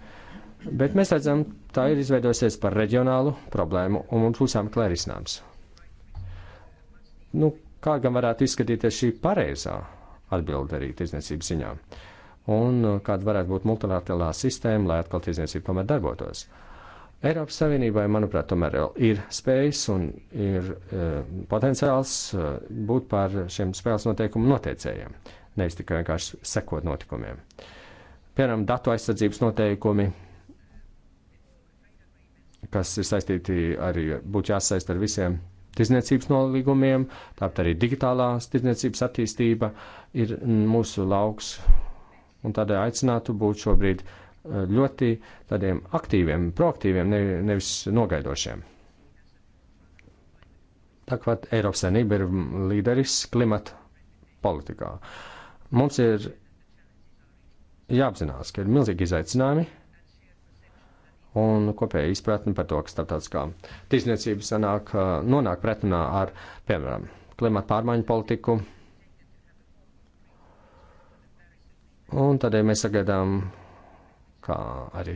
Bet mēs redzam, tā ir izveidojusies par reģionālu problēmu, un mums būs jāmeklē risinājums. Nu, kā gan varētu izskatīties šī pareizā atbilde arī tirdzniecības ziņā? Un uh, kāda varētu būt multilaterālā sistēma, lai atkal tirdzniecība tomēr darbotos? Uh, Eiropas Savienībai, manuprāt, tomēr ir spējas un ir e, potenciāls e, būt par šiem spēles noteikumu noteicējiem, nevis tikai vienkārši sekot notikumiem. Piemēram, datu aizsardzības noteikumi, kas ir saistīti arī būtu jāsaist ar visiem tirdzniecības nolīgumiem, tāpat arī digitālās tirdzniecības attīstība ir mūsu lauks. Un tādēļ aicinātu būt šobrīd uh, ļoti tādiem aktīviem, proaktīviem, ne, nevis nogaidošiem. Tā kā Eiropas Savienība ir līderis klimata politikā. Mums ir jāapzinās, ka ir milzīgi izaicinājumi un kopēja izpratne par to, ka starptautiskā tirzniecība sanāk, nonāk pretrunā ar, piemēram, klimata pārmaiņu politiku. Un tādēļ ja mēs sagaidām kā arī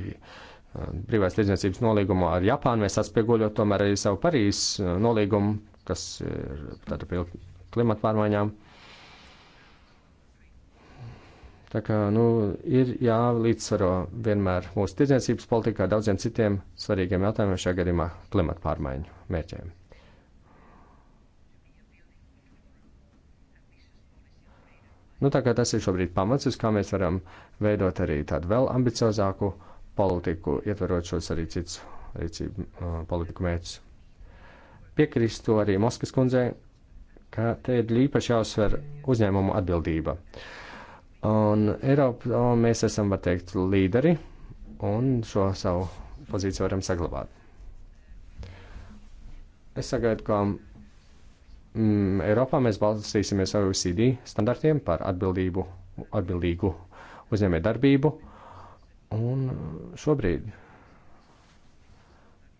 brīvās tirdzniecības nolīgumu ar Japānu, mēs atspieguļot tomēr arī savu Parīzes nolīgumu, kas ir tāda pie klimata pārmaiņām. Tā kā, nu, ir jālīdzsvaro vienmēr mūsu tirdzniecības politikā daudziem citiem svarīgiem jautājumiem šajā gadījumā klimata pārmaiņu mērķiem. Nu, tā kā tas ir šobrīd pamats, uz kā mēs varam veidot arī tādu vēl ambiciozāku politiku, ietverot šos arī cits rīcību uh, politiku mērķus. Piekrīstu arī Moskvas kundzei, ka te ir īpaši jāuzsver uzņēmumu atbildība. Un Eiropā mēs esam, var teikt, līderi, un šo savu pozīciju varam saglabāt. Es sagaidu, ka mm, Eiropā mēs balstīsimies OECD standartiem par atbildību, atbildīgu uzņēmē darbību. Un šobrīd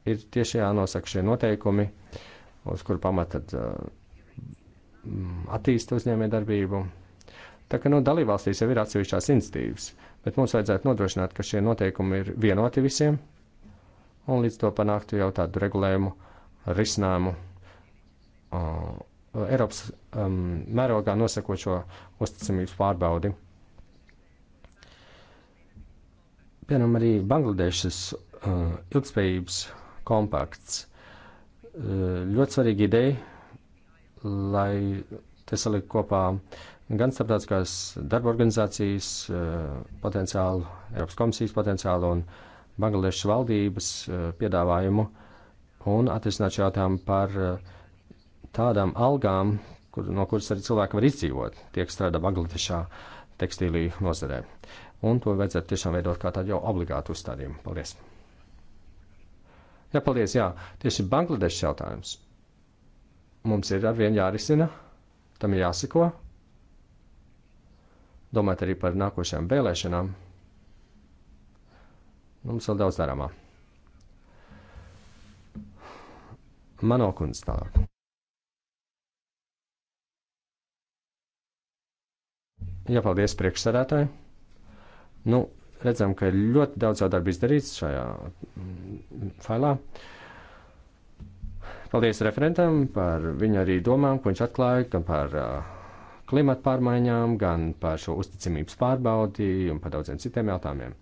ir tieši jānosaka šie noteikumi, uz kuru pamata mm, attīst uzņēmē darbību. Tā kā nu, dalībvalstīs jau ir atsevišķās institīvas, bet mums vajadzētu nodrošināt, ka šie noteikumi ir vienoti visiem, un līdz to panāktu jau tādu regulējumu risinājumu Uh, Eiropas um, mērogā nosakot šo uzticamības pārbaudi. Piemēram, arī Bangladešas uh, ilgspējības kompakts. Uh, ļoti svarīga ideja, lai te salikt kopā gan starptautiskās darba organizācijas uh, potenciālu, Eiropas komisijas potenciālu un Bangladešas valdības uh, piedāvājumu un atrisināt šo jautājumu par uh, tādām algām, kur, no kuras arī cilvēki var izdzīvot, tiek strādā Bangladešā tekstīlī nozarē. Un to vajadzētu tiešām veidot kā tādu jau obligātu uzstādījumu. Paldies! Jā, paldies, jā, tieši Bangladešas jautājums. Mums ir arvien jārisina, tam ir jāsako. Domāt arī par nākošajām vēlēšanām. Nu, mums vēl daudz darāmā. Manokundze tālāk. Jā, paldies priekšsēdētāji. Nu, redzam, ka ir ļoti daudz jau darba izdarīts šajā mm, failā. Paldies referentam par viņa arī domām, ko viņš atklāja, gan par uh, klimatu pārmaiņām, gan par šo uzticamības pārbaudi un par daudziem citiem jautājumiem.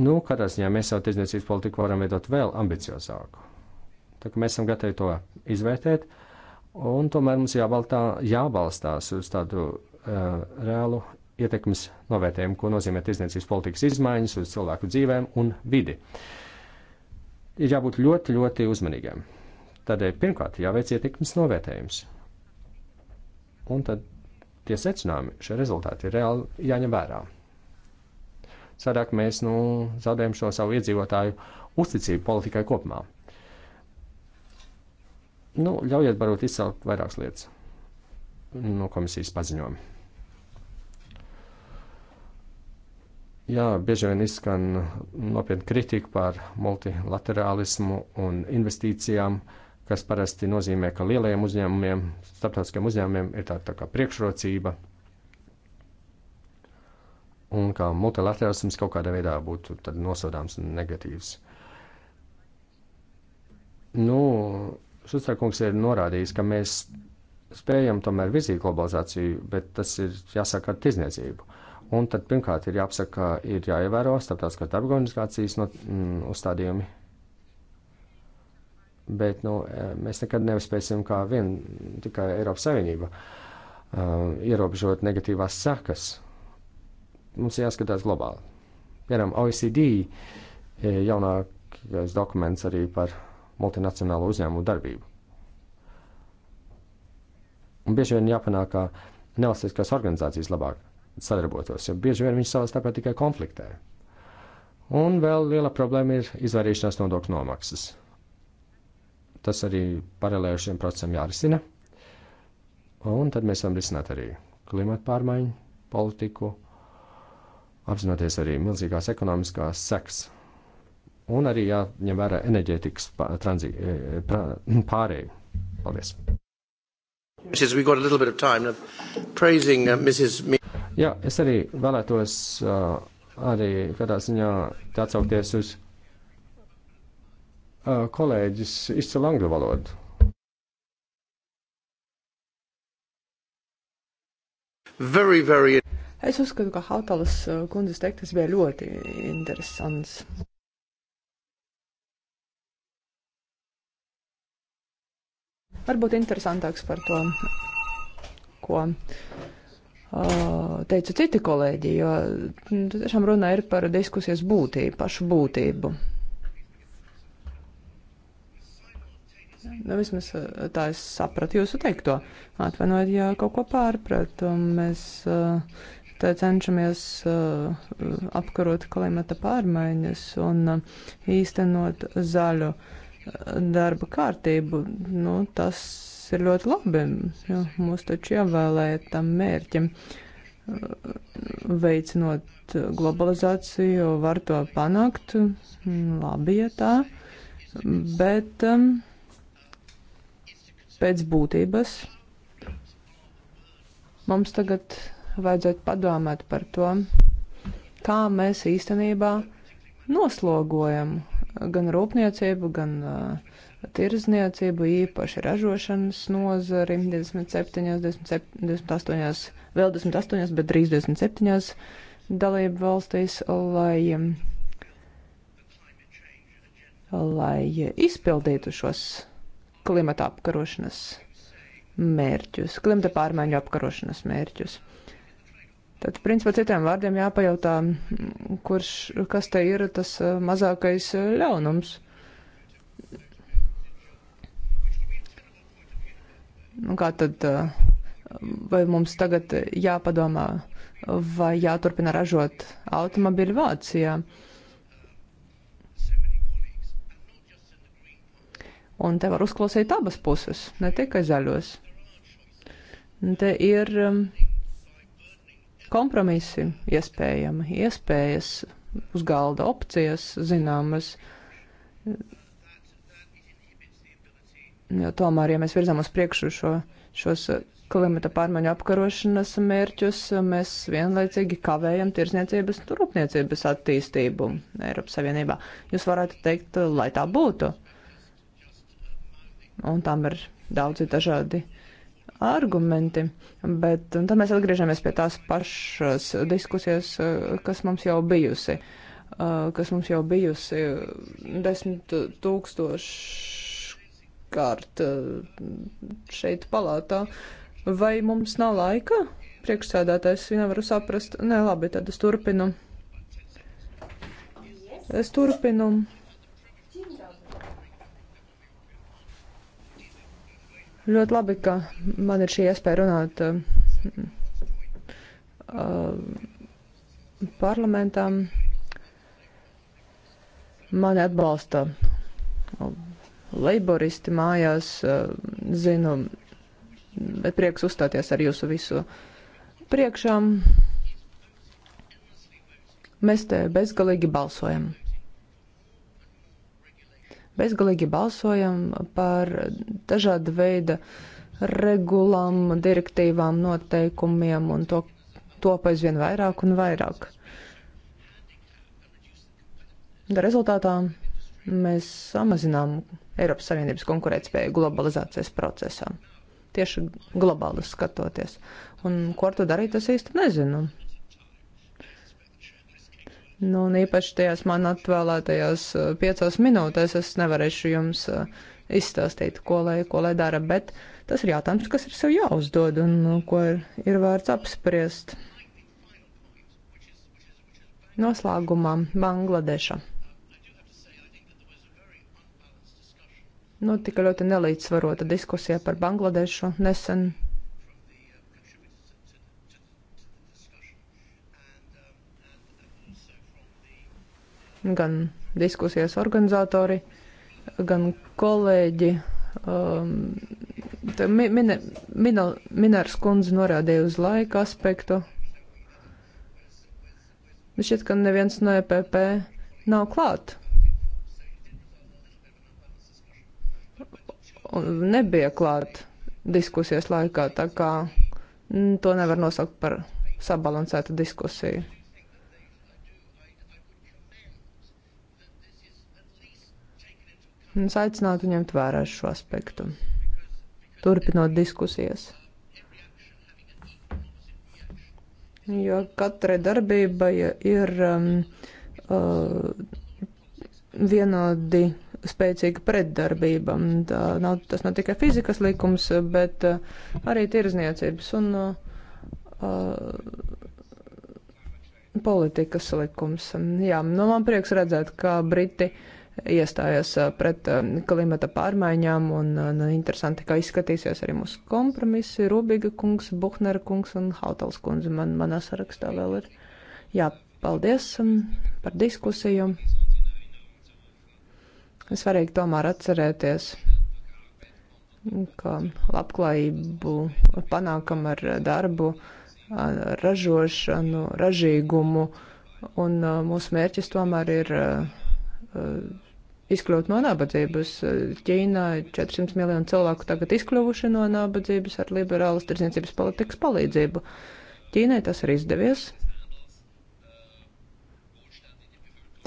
Nu, kādā ziņā mēs savu tirdzniecības politiku varam veidot vēl ambiciozāku. Tā kā mēs esam gatavi to izvērtēt Un tomēr mums jābaltā, jābalstās uz tādu uh, reālu ietekmes novērtējumu, ko nozīmē tirdzniecības politikas izmaiņas uz cilvēku dzīvēm un vidi. Ir jābūt ļoti, ļoti uzmanīgiem. Tādēļ pirmkārt jāveic ietekmes novērtējums. Un tad tie secinājumi, šie rezultāti ir reāli jāņem vērā. Sadāk mēs nu, zaudējam šo savu iedzīvotāju uzticību politikai kopumā. Nu, ļaujiet varbūt izcelt vairākas lietas no komisijas paziņojuma. Jā, bieži vien izskan nopietna kritika par multilaterālismu un investīcijām, kas parasti nozīmē, ka lielajiem uzņēmumiem, starptautiskiem uzņēmumiem ir tāda tā kā priekšrocība un ka multilaterālisms kaut kādā veidā būtu nosodāms un negatīvs. Nu, Šustrakungs ir norādījis, ka mēs spējam tomēr virzīt globalizāciju, bet tas ir jāsaka ar tirzniecību. Un tad pirmkārt ir jāapsaka, ir jāievēro starptautiskās darba organizācijas no, mm, uzstādījumi. Bet nu, e, mēs nekad nevarēsim kā vien tikai Eiropas Savienība uh, ierobežot negatīvās sakas. Mums ir jāskatās globāli. Piemēram, OECD e, jaunākais dokuments arī par multinacionālo uzņēmumu darbību. Un bieži vien jāpanāk, ka nevalstiskās organizācijas labāk sadarbotos, jo bieži vien viņas savā starpā tikai konfliktē. Un vēl liela problēma ir izvairīšanās nodokļu nomaksas. Tas arī paralēli šiem procesam jārisina. Un tad mēs varam risināt arī klimatu pārmaiņu, politiku, apzinoties arī milzīgās ekonomiskās sekas Un arī jāņem vērā enerģētikas e, pārēju. Paldies! Uh, uh, Jā, es arī vēlētos uh, arī kādā ziņā atsaukties uz uh, kolēģis izcilu angļu valodu. Very, very... Es uzskatu, ka Hautalas uh, kundzes teiktas bija ļoti interesants. varbūt interesantāks par to, ko uh, teica citi kolēģi, jo mm, tiešām runa ir par diskusijas būtību, pašu būtību. Nu, vismaz uh, tā es sapratu jūsu teikto. Atvainojiet, ja kaut ko pārpratu. Mēs uh, te cenšamies apkarot klimata pārmaiņas un īstenot zaļu uh, darba kārtību, nu, tas ir ļoti labi. Jo mūs taču ievēlēja tam mērķim, uh, veicinot globalizāciju, var to panākt, labi, ja tā, bet um, pēc būtības mums tagad vajadzētu padomāt par to, kā mēs īstenībā noslogojam gan rūpniecību, gan uh, tirzniecību, īpaši ražošanas nozari 27, 27, 28, vēl 28, bet drīz 27 dalību valstīs, lai, lai izpildītu šos klimata apkarošanas mērķus, klimata pārmaiņu apkarošanas mērķus. Tad, principā, citiem vārdiem jāpajautā, kurš, kas te ir tas eh, mazākais eh, ļaunums. Nu, kā tad, eh, vai mums tagad jāpadomā, vai jāturpina ražot automobīļu Vācijā? Un te var uzklausīt abas puses, ne tikai zaļos. Un te ir. Um, Kompromisi iespējami, iespējas uz galda, opcijas zināmas. Jo tomēr, ja mēs virzām uz priekšu šo, šos uh, klimata pārmaiņu apkarošanas mērķus, uh, mēs vienlaicīgi kavējam tirsniecības un rūpniecības attīstību Eiropas Savienībā. Jūs varētu teikt, uh, lai tā būtu. Un tam ir daudzi dažādi uh, argumenti, bet tad mēs atgriežamies pie tās pašas diskusijas, kas mums jau bijusi, eh, kas mums jau bijusi eh, desmit tūkstoši kārt eh, šeit palātā. Vai mums nav laika? Priekšsēdētājs nevaru saprast. Nē, labi, tad es turpinu. Es turpinu. Ļoti labi, ka man ir šī iespēja runāt uh, parlamentam. Mani atbalsta laboristi mājās, uh, zinu, bet prieks uzstāties ar jūsu visu priekšām. Mēs te bezgalīgi balsojam bezgalīgi balsojam par dažāda veida regulām, direktīvām, noteikumiem un to top aizvien vairāk un vairāk. Da rezultātā mēs samazinām Eiropas Savienības konkurētspēju globalizācijas procesā. Tieši globāli skatoties. Un ko ar to darīt, es īsti nezinu. Nu, un īpaši tajās man atvēlētajās eh, piecās minūtēs es nevarēšu jums eh, izstāstīt, ko lai, ko lai dara, bet tas ir jautājums, kas ir sev jāuzdod un nu, ko ir, ir vērts apspriest. Noslēgumā Bangladeša. Notika nu, ļoti nelīdzsvarota diskusija par Bangladešu nesen. gan diskusijas organizatori, gan kolēģi. Um, Minēra min, min, skundze norādīja uz laika aspektu. Šķiet, ka neviens no EPP nav klāt. Un nebija klāt diskusijas laikā, tā kā mm, to nevar nosaukt par sabalansētu diskusiju. Es aicinātu ņemt vērā šo aspektu, turpinot diskusijas. Jo katrai darbībai ir um, uh, vienādi spēcīga pretdarbība. Tā nav, tas nav tikai fizikas likums, bet uh, arī tirzniecības un uh, uh politikas likums. Jā, nu man prieks redzēt, kā Briti uh, iestājas pret klimata pārmaiņām, un, un nu, interesanti, kā izskatīsies arī mūsu kompromisi. Rūbīga kungs, Buhnera kungs un Hautals kundze man, manā sarakstā vēl ir. Jā, paldies par diskusiju. Svarīgi tomēr atcerēties, ka labklājību panākam ar darbu, ar ražošanu, ražīgumu, un mūsu mērķis tomēr ir Eh, izkļūt no nabadzības. Eh, Ķīnā 400 miljonu cilvēku tagad izkļuvuši no nabadzības ar liberālas tirdzniecības politikas palīdzību. Ķīnai tas ir izdevies.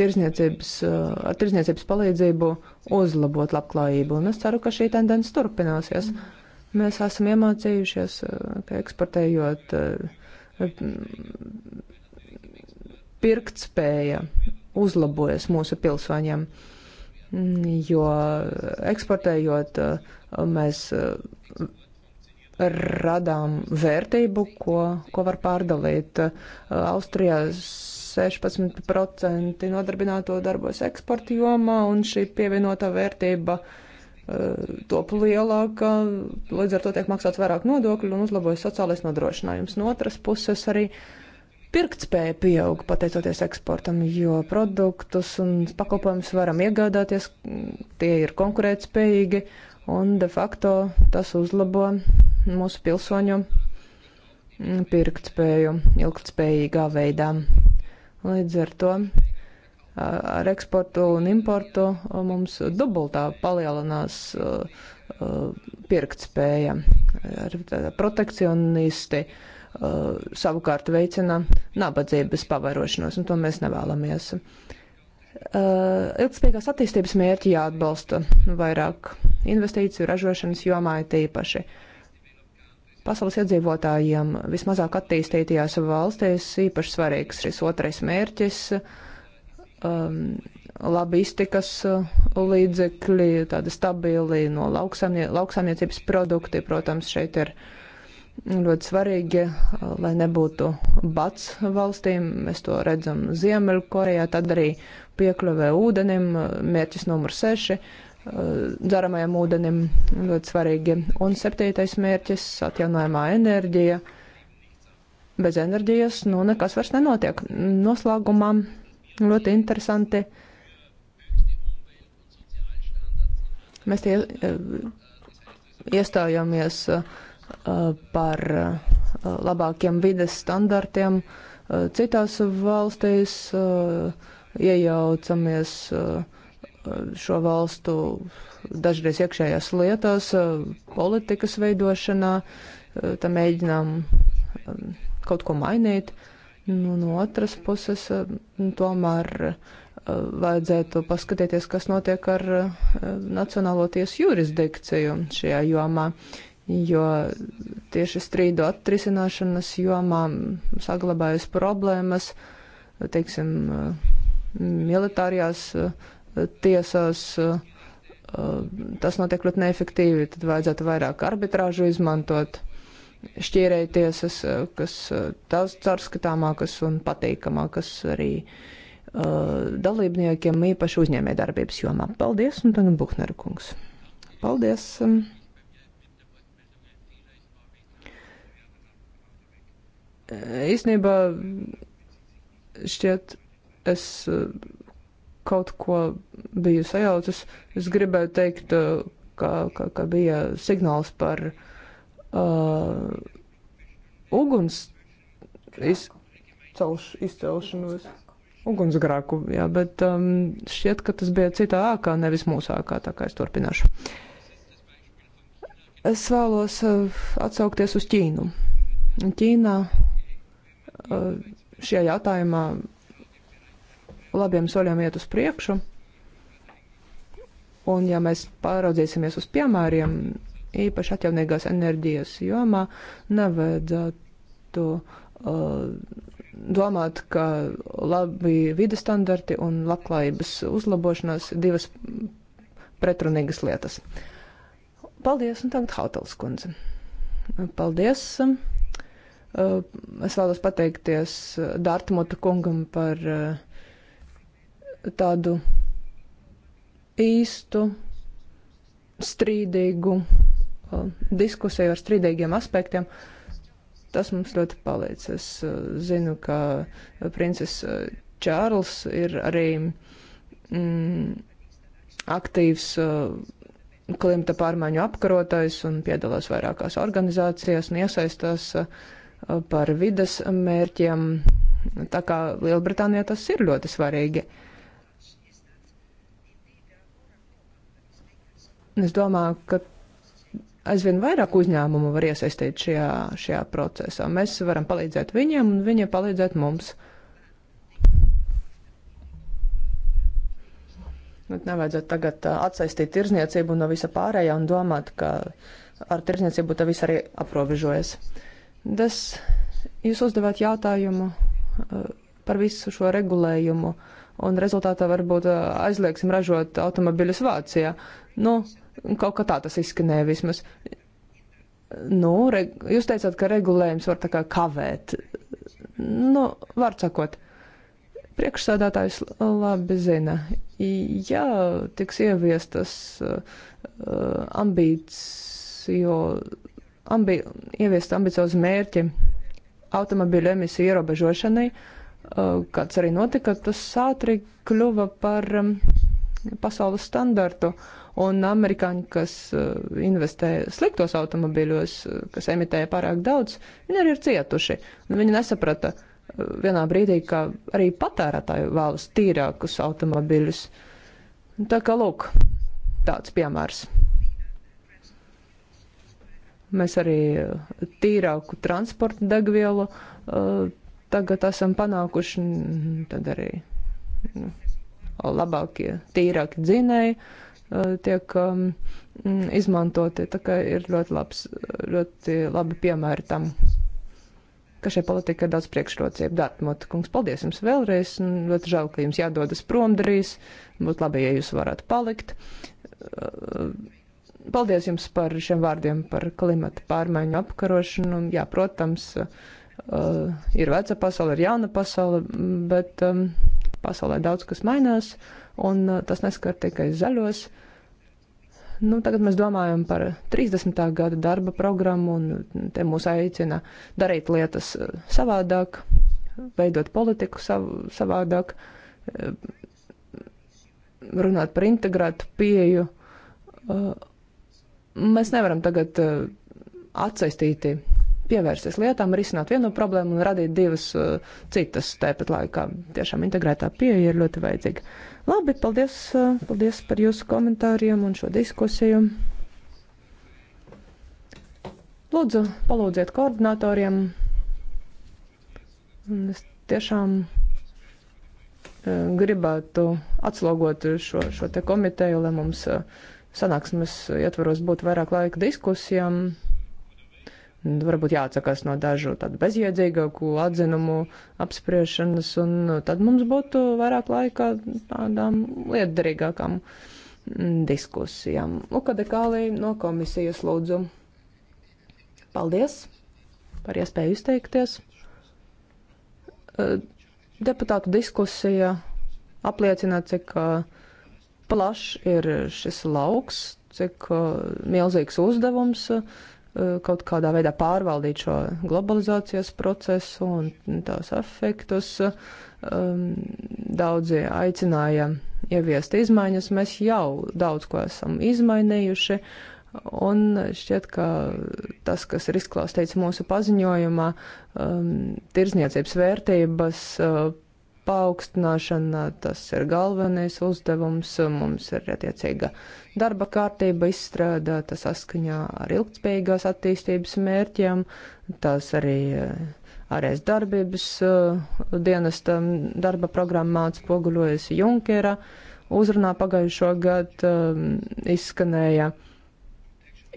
Tirzniecības, eh, ar tirzniecības palīdzību uzlabot labklājību, un es ceru, ka šī tendence turpināsies. Mēs esam iemācījušies, ka eksportējot pirktspēja uzlabojas mūsu pilsoņiem, jo eksportējot eh, mēs eh, radām vērtību, ko, ko var pārdalīt. Eh, Austrijā 16% nodarbināto darbos eksporta jomā, un šī pievienotā vērtība top lielāka, līdz ar to tiek maksāts vairāk nodokļu un uzlabojas sociālais nodrošinājums. No otras puses arī uh, pirktspēja pieaug pateicoties eksportam, jo produktus un pakalpojumus varam iegādāties, tie ir konkurētspējīgi un de facto tas uzlabo mūsu pilsoņu pirktspēju ilgtspējīgā veidā. Līdz ar to ar eksportu un importu mums dubultā palielinās pirktspēja. Ar protekcionisti uh, Eh, savukārt veicina nabadzības pavairošanos, un to mēs nevēlamies. Eh, ilgspējīgās attīstības mērķi jāatbalsta vairāk investīciju ražošanas jomā tīpaši. Pasaules iedzīvotājiem vismazāk attīstītajās valstīs īpaši svarīgs šis otrais mērķis um, - labi iztikas uh, līdzekļi, tādi stabili no lauksamnie, lauksamniecības produkti. Protams, šeit ir uh, ļoti svarīgi, eh, lai nebūtu bats valstīm. Mēs to redzam Ziemeļkorejā, tad arī piekļuvē ūdenim, eh, mērķis numur 6, eh, dzeramajam ūdenim ļoti svarīgi. Un septītais mērķis - atjaunojamā enerģija. Bez enerģijas, nu, nekas vairs nenotiek. Noslēgumā ļoti interesanti. Mēs tie iestājāmies uh, Eh, par eh, labākiem vides standartiem eh, citās valstīs, iejaucamies šo valstu dažreiz iekšējās lietās, politikas veidošanā, tā mēģinām kaut ko mainīt. Nu, no otras puses, tomēr vajadzētu paskatīties, kas notiek ar Nacionālo tiesu jurisdikciju šajā jomā, jo tieši strīdu atrisināšanas jomā saglabājas problēmas, teiksim, militārijās eh, tiesās. Eh, tas notiek ļoti neefektīvi, tad vajadzētu vairāk arbitrāžu izmantot, šķīrēja tiesas, eh, kas tās cārskatāmākas un patīkamākas arī dalībniekiem īpaši uzņēmē darbības jomā. Paldies, un tagad Buhneru kungs. Paldies! Um, īstenībā šķiet es uh, kaut ko biju sajaucis. Es gribēju teikt, uh, ka, ka, ka bija signāls par uh, uguns iz, celš, izcelšanos. Ugunsgrāku, jā, bet um, šķiet, ka tas bija citā ākā, nevis mūsu ākā, tā kā es turpināšu. Es vēlos uh, atsaukties uz Ķīnu. Ķīnā Eh, šajā jautājumā labiem soļiem iet uz priekšu. Un ja mēs paraudzīsimies uz piemēriem, īpaši atjaunīgās enerģijas jomā, nevajadzētu uh, domāt, ka labi vidas standarti un labklājības uzlabošanās divas pretrunīgas lietas. Paldies, un tagad Hautels kundze. Paldies. Uh, Eh, es vēlos pateikties eh, Dārtamotu kungam par eh, tādu īstu, strīdīgu diskusiju ar strīdīgiem aspektiem. Tas mums ļoti palīdz. Es zinu, ka princis Čārls ir arī mm, aktīvs klimata pārmaiņu apkarotais un piedalās vairākās organizācijās un iesaistās uh, par vidas mērķiem. Tā kā Lielbritānijā tas ir ļoti svarīgi. Es domāju, ka aizvien vairāk uzņēmumu var iesaistīt šajā, šajā procesā. Mēs varam palīdzēt viņiem un viņi palīdzēt mums. Bet nu, nevajadzētu tagad atsaistīt tirzniecību no visa pārējā un domāt, ka ar tirzniecību tā viss arī aprobežojas. Tas jūs uzdevāt jautājumu eh, par visu šo regulējumu, un rezultātā varbūt eh, aizliegsim ražot automobiļus Vācijā. Nu, kaut kā tā tas izskanēja vismaz. Nu, re, jūs teicāt, ka regulējums var tā kā kavēt. Nu, var sakot, priekšsādātājs labi zina, ja tiks ieviestas uh, eh, ambīcijas ambi ieviest ambiciozu mērķi automobīļu emisiju ierobežošanai, uh, kāds arī notika, tas ātri kļuva par um, pasaules standartu. Un amerikāņi, kas uh, investē sliktos automobīļos, uh, kas emitēja pārāk daudz, viņi arī ir cietuši. Nu, viņi nesaprata vienā brīdī, ka arī patērētāji vēlas tīrākus automobīļus. Tā kā lūk, tāds piemērs. Mēs arī eh, tīrāku transporta degvielu eh, tagad esam panākuši, tad arī nu, labākie, tīrāki dzinēji eh, tiek um, izmantoti. Tā kā ir ļoti, labs, ļoti labi piemēri tam, ka šai politikai ir daudz priekšrocību. Dārtmot, kungs, paldies jums vēlreiz. Ļoti žēl, ka jums jādodas prom darīs. Būtu labi, ja jūs varētu palikt. Uh, Paldies jums par šiem vārdiem par klimata pārmaiņu apkarošanu. Jā, protams, uh, ir veca pasaule, ir jauna pasaule, bet um, pasaulē daudz kas mainās, un uh, tas neskar tikai zaļos. Nu, tagad mēs domājam par 30. gada darba programmu, un te mūs aicina darīt lietas uh, savādāk, veidot politiku sav, savādāk, uh, runāt par integrētu pieju. Uh, Mēs nevaram tagad eh, atsaistīti pievērsties lietām, risināt vienu problēmu un radīt divas uh, citas tāpat laikā. Tiešām integrētā pieeja ir ļoti vajadzīga. Labi, paldies, uh, paldies par jūsu komentāriem un šo diskusiju. Lūdzu, palūdziet koordinatoriem. Un es tiešām uh, gribētu atslogot šo, šo te komiteju, lai mums uh, sanāksmes ietvaros būtu vairāk laika diskusijām. Varbūt jāatsakās no dažu tādu bezjēdzīgāku atzinumu apspriešanas, un tad mums būtu vairāk laika tādām lietderīgākām diskusijām. Luka Dekālī no komisijas lūdzu. Paldies par iespēju izteikties. Deputātu diskusija apliecina, cik uh, plašs ir šis lauks, cik uh, milzīgs uzdevums uh, kaut kādā veidā pārvaldīt šo globalizācijas procesu un tās efektus. Um, daudzi aicināja ieviest izmaiņas, mēs jau daudz ko esam izmainījuši. Un šķiet, ka tas, kas ir izklāstīts mūsu paziņojumā, um, tirzniecības vērtības uh, paaugstināšana, tas ir galvenais uzdevums. Mums ir attiecīga darba kārtība izstrādāta saskaņā ar ilgtspējīgās attīstības mērķiem, tās arī eh, ārējas darbības eh, dienesta darba programmā atspoguļojas Junkera uzrunā pagājušo gadu eh, izskanēja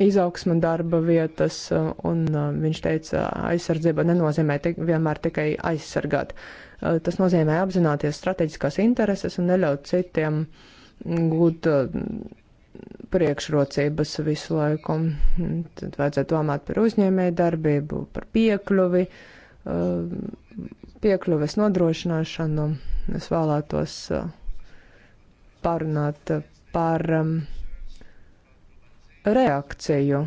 izaugsma darba vietas, un viņš teica, aizsardzība nenozīmē tik, vienmēr tikai aizsargāt. Uh, Eh, tas nozīmē apzināties strateģiskās intereses un neļaut citiem gūt eh, priekšrocības visu laiku. Tad vajadzētu domāt par uzņēmēju darbību, par piekļuvi, eh, piekļuves nodrošināšanu. Es vēlētos parunāt par reakciju,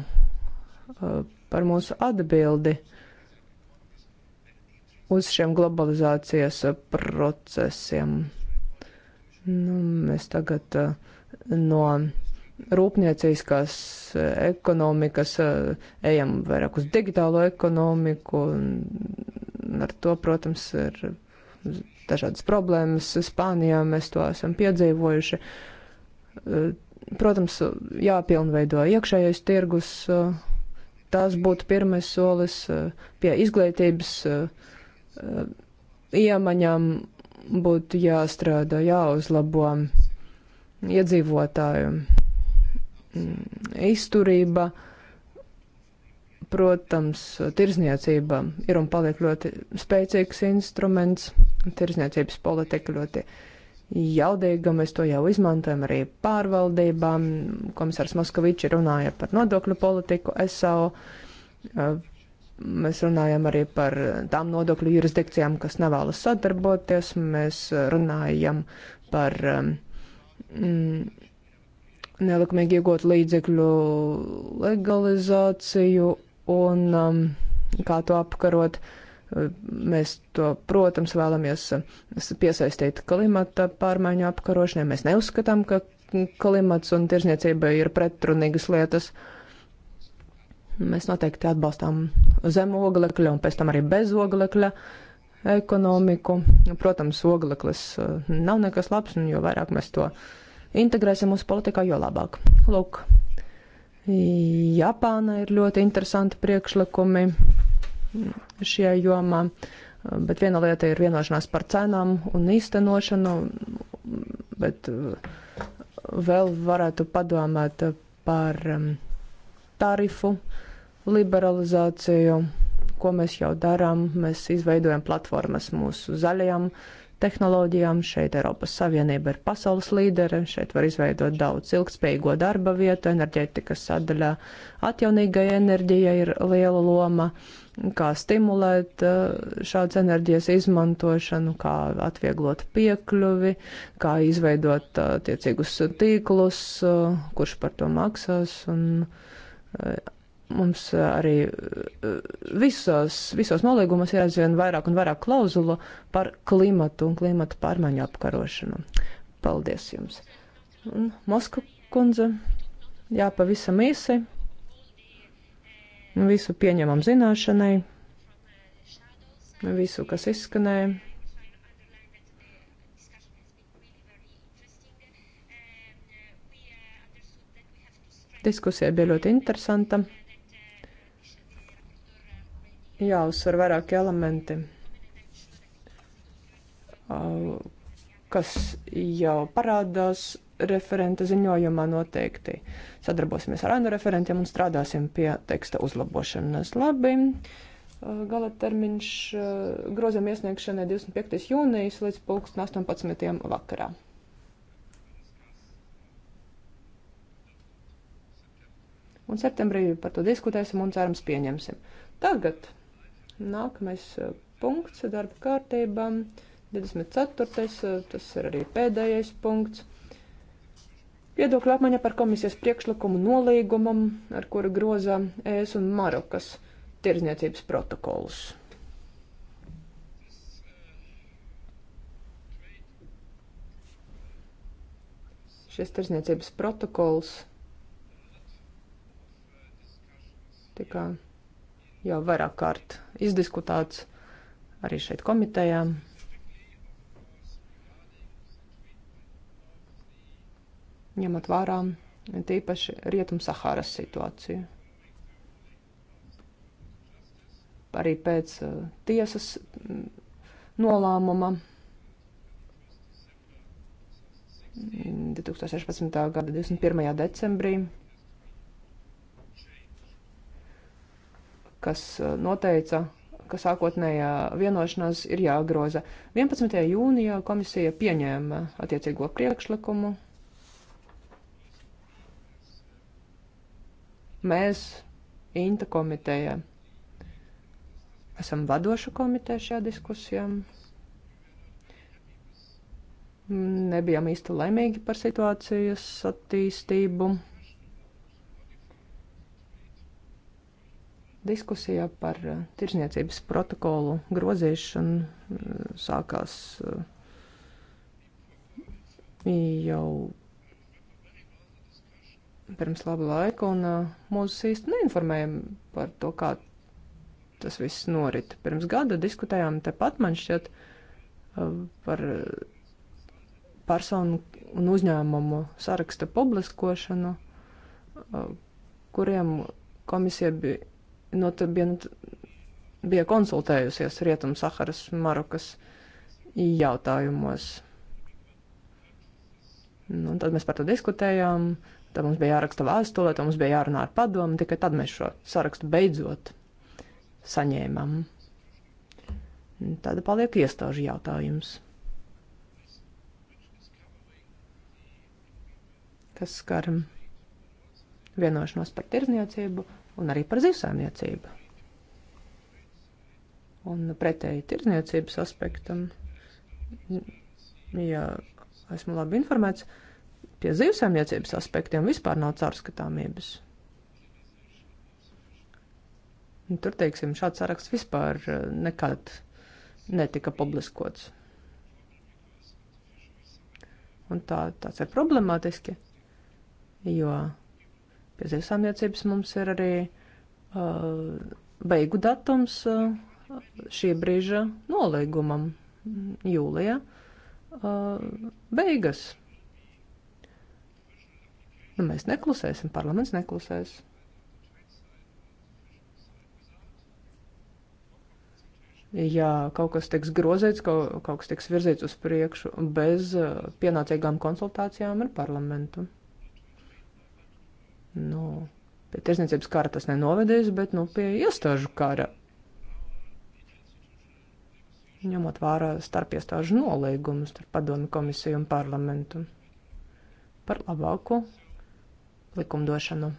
par mūsu atbildi uz šiem globalizācijas eh, procesiem. Nu, mēs tagad eh, no rūpniecīskās eh, ekonomikas ejam vairāk uz digitālo ekonomiku, un ar to, protams, ir dažādas problēmas. Spānijā mēs to esam piedzīvojuši. Protams, jāpilnveido iekšējais tirgus, tas būtu pirmais solis pie izglītības. Uh, Eh, iemaņām būtu jāstrādā, jāuzlabo iedzīvotāju mm, izturība. Protams, tirzniecība ir un paliek ļoti spēcīgs instruments, tirzniecības politika ļoti jaudīga, mēs to jau izmantojam arī pārvaldībām. Komisārs Moskavičs runāja par nodokļu politiku, SAO eh, Mēs runājam arī par tām nodokļu jurisdikcijām, kas nevēlas sadarboties. Mēs runājam par um, mm, nelikumīgi iegūt līdzekļu legalizāciju un um, kā to apkarot. Mēs to, protams, vēlamies piesaistīt klimata pārmaiņu apkarošanai. Mēs neuzskatām, ka klimats un tirzniecība ir pretrunīgas lietas. Uh, Mēs noteikti atbalstām zem oglekļa un pēc tam arī bez oglekļa ekonomiku. Protams, ogleklis eh, nav nekas labs, un jo vairāk mēs to integrēsim mūsu politikā, jo labāk. Lūk, Japāna ir ļoti interesanti priekšlikumi šajā jomā, bet viena lieta ir vienošanās par cenām un īstenošanu, bet eh, vēl varētu padomāt par mm, tarifu. Uh, liberalizāciju, ko mēs jau darām. Mēs izveidojam platformas mūsu zaļajām tehnoloģijām. Šeit Eiropas Savienība ir pasaules līdere. Šeit var izveidot daudz ilgspējīgo darba vietu, enerģētikas sadaļā. Atjaunīgai enerģijai ir liela loma, kā stimulēt uh, šādas enerģijas izmantošanu, kā atvieglot piekļuvi, kā izveidot attiecīgus uh, tīklus, uh, kurš par to maksās. Un, Mums eh, arī eh, visos, visos nolīgumos ir aizvien vairāk un vairāk klauzulu par klimatu un klimatu pārmaiņu apkarošanu. Paldies jums! Un Moska kundze, jā, pavisam īsi. Visu pieņemam zināšanai, visu, kas izskanēja. Diskusija bija ļoti interesanta jāuzsver vairāki elementi, kas jau parādās referenta ziņojumā noteikti. Sadarbosimies ar ANU referentiem un strādāsim pie teksta uzlabošanas. Labi. Gala termiņš grozam iesniegšanai 25. jūnijas līdz 18. vakarā. Un septembrī par to diskutēsim un cerams pieņemsim. Tagad Nākamais punkts darba kārtībā, 24. tas ir arī pēdējais punkts. Viedokļa apmaiņa par komisijas priekšlikumu nolīgumam, ar kuru grozā ES un Marokas tirzniecības protokolus. Šis tirzniecības protokols tika jau vairāk kārt izdiskutēts arī šeit komitejā. Ņemot vērā tīpaši Rietum-Saharas situāciju. Arī pēc uh, tiesas mm, nolēmuma mm, 2016. gada 21. decembrī kas eh, noteica, ka sākotnējā vienošanās ir jāgroza. 11. jūnijā komisija pieņēma attiecīgo priekšlikumu. Mēs, Inta komiteja, esam vadoša komiteja šajā diskusijā. Nebijām īsti laimīgi par situācijas attīstību. diskusija par eh, tirzniecības protokolu grozīšanu eh, sākās eh, jau pirms laba laika, un mūs īsti neinformēja par to, kā tas viss norit. Pirms gada diskutējām tepat, man šķiet, par personu un uzņēmumu saraksta publiskošanu, kuriem komisija bija not, nu, bija, nu, bija konsultējusies Rietum-Saharas Marokas jautājumos. Nu, tad mēs par to diskutējām, tad mums bija jāraksta vēstule, tad mums bija jārunā ar padomu, tikai tad mēs šo sarakstu beidzot saņēmām. Tad paliek iestāžu jautājums. Kas skar vienošanos par tirzniecību? un arī par zivsāniecību. Un pretēji tirzniecības aspektam, ja esmu labi informēts, pie zivsāniecības aspektiem vispār nav caurskatāmības. Tur, teiksim, šāds saraksts vispār eh, nekad netika publiskots. Un tā, tāds ir problemātiski, jo Pie zivsāmniecības mums ir arī uh, beigu datums uh, šī brīža nolīgumam jūlijā. Uh, beigas. Nu, mēs neklusēsim, parlaments neklusēs. ja kaut kas tiks grozīts, kaut, kaut kas tiks virzīts uz priekšu bez pienācīgām konsultācijām ar parlamentu. Nu, pie tirsniecības kara tas nenovedīs, bet nu, pie iestāžu kara. Ņemot vērā starp iestāžu nolīgumus starp padomu komisiju un parlamentu par labāku likumdošanu.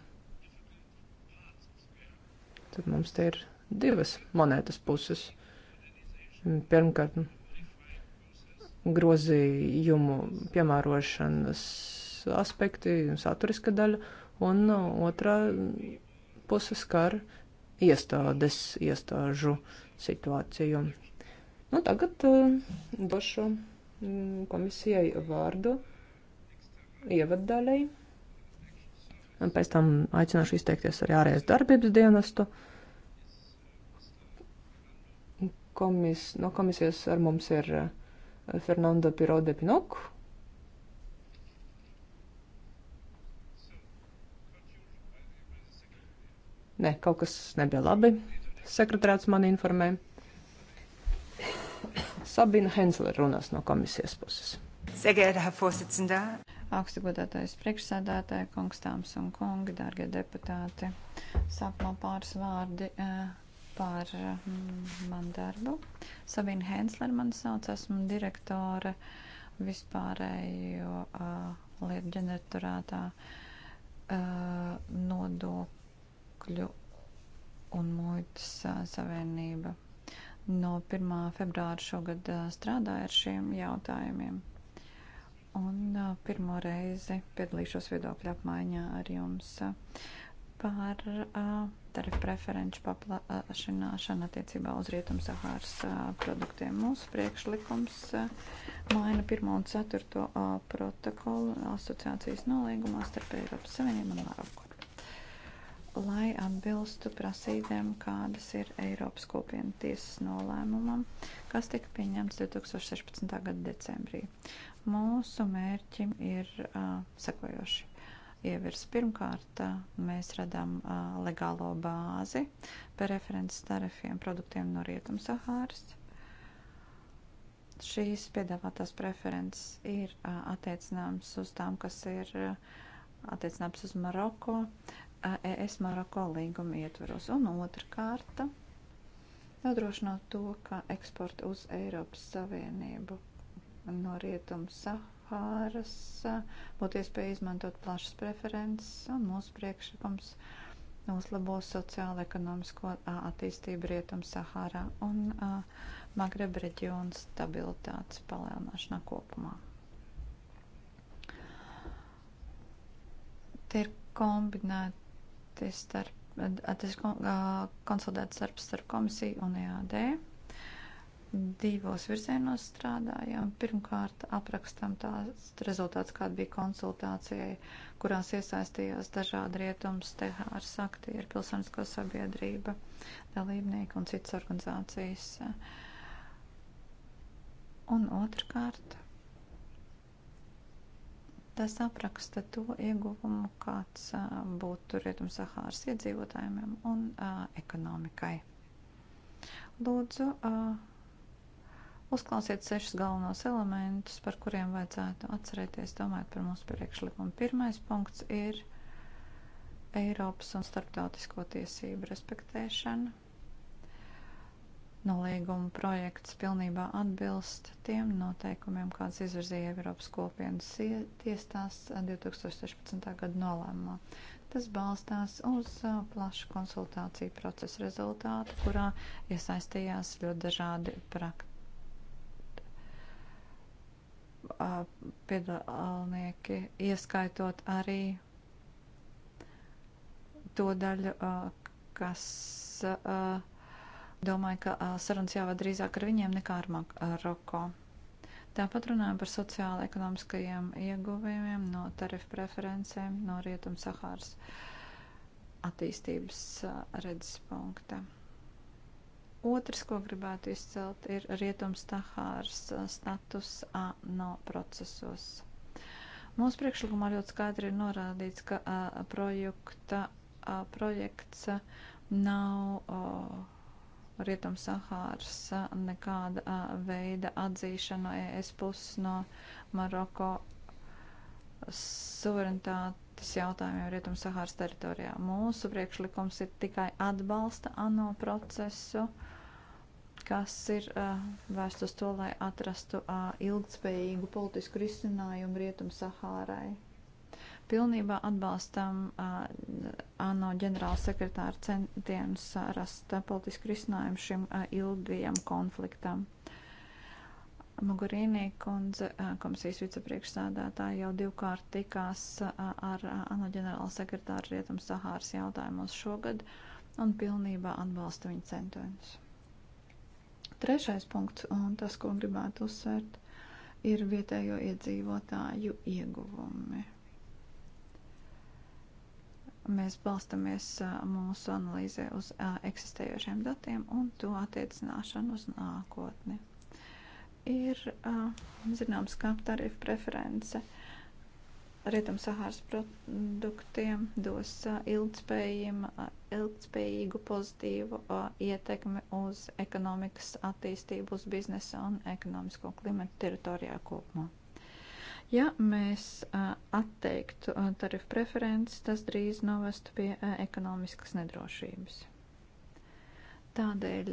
Tad mums te ir divas monētas puses. Pirmkārt, grozījumu piemērošanas aspekti, saturiska daļa un uh, otrā puse skar iestādes, iestāžu situāciju. Nu, tagad uh, došu mm, komisijai vārdu ievaddaļai, un pēc tam aicināšu izteikties arī ārējais darbības dienestu. Komis, no komisijas ar mums ir uh, Fernando Pirode Pinoku, Nē, kaut kas nebija labi. Sekretārāts man informē. Sabina Hensler runās no komisijas puses. Augsta godātais priekšsēdētāji, kongstāms un kungi, dārgie deputāti. Sākumā pāris vārdi eh, par mm, manu darbu. Sabina Hensler man sauc, esmu direktore vispārējo eh, lietu ģeneratorātā eh, nodokļu nodokļu un muitas savienība no 1. februāra šogad strādāja ar šiem jautājumiem. Un pirmo reizi piedalīšos viedokļu apmaiņā ar jums par tarifu preferenču paplašināšanu attiecībā uz Rietumsahāras produktiem. Mūsu priekšlikums maina 1. un 4. protokolu asociācijas nolīgumā starp Eiropas Savienību un Maroku lai atbilstu prasībēm, kādas ir Eiropas kopienu tiesas nolēmumam, kas tika pieņemts 2016. gada decembrī. Mūsu mērķim ir uh, sekojoši ievirs. Pirmkārt, mēs radām uh, legālo bāzi par references tarifiem produktiem no Rietumsahāras. Šīs piedāvātās preferences ir uh, attiecināmas uz tām, kas ir uh, attiecināmas uz Maroko, ES Maroko līguma ietvaros. Un otra kārta - nodrošinot to, ka eksporta uz Eiropas Savienību no rietumu Sahāras būtu iespēja izmantot plašas preferences un mūsu priekšlikums uzlabos sociālo-ekonomisko attīstību rietumu Sahārā un Magreb reģionu stabilitātes palielināšanā kopumā. Te ir kombinēta tis, starp, tis konsultēts darbs starp komisiju un EAD. Divos virzienos strādājām. Pirmkārt, aprakstam tās rezultāts, kāda bija konsultācijai, kurās iesaistījās dažādi rietums, tehārs, aktieri, pilsonisko sabiedrība, dalībnieki un citas organizācijas. Un otrkārt, Tas apraksta to ieguvumu, kāds būtu Rietumsahāras iedzīvotājiem un uh, ekonomikai. Lūdzu, uh, uzklausiet sešus galvenos elementus, par kuriem vajadzētu atcerēties, domājot par mūsu priekšlikumu. Pirmais punkts ir Eiropas un starptautisko tiesību respektēšana. Nolīguma projekts pilnībā atbilst tiem noteikumiem, kāds izvirzīja Eiropas kopienas tiesās 2016. gada nolēmumā. Tas balstās uz plašu konsultāciju procesu rezultātu, kurā iesaistījās ļoti dažādi praktiski piedalnieki, ieskaitot arī to daļu, kas Domāju, ka sarunas jāvada drīzāk ar viņiem nekā ar Maroko. Tāpat runājam par sociāli ekonomiskajiem ieguvumiem no tarifu preferencēm no Rietum Sahāras attīstības redzes punkta. Otrs, ko gribētu izcelt, ir Rietum Sahāras status ANO procesos. Mūsu priekšlikumā ļoti skaidri ir norādīts, ka a, projekta, a, projekts a, nav. A, Rietum Sahāras nekāda veida atzīšana no e ES puses no Maroko suverenitātes jautājumiem Rietum Sahāras teritorijā. Mūsu priekšlikums ir tikai atbalsta ANO procesu, kas ir uh, vērst uz to, lai atrastu uh, ilgtspējīgu politisku risinājumu Rietum Sahārai pilnībā atbalstam ANO ģenerāla sekretāra centienus rast politisku risinājumu šim ilgajam konfliktam. Mogurīnī kundze, komisijas vicepriekšsādātāja, jau divkārt tikās ar ANO ģenerāla sekretāru Rietum Sahāras jautājumos šogad un pilnībā atbalsta viņa centienus. Trešais punkts, un tas, ko gribētu uzsvērt, ir vietējo iedzīvotāju ieguvumi. Mēs balstamies mūsu analīzē uz eksistējošiem datiem un to attiecināšanu uz nākotni. Ir zināms, ka tarifu preference Rietumsahāras produktiem dos ilgspējīgu pozitīvu ietekmi uz ekonomikas attīstību, uz biznesa un ekonomisko klimatu teritorijā kopumā. Ja mēs atteiktu tarifu preferences, tas drīz novestu pie ekonomiskas nedrošības. Tādēļ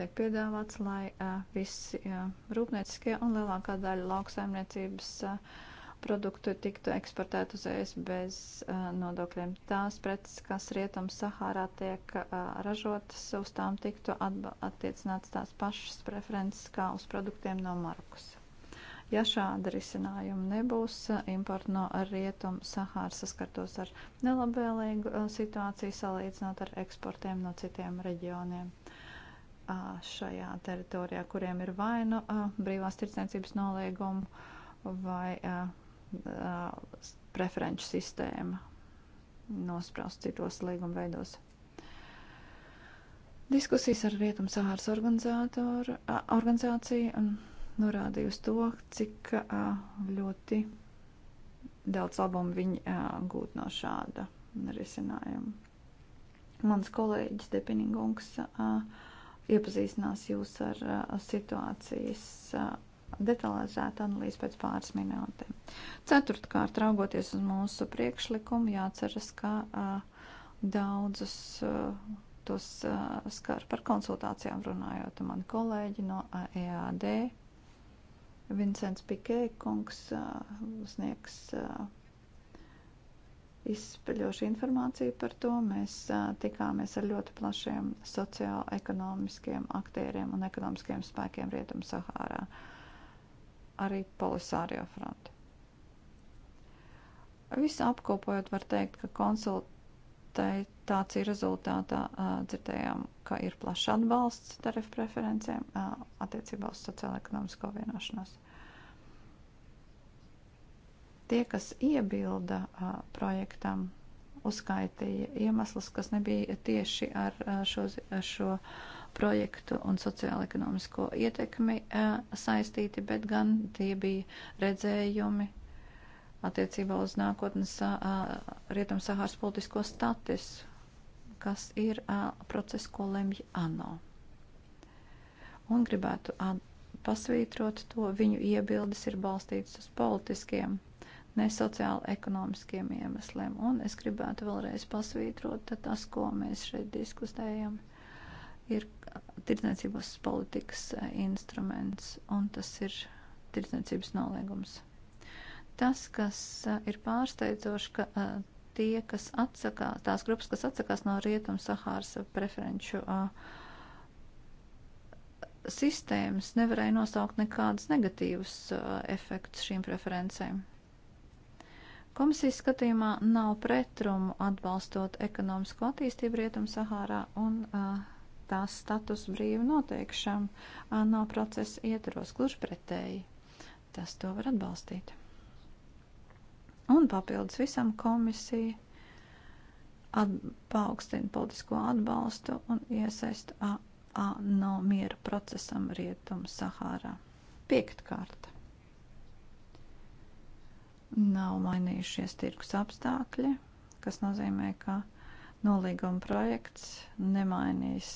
tiek piedāvāts, lai visi rūpnieciskie un lielākā daļa lauksaimniecības produktu tiktu eksportēt uz ES bez uh, nodokļiem. Tās preces, kas rietum Sahārā tiek uh, ražotas, uz tām tiktu attiecināts tās pašas preferences kā uz produktiem no Marukas. Ja šāda risinājuma nebūs, importi no rietumu Sahāras saskartos ar nelabvēlīgu uh, situāciju salīdzinot ar eksportiem no citiem reģioniem uh, šajā teritorijā, kuriem ir vai nu uh, brīvās tirdzniecības nolīguma vai preferenču sistēma nospraust citos līguma veidos. Diskusijas ar Rietum Sahāras organizāciju norādīja uz to, cik ļoti daudz labumu viņi gūt no šāda risinājuma. Mans kolēģis Depiningungs iepazīstinās jūs ar situācijas detalizētu analīzi pēc pāris minūtēm. Ceturtkārt, raugoties uz mūsu priekšlikumu, jāceras, ka a, daudzus a, tos a, skar par konsultācijām runājot. Mani kolēģi no EAD Vincents Pikē kungs sniegs izspaļošu informāciju par to. Mēs tikāmies ar ļoti plašiem sociālo-ekonomiskiem aktieriem un ekonomiskiem spēkiem Rietumu Sahārā, arī Polisārio fronti. Visu apkopojot, var teikt, ka konsultāciju rezultātā uh, dzirdējām, ka ir plašs atbalsts tarifu preferencēm uh, attiecībā uz sociālo-ekonomisko vienošanos. Tie, kas iebilda a, projektam, uzskaitīja iemeslus, kas nebija tieši ar a, šo, ar šo projektu un sociāla-ekonomisko ietekmi a, saistīti, bet gan tie bija redzējumi attiecībā uz nākotnes Rietum-Sahāras politisko statusu, kas ir process, ko lemj ANO. Un gribētu pasvītrot to, viņu iebildes ir balstītas uz politiskiem ne sociāli ekonomiskiem iemesliem. Un es gribētu vēlreiz pasvītrot, tas, ko mēs šeit diskutējam, ir tirdzniecības politikas eh, instruments, un tas ir tirdzniecības noliegums. Tas, kas eh, ir pārsteidzoši, ka eh, tie, kas atsakās, tās grupas, kas atsakās no rietum Sahāras preferenču uh, sistēmas nevarēja nosaukt nekādus negatīvus uh, efektus šīm preferencēm. Komisijas skatījumā nav pretrumu atbalstot ekonomisko attīstību Rietum-Sahārā un uh, tās status brīvu noteikšanu uh, no procesa ietvaros, gluži pretēji. Tas to var atbalstīt. Un papildus visam komisija paaugstina politisko atbalstu un iesaista ANO miera procesam Rietum-Sahārā. Piektkārt nav mainījušies tirgus apstākļi, kas nozīmē, ka nolīguma projekts nemainīs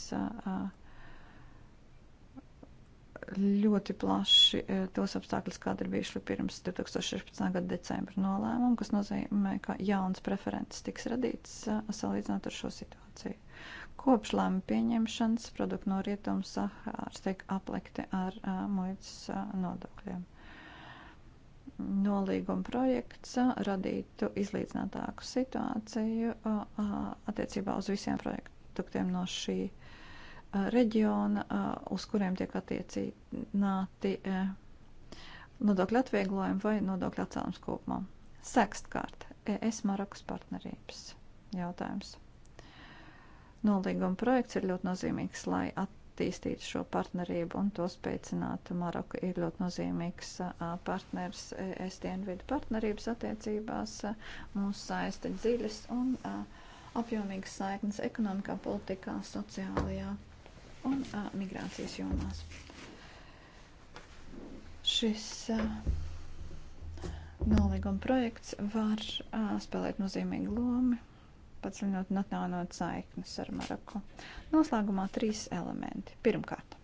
ļoti plaši e, tos apstākļus, kādi ir bijuši pirms 2016. gada decembra nolēmuma, kas nozīmē, ka jauns preferences tiks radīts salīdzinot ar šo situāciju. Kopš lēma pieņemšanas produktu no rietums Sahāras tiek aplikti ar muitas nodokļiem nolīguma projekts radītu izlīdzinātāku situāciju attiecībā uz visiem projektiem no šī reģiona, uz kuriem tiek attiecināti e, nodokļu atvieglojumi vai nodokļu atcēlums kopumā. Sekstkārt, ES Marokas partnerības jautājums. Nolīguma projekts ir ļoti nozīmīgs, lai attīstītu attīstīt šo partnerību un to spēcināt. Maroka ir ļoti nozīmīgs partners Estienvidu partnerības attiecībās. Mūs saista dziļas un apjomīgas saiknes ekonomikā, politikā, sociālajā un migrācijas jomās. Šis nolīguma projekts var spēlēt nozīmīgu lomu padziļinot un atjaunot saiknes ar Maroku. Noslēgumā trīs elementi. Pirmkārt,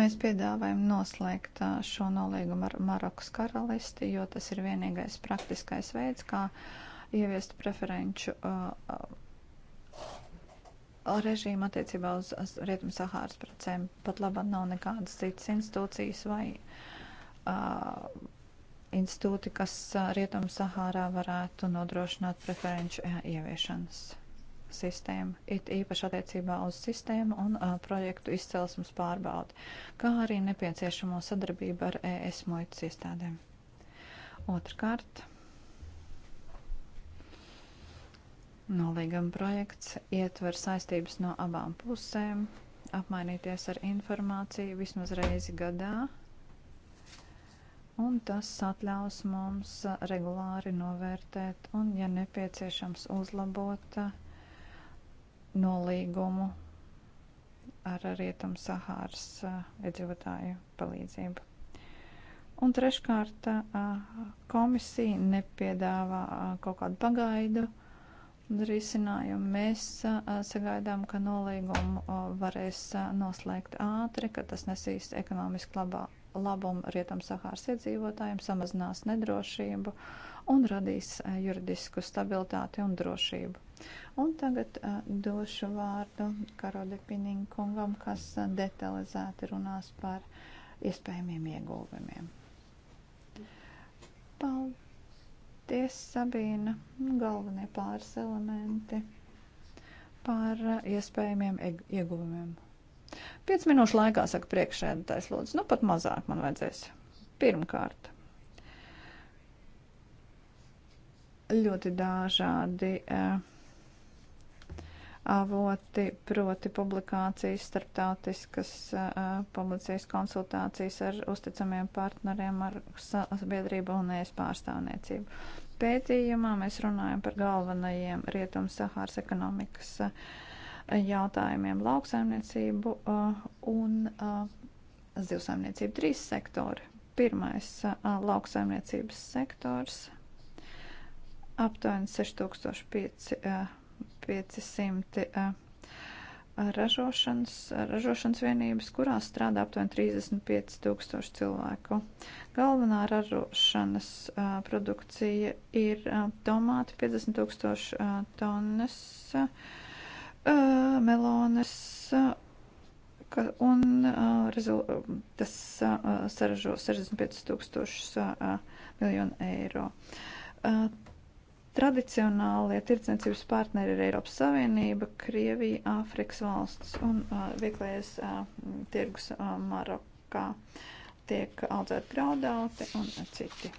mēs piedāvājam noslēgt šo nolīgumu ar Marokas karalisti, jo tas ir vienīgais praktiskais veids, kā ieviest preferenču. Uh, režīmu attiecībā uz, uz Rietumu Sahāras precēm pat labāk nav nekādas citas institūcijas vai uh, institūti, kas Rietumu Sahārā varētu nodrošināt preferenču ieviešanas sistēmu, it īpaši attiecībā uz sistēmu un uh, projektu izcelsmes pārbaudi, kā arī nepieciešamo sadarbību ar ES muitas iestādēm. Otrkārt, nolīguma projekts ietver saistības no abām pusēm, apmainīties ar informāciju vismaz reizi gadā un tas atļaus mums regulāri novērtēt un, ja nepieciešams, uzlabot eh, nolīgumu ar Rietumu Sahāras eh, iedzīvotāju palīdzību. Un treškārt, eh, komisija nepiedāvā kaut kādu pagaidu risinājumu. Mēs sagaidām, ka nolīgumu varēs noslēgt ātri, ka tas nesīs ekonomiski labāk labumu Rietumsahāras iedzīvotājiem, samazinās nedrošību un radīs eh, juridisku stabilitāti un drošību. Un tagad uh, došu vārdu Karode Pininkungam, kas eh, detalizēti runās par iespējamiem ieguvumiem. Paldies, Sabīna. Galvenie pāris elementi par iespējamiem ieguvumiem 5 minūšu laikā, saka priekšsēdētājs, lūdzu, nu pat mazāk man vajadzēs. Pirmkārt, ļoti dažādi eh, avoti, proti publikācijas, starptautiskas eh, publicijas konsultācijas ar uzticamiem partneriem, ar sabiedrību un es pārstāvniecību. Pētījumā mēs runājam par galvenajiem Rietum Sahāras ekonomikas uh, jautājumiem - lauksaimniecību uh, un uh, zivsaimniecību. Trīs sektori. Pirmais uh, - lauksaimniecības sektors - aptuveni 6500 ražošanas, ražošanas vienības, kurās strādā aptuveni 35 tūkstoši cilvēku. Galvenā ražošanas uh, produkcija ir uh, tomāti 50 tūkstoši uh, tonnas. Uh, uh, melonas. Uh, ka, un uh, rezul, tas uh, saražo 65 tūkstošus uh, miljonu eiro. Uh, Tradicionālie tirdzniecības partneri ir Eiropas Savienība, Krievija, Āfrikas valsts un uh, vieglais uh, tirgus uh, Marokā. Tiek audzēti graudauti un citi,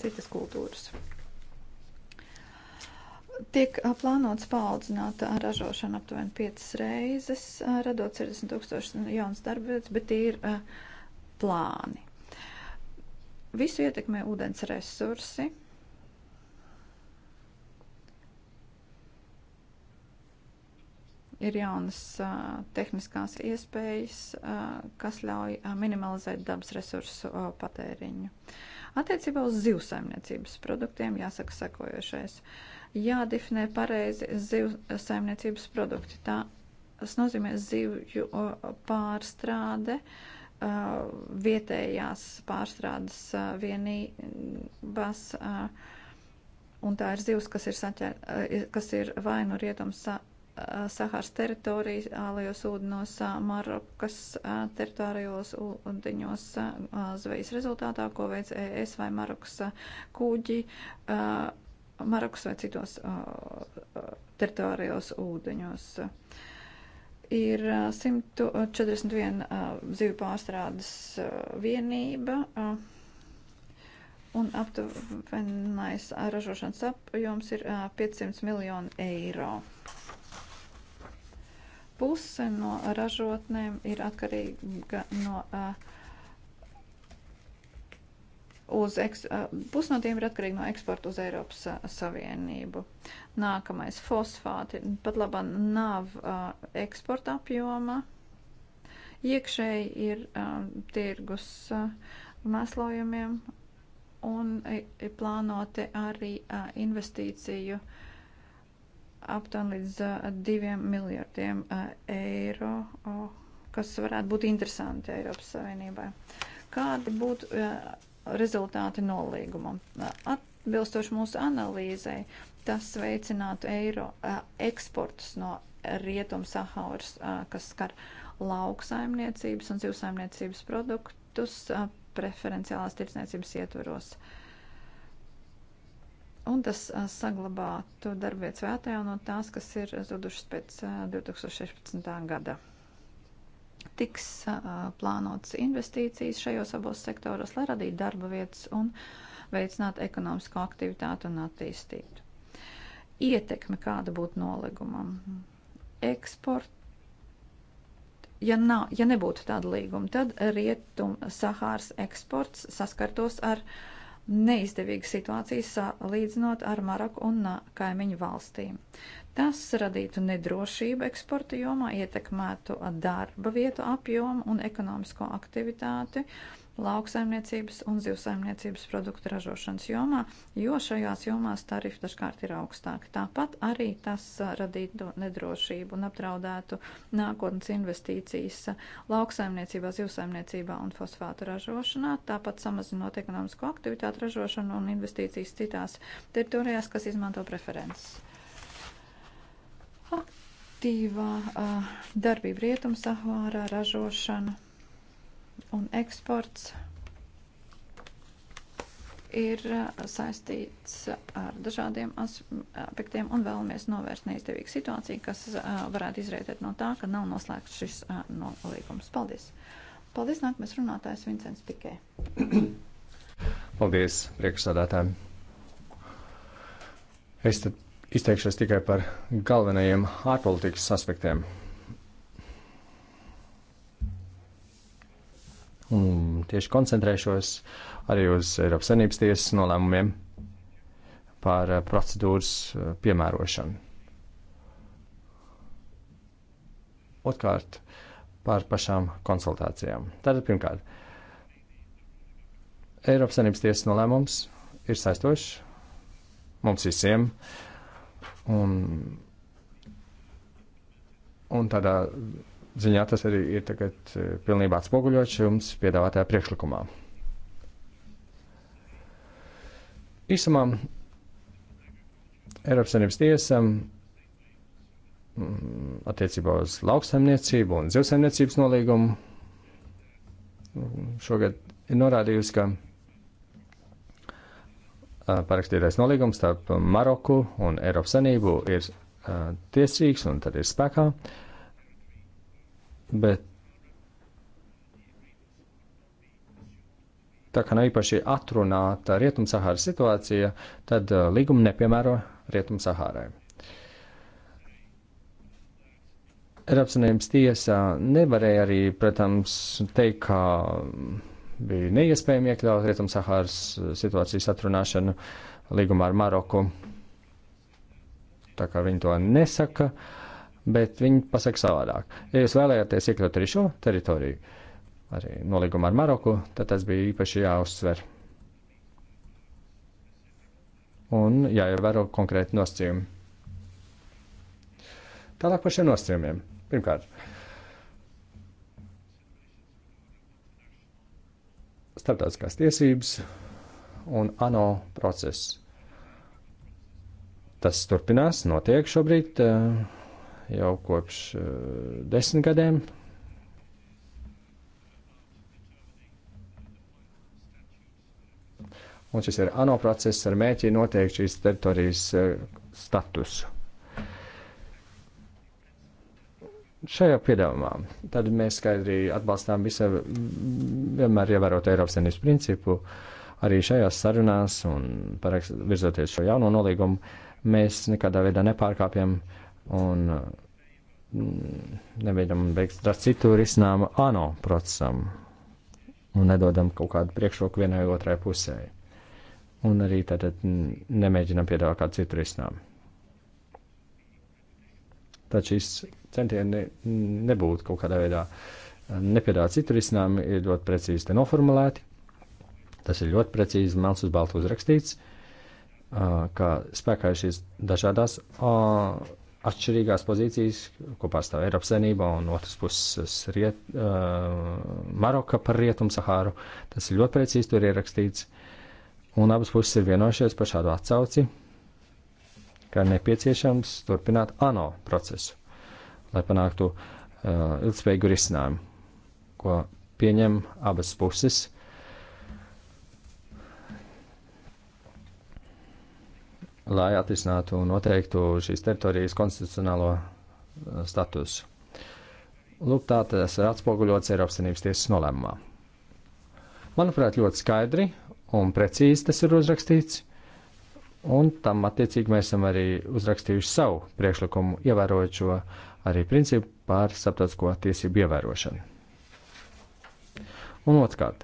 citas kultūras. Tiek plānots paaldzināt ražošanu aptuveni 5 reizes, radot 60 tūkstoši jaunas darbvietas, bet tie ir plāni. Visu ietekmē ūdens resursi. Ir jaunas uh, tehniskās iespējas, uh, kas ļauj uh, minimalizēt dabas resursu uh, patēriņu. Uh, Attiecībā uz zivsaimniecības produktiem jāsaka sekojošais. Jādefinē pareizi zivsaimniecības produkti. Tā, tas nozīmē zivju pārstrāde vietējās pārstrādes vienībās. Un tā ir zivs, kas ir, saķer, kas ir vai nu rietums Sahāras teritorijas, ālajos ūdenos, Marokas teritorijos ūdeņos zvejas rezultātā, ko veic ES vai Marokas kūģi, Marokas vai citos teritorijos ūdeņos. Ir 141 zivju pārstrādes vienība un aptuvenais ražošanas apjoms ir 500 miljoni eiro. Puse no ražotnēm ir atkarīga no. Uz eks, pus no tiem ir atkarīgi no eksporta uz Eiropas Savienību. Nākamais - fosfāti. Pat labā nav uh, eksporta apjoma. Iekšēji ir uh, tirgus uh, mēslojumiem un ir plānoti arī investīciju uh, aptuveni līdz eh, diviem miljardiem eh, eiro, eh, kas varētu būt interesanti Eiropas Savienībai. Kādi būtu rezultāti nolīgumam? Atbilstoši mūsu analīzei, tas veicinātu eiro eksportus no Rietum Sahauras, kas skar lauksaimniecības un zivsaimniecības produktus preferenciālās tirdzniecības ietvaros. Uh, un tas saglabātu darbvietas vētajā no tās, kas ir zudušas pēc 2016. gada. Tiks plānotas investīcijas šajos abos sektoros, lai radītu darba vietas un veicinātu ekonomisko aktivitātu un attīstītu. Ietekme kāda būtu nolegumam? Eksport ja, nav, ja nebūtu tāda līguma, tad rietum Sahāras eksports saskartos ar uh, neizdevīgas situācijas salīdzinot ar Maroku un kaimiņu valstīm. Tas radītu nedrošību eksporta jomā, ietekmētu darba vietu apjomu un ekonomisko aktivitāti lauksaimniecības un zivsaimniecības produktu ražošanas jomā, jo šajās jomās tarifi dažkārt ir augstāki. Tāpat arī tas radītu nedrošību un apdraudētu nākotnes investīcijas lauksaimniecībā, zivsaimniecībā un fosfātu ražošanā, tāpat samazinot ekonomisko aktivitātu ražošanu un investīcijas citās teritorijās, kas izmanto preferences. Aktīvā darbība Rietumsahārā ražošana un eksports ir uh, saistīts uh, ar dažādiem aspektiem un vēlamies novērst neizdevīgu situāciju, kas uh, varētu izrietēt no tā, ka nav noslēgts šis nolīgums. Paldies! Paldies, nākamais runātājs Vincents Pikē. Paldies, priekšsādātājiem! Es tad izteikšos tikai par galvenajiem ārpolitikas aspektiem Un tieši koncentrēšos arī uz Eiropas Savienības tiesas nolēmumiem par eh, procedūras eh, piemērošanu. Otkārt, par pašām konsultācijām. Tātad, pirmkārt, Eiropas Savienības tiesas nolēmums ir saistošs mums visiem. Un, un tādā ziņā tas arī ir tagad e, pilnībā atspoguļots jums piedāvātajā priekšlikumā. Īsumā Eiropas Savienības tiesa attiecībā uz lauksaimniecību un zivsaimniecības nolīgumu šogad ir norādījusi, ka e, parakstītais nolīgums starp Maroku un Eiropas Sanību ir e, tiesīgs un tad ir spēkā. Uh, Bet tā kā nav īpaši atrunāta Rietumsahāras situācija, tad uh, līgumu nepiemēro Rietumsahārai. Eiropas Savienības tiesa nevarēja arī, protams, teikt, ka um, bija neiespējami iekļaut Rietumsahāras uh, situācijas atrunāšanu līgumā ar Maroku. Tā kā viņi to nesaka. Uh, bet viņi pasaka savādāk. Ja jūs vēlējāties iekļaut arī šo teritoriju, arī nolīgumu ar Maroku, tad tas bija īpaši jāuzsver. Un jāievēro konkrēti nosacījumi. Tālāk par šiem nosacījumiem. Pirmkārt, starptautiskās tiesības un ANO process. Tas turpinās, notiek šobrīd. Uh, jau kopš eh, desmit gadiem. Un šis ir ANO process ar mēķi noteikt šīs teritorijas eh, statusu. šajā piedāvājumā, tad mēs skaidri atbalstām visu vienmēr ievērot Eiropas Savienības principu. Arī šajās sarunās un parakst, virzoties šo jauno nolīgumu, mēs nekādā veidā nepārkāpjam un mm, nebeidam beigas rast citu risinājumu ANO procesam un nedodam kaut kādu priekšroku vienai otrai pusē. Un arī tātad nemēģinam piedāvāt kādu citu risinājumu. Tad šīs centieni nebūtu kaut kādā veidā nepiedāvāt citu risinājumu, ir ļoti precīzi te noformulēti. Tas ir ļoti precīzi melns uz baltu uzrakstīts, ka spēkā ir šīs dažādās atšķirīgās pozīcijas, ko pārstāv Eiropas Savienība un otrs puses riet, uh, Maroka par Rietumu Sahāru. Tas ir ļoti precīzi tur ierakstīts. Un abas puses ir vienojušies par šādu atsauci, ka ir nepieciešams turpināt ANO procesu, lai panāktu uh, ilgspējīgu risinājumu, ko pieņem abas puses lai atrisinātu un noteiktu šīs teritorijas konstitucionālo eh, statusu. Lūk, tā tas ir atspoguļots Eiropas Savienības tiesas nolēmumā. Manuprāt, ļoti skaidri un precīzi tas ir uzrakstīts, un tam attiecīgi mēs esam arī uzrakstījuši savu priekšlikumu, ievērojot šo arī principu par starptautisko tiesību ievērošanu. Un otrkārt,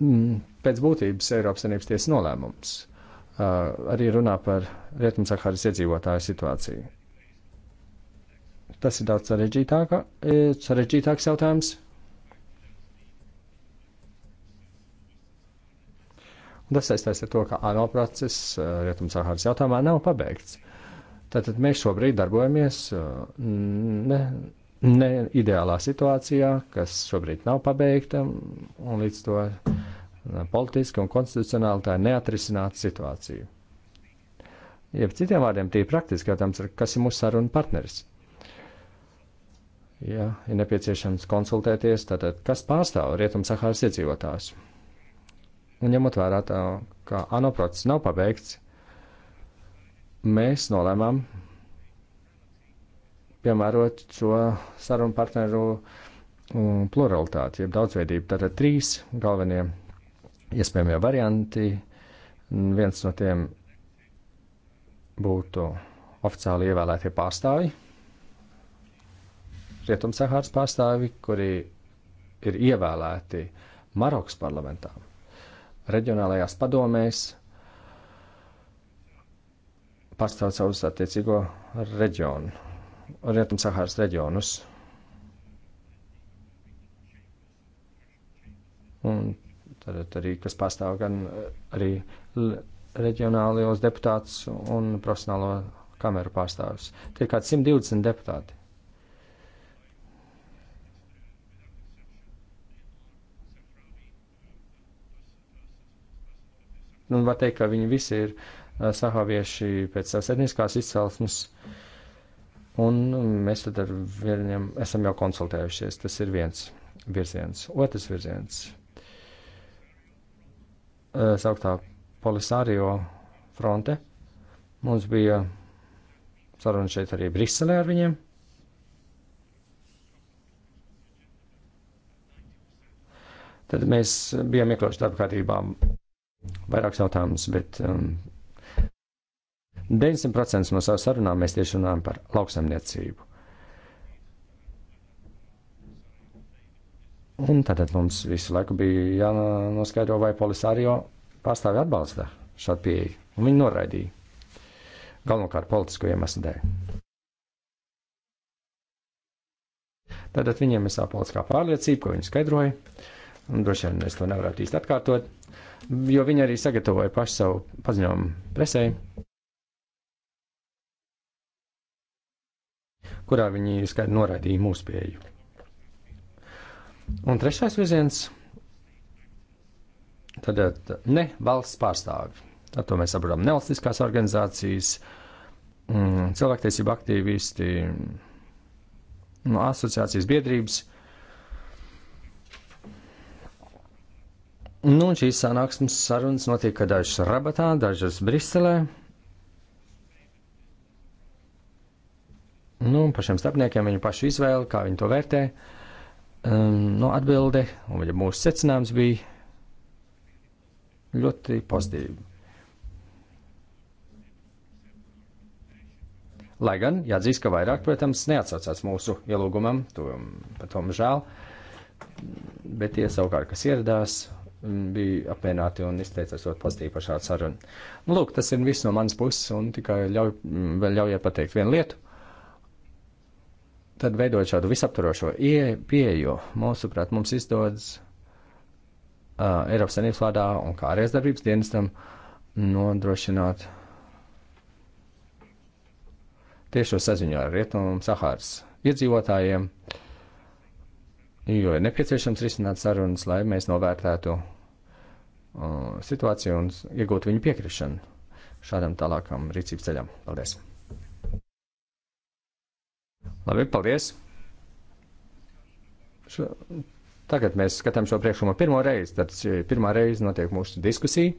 Mm, pēc būtības Eiropas Savienības tiesas nolēmums uh, arī runā par Rietumsaharas iedzīvotāju situāciju. Tas ir daudz e, sarežģītāks jautājums. Un tas saistās ar to, ka ANO process e, Rietumsaharas jautājumā nav pabeigts. Tātad mēs šobrīd darbojamies e, ne, ne ideālā situācijā, kas šobrīd nav pabeigta, un līdz to politiski un konstitucionāli tā ir neatrisināta situācija. Jeb citiem vārdiem, tie ir praktiski jautājums, kas ir mūsu saruna partneris. Ja ir nepieciešams konsultēties, tad kas pārstāv Rietum-Sahāras iedzīvotājus? Un ņemot vērā tā, ka ANO process nav pabeigts, mēs nolēmām piemērot šo sarunu partneru um, pluralitāti, jeb daudzveidību. Tātad trīs galvenie iespējamie varianti. Viens no tiem būtu oficiāli ievēlētie pārstāvi, Rietumsahāras pārstāvi, kuri ir ievēlēti Marokas parlamentā, reģionālajās padomēs, pārstāv savus attiecīgo reģionu Rietumsahāras reģionus. Un tad arī, kas pārstāv gan eh, arī reģionālajos deputātus un profesionālo kameru pārstāvjus. Tie ir kāds 120 deputāti. Nu, var teikt, ka viņi visi ir uh, eh, sahavieši pēc savas etniskās izcelsmes. Uh, Un mēs tad ar vieniem esam jau konsultējušies. Tas ir viens virziens. Otrs virziens - sauktā Polisārio fronte. Mums bija saruna šeit arī Briselē ar viņiem. Tad mēs bijām iekļauts darba kārtībā vairākas jautājumas, bet um, 90% no savām sarunām mēs tieši runājam par lauksaimniecību. Un tātad mums visu laiku bija jānoskaidro, vai polisārio pārstāvi atbalsta šādu pieeju, un viņi noraidīja galvenokārt politisko iemeslu dēļ. Tātad viņiem ir sava politiskā pārliecība, ko viņi skaidroja, un droši vien es to nevarētu īsti atkārtot, jo viņi arī sagatavoja pašu savu paziņojumu presē. kurā viņi skaidri noraidīja mūsu pieeju. Un trešais virziens - tad ne valsts pārstāvi. Tad to mēs saprotam nevalstiskās organizācijas, mm, cilvēktiesību aktīvisti, no mm, asociācijas biedrības. Nu, šīs sanāksmes sarunas notiek dažas Rabatā, dažas Briselē. Nu, par šiem starpniekiem viņu pašu izvēli, kā viņi to vērtē. Um, nu, atbilde, un ja mūsu secinājums bija ļoti pozitīvi. Lai gan, jāatzīst, ka vairāk, protams, neatsaucās mūsu ielūgumam, to, par to mums žēl, bet tie savukārt, kas ieradās, bija apvienāti un izteicās ļoti pozitīvi par šādu sarunu. Nu, lūk, tas ir viss no manas puses, un tikai ļauj, mm, vēl ļaujiet pateikt vienu lietu. Tad veidot šādu visaptvarošo pieeju, mūsuprāt, mums izdodas uh, Eiropas Savienības vārdā un kā arī aizdarbības dienestam nodrošināt tiešo saziņu ar Rietumu Sahāras iedzīvotājiem, jo ir nepieciešams risināt sarunas, lai mēs novērtētu uh, situāciju un iegūtu viņu piekrišanu šādam tālākam rīcības ceļam. Paldies! Labi, paldies! Šo, tagad mēs skatām šo priekšlikumu pirmo reizi. Tad pirmā reize notiek mūsu diskusija.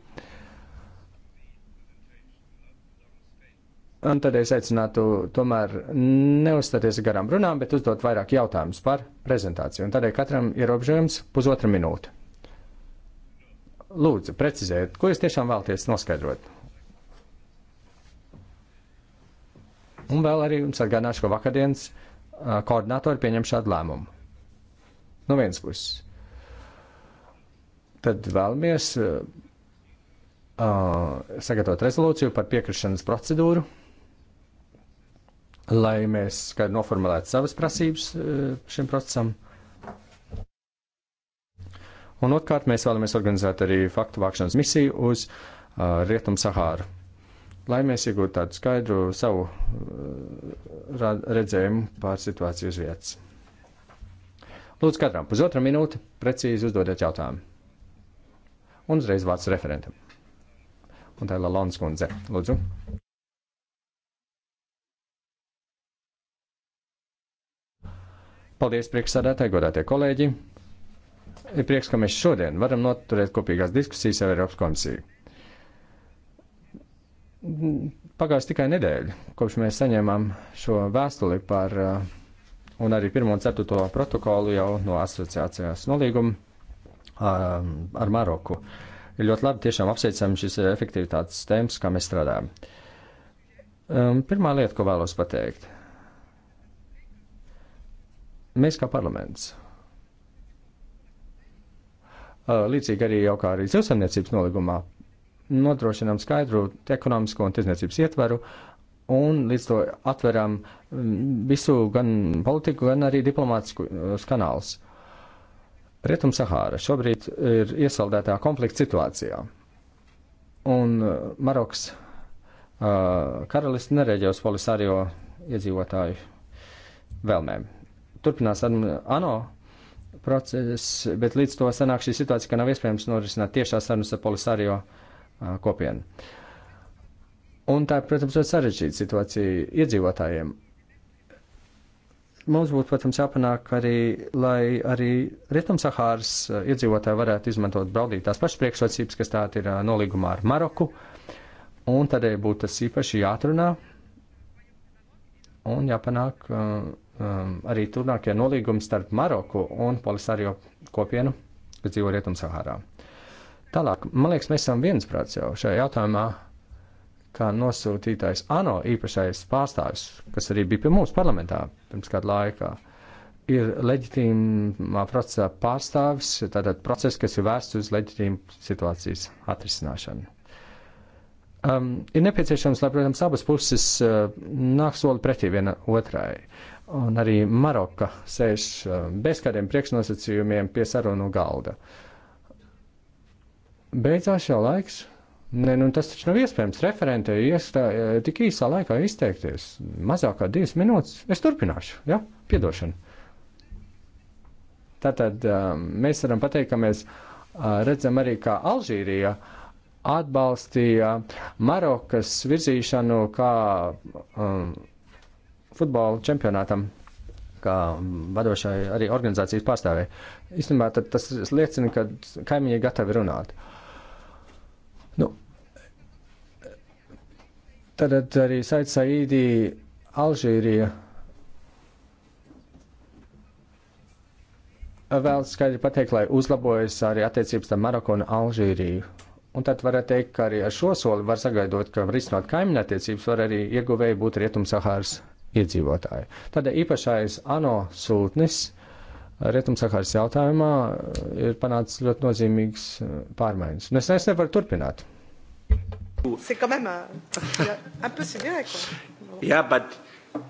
Un tad es aicinātu tomēr neuzstāties garām runām, bet uzdot vairāk jautājumus par prezentāciju. Un tādēļ katram ierobežojums pusotra minūte. Lūdzu, precizējiet, ko jūs tiešām vēlaties noskaidrot. Un vēl arī jums atgādināšu, ka vakardienas koordinātori pieņem šādu lēmumu. No vienas puses. Tad vēlamies uh, sagatavot rezolūciju par piekrišanas procedūru, lai mēs noformulētu savas prasības šim procesam. Un otrkārt, mēs vēlamies organizēt arī faktu vākšanas misiju uz uh, Rietumu Sahāru lai mēs iegūtu tādu skaidru savu uh, redzējumu pār situāciju uz vietas. Lūdzu, katram pusotra minūte precīzi uzdodiet jautājumu. Un uzreiz vārds referentam. Un tā ir Lalons kundze. Lūdzu. Paldies, priekšsādātāji, godātie kolēģi. Ir prieks, ka mēs šodien varam noturēt kopīgās diskusijas ar Eiropas komisiju. Pagājusi tikai nedēļa, kopš mēs saņēmām šo vēstuli par uh, un arī 1. un 4. protokolu jau no asociācijās nolīguma um, ar Maroku. Ir ļoti labi tiešām apsveicam šis efektivitātes tēmas, kā mēs strādājam. Um, pirmā lieta, ko vēlos pateikt. Mēs kā parlaments uh, līdzīgi arī jau kā arī zivsaimniecības nolīgumā nodrošinām skaidru ekonomisko un tirdzniecības ietvaru, un līdz to atveram mm, visu gan politiku, gan arī diplomātiskus eh, kanālus. Rietum Sahāra šobrīd ir iesaldētā konflikta situācijā, un eh, Maroks uh, eh, karalists nereģē uz polisārio iedzīvotāju vēlmēm. Turpinās ANO process, bet līdz to sanāk šī situācija, ka nav iespējams norisināt tiešā sarunas ar polisārio uh, kopiena. Un tā, protams, ļoti sarežģīta situācija iedzīvotājiem. Mums būtu, protams, jāpanāk arī, lai arī Rietumsahāras iedzīvotāji varētu izmantot braudīt tās pašas priekšrocības, kas tā ir nolīgumā ar Maroku. Un tādēļ būtu tas īpaši jāatrunā un jāpanāk um, arī turnākie nolīgumi starp Maroku un Polisario kopienu, kas dzīvo Rietumsahārā. Tālāk, man liekas, mēs esam viensprāts jau šajā jautājumā, kā nosūtītais ANO īpašais pārstāvis, kas arī bija pie mums parlamentā pirms kādu laiku, ir leģitīmā procesā pārstāvis, tātad process, kas ir vērsts uz leģitīmu situācijas atrisināšanu. Um, ir nepieciešams, lai, protams, abas puses uh, nāk soli pretī viena otrai. Un arī Maroka sēž uh, bez kādiem priekšnosacījumiem pie sarunu galda. Uh, Beidzās jau laiks. Nē, nu tas taču nav iespējams. Referentē iestā, e, tik īsā laikā izteikties. Mazākā divas minūtes. Es turpināšu, ja? Piedošana. Tātad e, mēs varam pateikt, ka mēs e, redzam arī, kā Alžīrija atbalstīja Marokas virzīšanu kā um, futbola čempionātam kā vadošai arī organizācijas pārstāvē. Īstenībā tas liecina, ka kaimiņi ir gatavi runāt. Uh, Nu, tad arī Said Saidī Alžīrija. vēl skaidri pateikt, lai uzlabojas arī attiecības starp Maroku un Alžīriju. Un tad varētu teikt, ka arī ar šo soli var sagaidot, ka risinot kaimiņa attiecības var arī ieguvēji būt Rietum Sahāras iedzīvotāji. Tādēļ īpašais ANO sūtnis Rietumsakāras jautājumā eh, ir panācis ļoti nozīmīgs eh, pārmaiņas. Un nu, es, es nevaru turpināt. C'est quand même un, euh, un peu similaire. Quoi. Yeah, but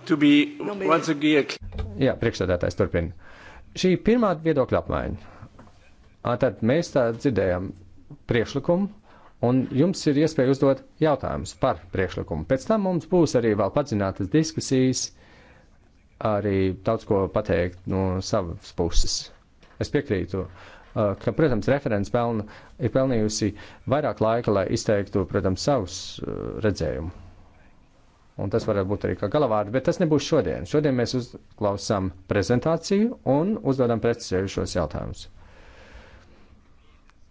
to be no, mais... once again. Jā, priekšstādātājs turpina. Šī pirmā viedokļa apmaiņa. Tad mēs tā dzirdējām priekšlikumu, un jums ir iespēja uzdot jautājumus par priekšlikumu. Pēc tam mums būs arī vēl padziļinātas diskusijas arī daudz ko pateikt no savas puses. Es piekrītu, uh, ka, protams, referents pelna, ir pelnījusi vairāk laika, lai izteiktu, protams, savus uh, redzējumu. Un tas varētu būt arī kā galavārdi, bet tas nebūs šodien. Šodien mēs uzklausām prezentāciju un uzdodam precizējušos jautājumus.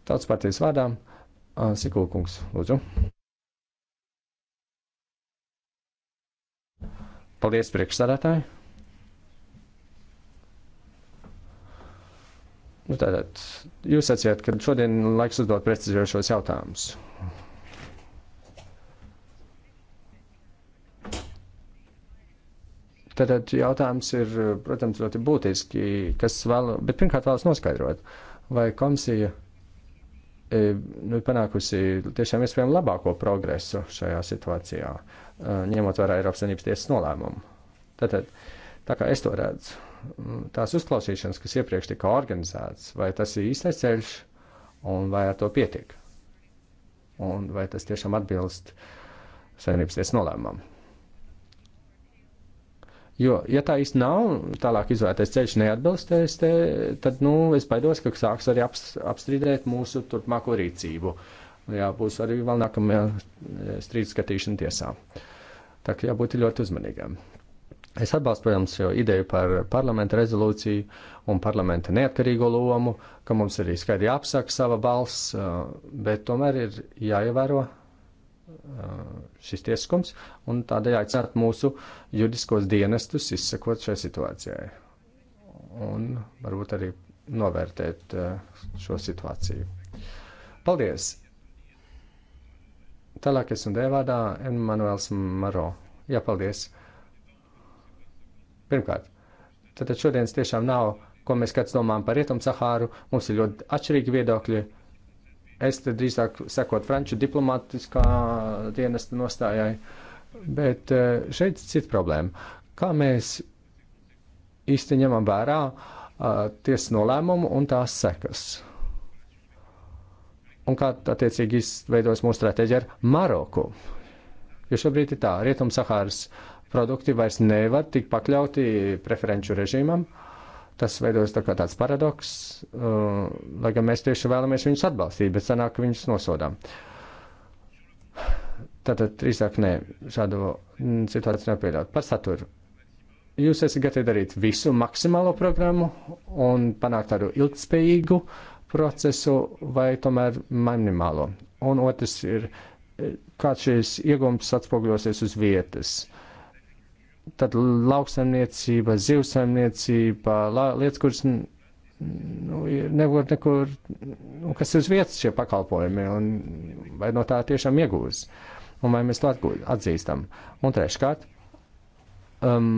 Tautas partijas vārdā uh, Sikulkungs, lūdzu. Paldies, priekšsādātāji! Nu, tātad, jūs atcerat, ka šodien laiks uzdot precizējušos jautājumus. Tātad jautājums ir, protams, ļoti būtiski, kas vēl, bet pirmkārt vēlas noskaidrot, vai komisija e, nu, panākusi tiešām iespējami labāko progresu šajā situācijā, e, ņemot vērā Eiropas Savienības tiesas nolēmumu. Tātad, tā kā es to redzu tās uzklausīšanas, kas iepriekš tika organizētas, vai tas ir īstais ceļš un vai ar to pietiek? Un vai tas tiešām atbilst saimnības tiesas nolēmumam? Jo, ja tā īsti nav, tālāk izvērtais ceļš neatbilstēs, te, tad, nu, es baidos, ka sāks arī aps, apstrīdēt mūsu turpmāko rīcību. Jā, būs arī vēl nākamajā eh, strīdskatīšana tiesā. Tā kā jābūt ļoti uzmanīgam. Es atbalstu, protams, jau ideju par parlamenta rezolūciju un parlamenta neatkarīgo lomu, ka mums arī skaidri jāapsaka sava balss, bet tomēr ir jāievēro šis tiesiskums un tādēļ aicināt mūsu juridiskos dienestus izsekot šai situācijai un varbūt arī novērtēt šo situāciju. Paldies! Tālāk es un dēvādā Emanuels Maro. Jā, paldies! Pirmkārt, tad šodienas tiešām nav, ko mēs kāds domājam par Rietumu Sahāru, mums ir ļoti atšķirīgi viedokļi. Es te drīzāk sekot franču diplomātiskā dienesta nostājai, bet eh, šeit ir cita problēma. Kā mēs īsti ņemam vērā uh, tiesas nolēmumu un tās sekas? un kā attiecīgi izveidos mūsu stratēģija ar Maroku. Jo šobrīd ir tā, Rietum Sahāras produkti vairs nevar tikt pakļauti preferenču režīmam. Tas veidojas tā kā tāds paradoks, uh, lai gan mēs tieši vēlamies viņus atbalstīt, bet sanāk, ka viņus nosodām. Tātad, drīzāk, nē, šādu situāciju nepieļaut. Par saturu. Jūs esat gatavi darīt visu maksimālo programmu un panākt tādu ilgspējīgu procesu vai tomēr minimālo. Un otrs ir, kā šis iegums atspogļosies uz vietas. Uh, tad lauksaimniecība, zivsaimniecība, la, lietas, kuras nu, nebūt nekur, nu, kas ir uz vietas šie pakalpojumi, un vai no tā tiešām iegūs, un vai mēs to atgūd, atzīstam. Un treškārt, um,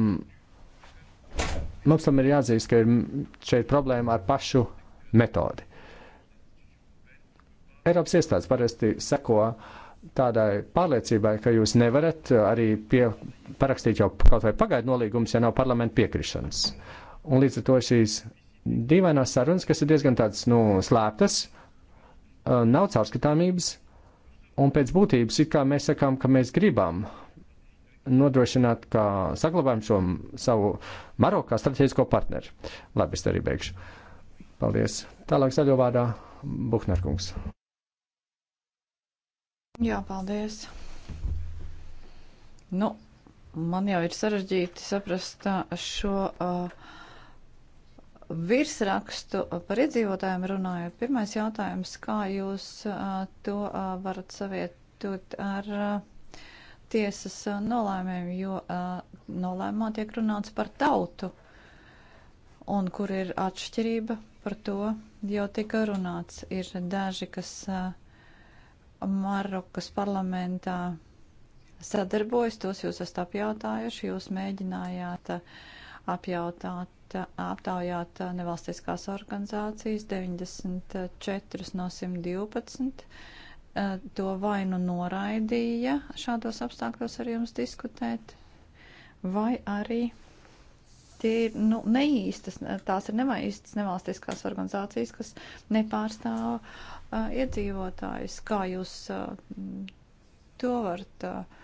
mums tam ir jāatzīst, ka ir šeit problēma ar pašu metodi. Eiropas iestādes parasti seko uh, tādai pārliecībai, ka jūs nevarat eh, arī pie, parakstīt jau kaut vai pagaidu nolīgumus, ja nav parlamenta piekrišanas. Un līdz ar to šīs dīvainās sarunas, kas ir diezgan tādas, nu, slēptas, eh, nav caurskatāmības, un pēc būtības ir kā mēs sakām, ka mēs gribam nodrošināt, ka saglabājam šo savu Marokā strateģisko partneri. Labi, es arī beigšu. Paldies. Tālāk zaļo vārdā Buhnerkungs. Jā, paldies. Nu, man jau ir sarežģīti saprast uh, šo uh, virsrakstu par iedzīvotājiem runājot. Pirmais jautājums, kā jūs uh, to uh, varat savietot ar uh, tiesas uh, nolēmēm, jo uh, nolēmumā tiek runāts par tautu un kur ir atšķirība par to jau tika runāts. Ir daži, kas. Uh, Marokas parlamentā sadarbojas, tos jūs esat apjautājuši, jūs mēģinājāt apjautāt aptaujāt nevalstiskās organizācijas 94 no 112. Eh, to vainu noraidīja šādos apstākļos ar jums diskutēt, vai arī tie ir nu, neīstas, tās ir nevaistas nevalstiskās organizācijas, kas nepārstāv uh, iedzīvotājus. Kā jūs uh, to varat uh,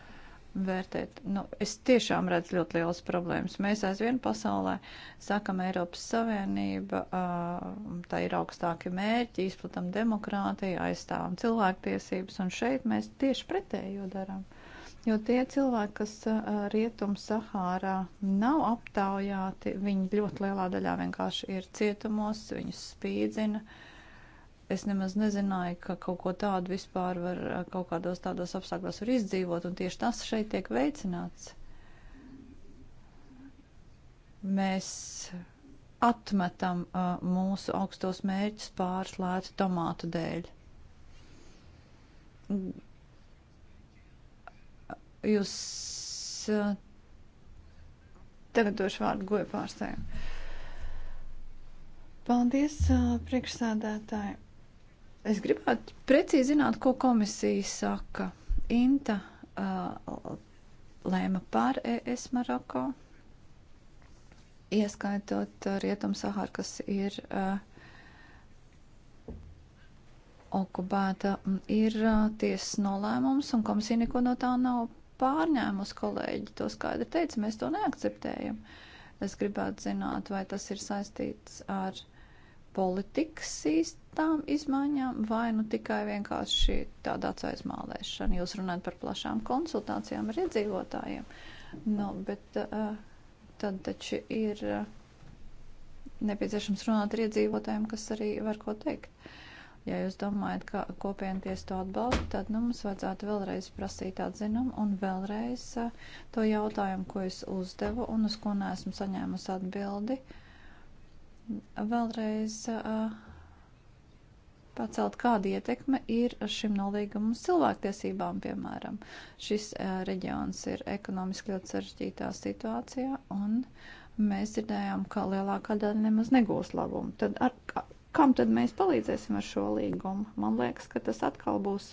vērtēt? Nu, es tiešām redzu ļoti lielas problēmas. Mēs aizvien pasaulē sakam Eiropas Savienība, uh, tā ir augstāki mērķi, izplatam demokrātiju, aizstāvam cilvēktiesības, un šeit mēs tieši pretējo darām. Jo tie cilvēki, kas rietum Sahārā nav aptaujāti, viņi ļoti lielā daļā vienkārši ir cietumos, viņus spīdzina. Es nemaz nezināju, ka kaut ko tādu vispār var kaut kādos tādos apstākļos var izdzīvot, un tieši tas šeit tiek veicināts. Mēs atmetam uh, mūsu augstos mērķus pāris lētu tomātu dēļ Jūs eh, tagad došu vārdu goja pārstājiem. Paldies, eh, priekšsādātāji. Es gribētu precīzi zināt, ko komisija saka. Inta uh, lēma par ES Maroko, ieskaitot Rietumu Sahāru, kas ir uh, okupēta, mm, ir uh, tiesas nolēmums, un komisija neko no tā nav pārņēmus kolēģi to skaidri teica, mēs to neakceptējam. Es gribētu zināt, vai tas ir saistīts ar politikas īstām izmaiņām vai nu tikai vienkārši tādā aizmālēšana. Jūs runājat par plašām konsultācijām ar iedzīvotājiem, nu, bet uh, tad taču ir uh, nepieciešams runāt ar iedzīvotājiem, kas arī var ko teikt. Uh, Ja jūs domājat, ka kopienties to atbalsta, tad nu, mums vajadzētu vēlreiz prasīt atzinumu un vēlreiz to jautājumu, ko es uzdevu un uz ko neesmu saņēmusi atbildi, vēlreiz pacelt, kāda ietekme ir šim nolīgumam uz cilvēktiesībām, piemēram. Šis reģions ir ekonomiski ļoti sarežģītā situācijā un mēs dzirdējām, ka lielākā daļa nemaz negūs labumu. Tad ar, Kam tad mēs palīdzēsim ar šo līgumu? Man liekas, ka tas atkal būs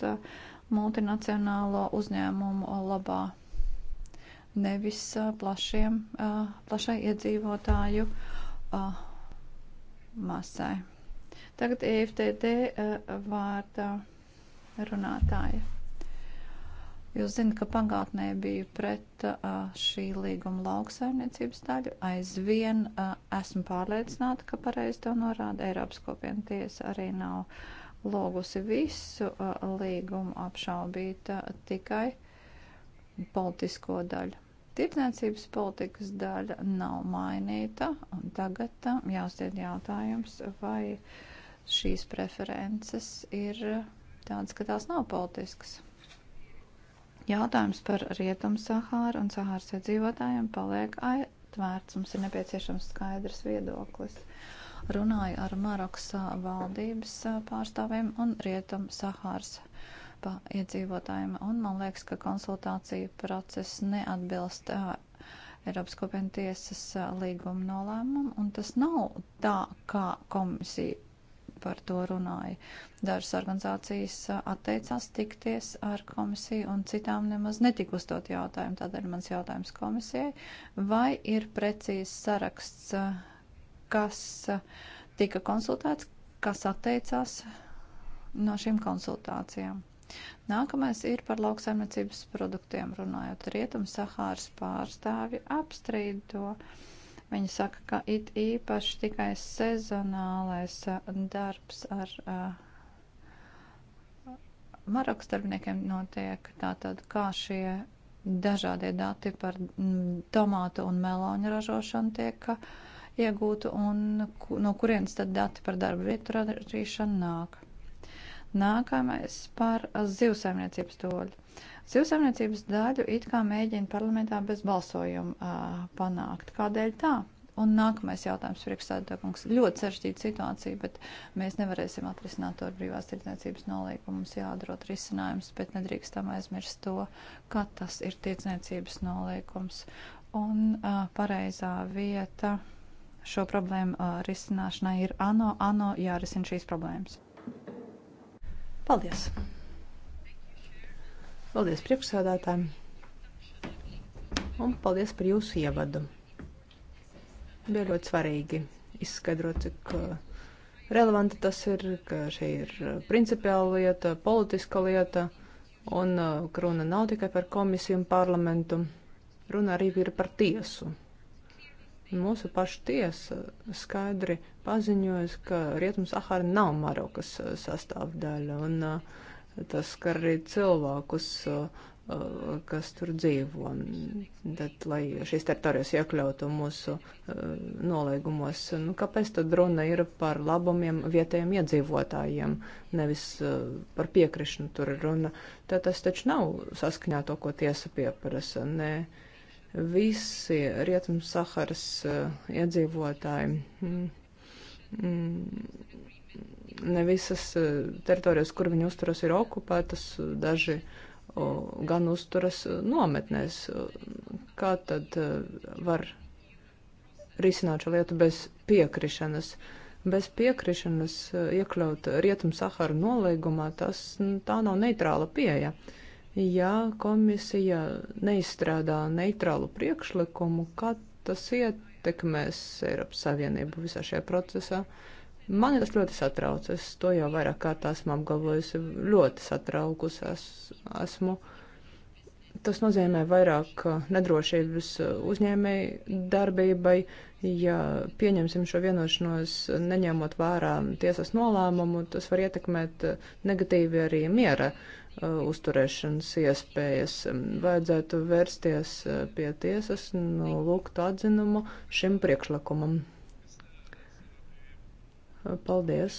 multinacionālo uzņēmumu labā, nevis plašiem, plašai iedzīvotāju masai. Tagad EFTD vārdā runātāja. Jūs zinat, ka pagātnē biju pret uh, šī līguma lauksaimniecības daļu. Aizvien uh, esmu pārliecināta, ka pareizi to norāda Eiropas kopiena tiesa arī nav logusi visu uh, līgumu apšaubīt uh, tikai politisko daļu. Tirdzniecības politikas daļa nav mainīta, un tagad uh, jāuzdied jautājums, vai šīs preferences ir tādas, ka tās nav politiskas. Jautājums par Rietumu Sahāru un Sahāras iedzīvotājiem paliek atvērts. Mums ir nepieciešams skaidrs viedoklis. Runāju ar Marokas valdības pārstāvjiem un Rietumu Sahāras iedzīvotājiem, un man liekas, ka konsultācija process neatbilst uh, Eiropas kopienu tiesas uh, līguma nolēmumam, un tas nav tā, kā komisija par to runāja. Dažas organizācijas atteicās tikties ar komisiju un citām nemaz netika uzdot jautājumu. Tādēļ mans jautājums komisijai, vai ir precīzs saraksts, kas tika konsultēts, kas atteicās no šīm konsultācijām. Nākamais ir par lauksaimniecības produktiem runājot. Rietum Sahāras pārstāvi apstrīd to. Uh, Viņi saka, ka it īpaši tikai sezonālais darbs ar Marokas darbiniekiem notiek tātad, kā šie dažādie dati par tomātu un meloņu ražošanu tiek iegūti un no kurienes tad dati par darba vietu radīšanu nāk. Nākamais par zivsaimniecības toļu. Sīvsaimniecības daļu it kā mēģina parlamentā bez balsojuma panākt. Kādēļ tā? Un nākamais jautājums priekšstādātājums. Ļoti sarežģīta situācija, bet mēs nevarēsim atrisināt to ar brīvās tirdzniecības nolīgumu. Mums jāatrod risinājums, bet nedrīkstam aizmirst to, ka tas ir tirdzniecības nolīgums. Un uh, pareizā vieta šo problēmu uh, risināšanai ir ANO. ANO jārisina šīs problēmas. Paldies! Paldies priekšsēdētājiem un paldies par jūsu ievadu. Bija ļoti svarīgi izskaidrot, cik uh, relevanti tas ir, ka šī ir principiāla lieta, politiska lieta, un uh, ka runa nav tikai par komisiju un parlamentu, runa arī ir par tiesu. Mūsu paša tiesa skaidri paziņojas, ka Rietums Ahara nav Marokas uh, sastāvdaļa, un uh, tas skar arī cilvēkus, kas tur dzīvo. Tad, lai šīs teritorijas iekļautu mūsu nolīgumos, nu, kāpēc tad runa ir par labumiem vietējiem iedzīvotājiem, nevis par piekrišanu tur ir runa? Tad tas taču nav saskaņā to, ko tiesa pieprasa. Ne, visi Rietum Saharas iedzīvotāji. Mm, mm, ne visas e, teritorijas, kur viņi uzturas, ir okupētas, daži gan uzturas e, nometnēs. E, kā tad var risināt šo lietu bez piekrišanas? Bez piekrišanas iekļaut Rietumu Saharu nolīgumā, tas tā nav neitrāla pieeja. Ja komisija neizstrādā neitrālu priekšlikumu, kā tas ietekmēs Eiropas Savienību visā šajā procesā? Uh, Mani tas ļoti satrauc. Es to jau vairāk kārt esmu apgalvojusi. Ļoti satraukus es, esmu. Tas nozīmē vairāk uh, nedrošības uh, uzņēmēji darbībai, ja pieņemsim šo vienošanos, neņemot vērā tiesas nolēmumu, tas var ietekmēt uh, negatīvi arī miera uzturēšanas iespējas. Um, vajadzētu vērsties pie tiesas un nu, lūgt atzinumu šim priekšlikumam. Paldies,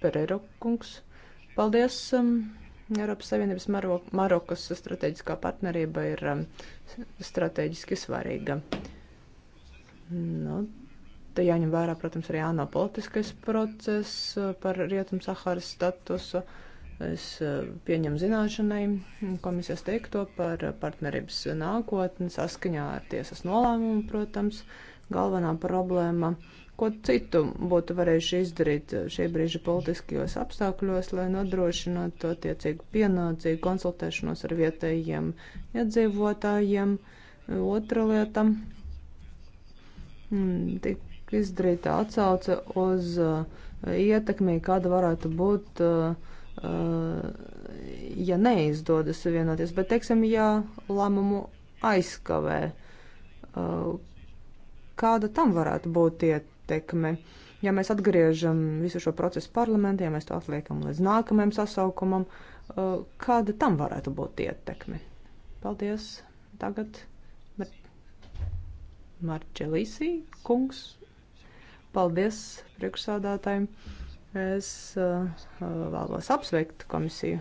Pereiro kungs. Paldies. Um, Eiropas Savienības Maro Marokas strateģiskā partnerība ir um, strateģiski svarīga. Nu, te jāņem vērā, protams, arī ANO politiskais process uh, par Rietumu Saharas statusu. Es uh, pieņemu zināšanai komisijas teikto par uh, partnerības nākotni saskaņā ar tiesas nolēmumu, protams, galvenā problēma. Uh, ko citu būtu varējuši izdarīt eh, šī brīža politiskajos apstākļos, lai nodrošinātu attiecīgu pienācīgu konsultēšanos ar vietējiem iedzīvotājiem. Otra lieta mm, - tik izdarīta atsauce uz eh, ietekmi, kāda varētu būt, eh, ja neizdodas vienoties, bet, teiksim, ja lēmumu aizkavē, kāda tam varētu būt ietekme ietekme. Ja mēs atgriežam visu šo procesu parlamentā, ja mēs to atliekam līdz nākamajam sasaukumam, uh, kāda tam varētu būt ietekme? Paldies! Tagad Mar Marčelīsī kungs. Paldies priekšsādātājiem! Es uh, vēlos apsveikt komisiju,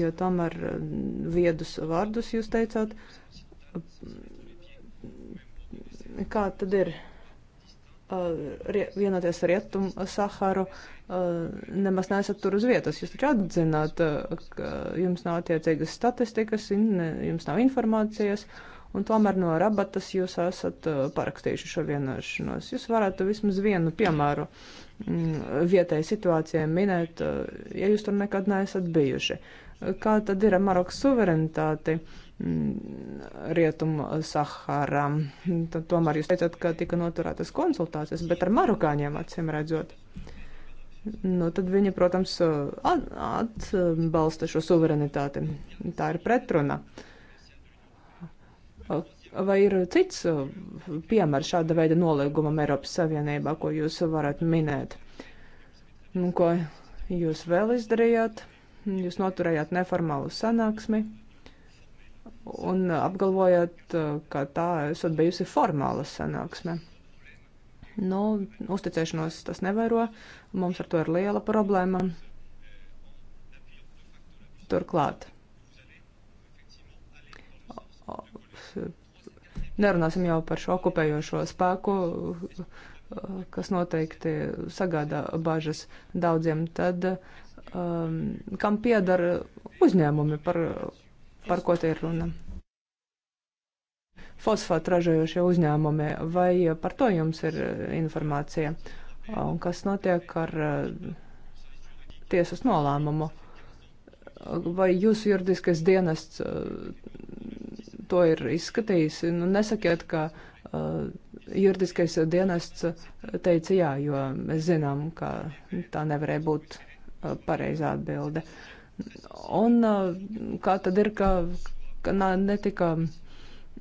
jo tomēr uh, viedus vārdus jūs teicāt. Kā tad ir? Uh, vienoties ar Rietumu Saharu, uh, nemaz neesat tur uz vietas. Jūs taču atzināt, uh, ka jums nav attiecīgas statistikas, jums nav informācijas, un tomēr no rabatas jūs esat parakstījuši šo vienošanos. Jūs varētu vismaz vienu piemēru mm, vietējai situācijai minēt, ja jūs tur nekad neesat bijuši. Kā tad ir ar Marokas suverenitāti? Uh, Mm, Rietumu Sahārā. Tad tomēr jūs teicat, ka tika noturētas konsultācijas, bet ar marokāņiem acīm redzot. Nu, tad viņi, protams, atbalsta šo suverenitāti. Tā ir pretruna. Vai ir cits piemērs šāda veida noliegumam Eiropas Savienībā, ko jūs varat minēt? Nu, ko jūs vēl izdarījāt? Jūs noturējāt neformālu sanāksmi un apgalvojat, uh, ka tā esat bijusi formāla sanāksme. Nu, uzticēšanos tas nevēro, mums ar to ir liela problēma. Turklāt. Nerunāsim jau par šo okupējošo spēku, kas noteikti sagādā bažas daudziem. Tad um, kam piedara uzņēmumi, par par ko te ir runa. Fosfātu ražojošie uzņēmumi, vai par to jums ir eh, informācija? Un kas notiek ar eh, tiesas nolēmumu? Vai jūsu juridiskais dienests eh, to ir izskatījis? Nu, nesakiet, ka juridiskais dienests teica jā, jo mēs zinām, ka tā nevarēja būt pareizā atbilde. Uh, Un uh, kā tad ir, ka, ka netika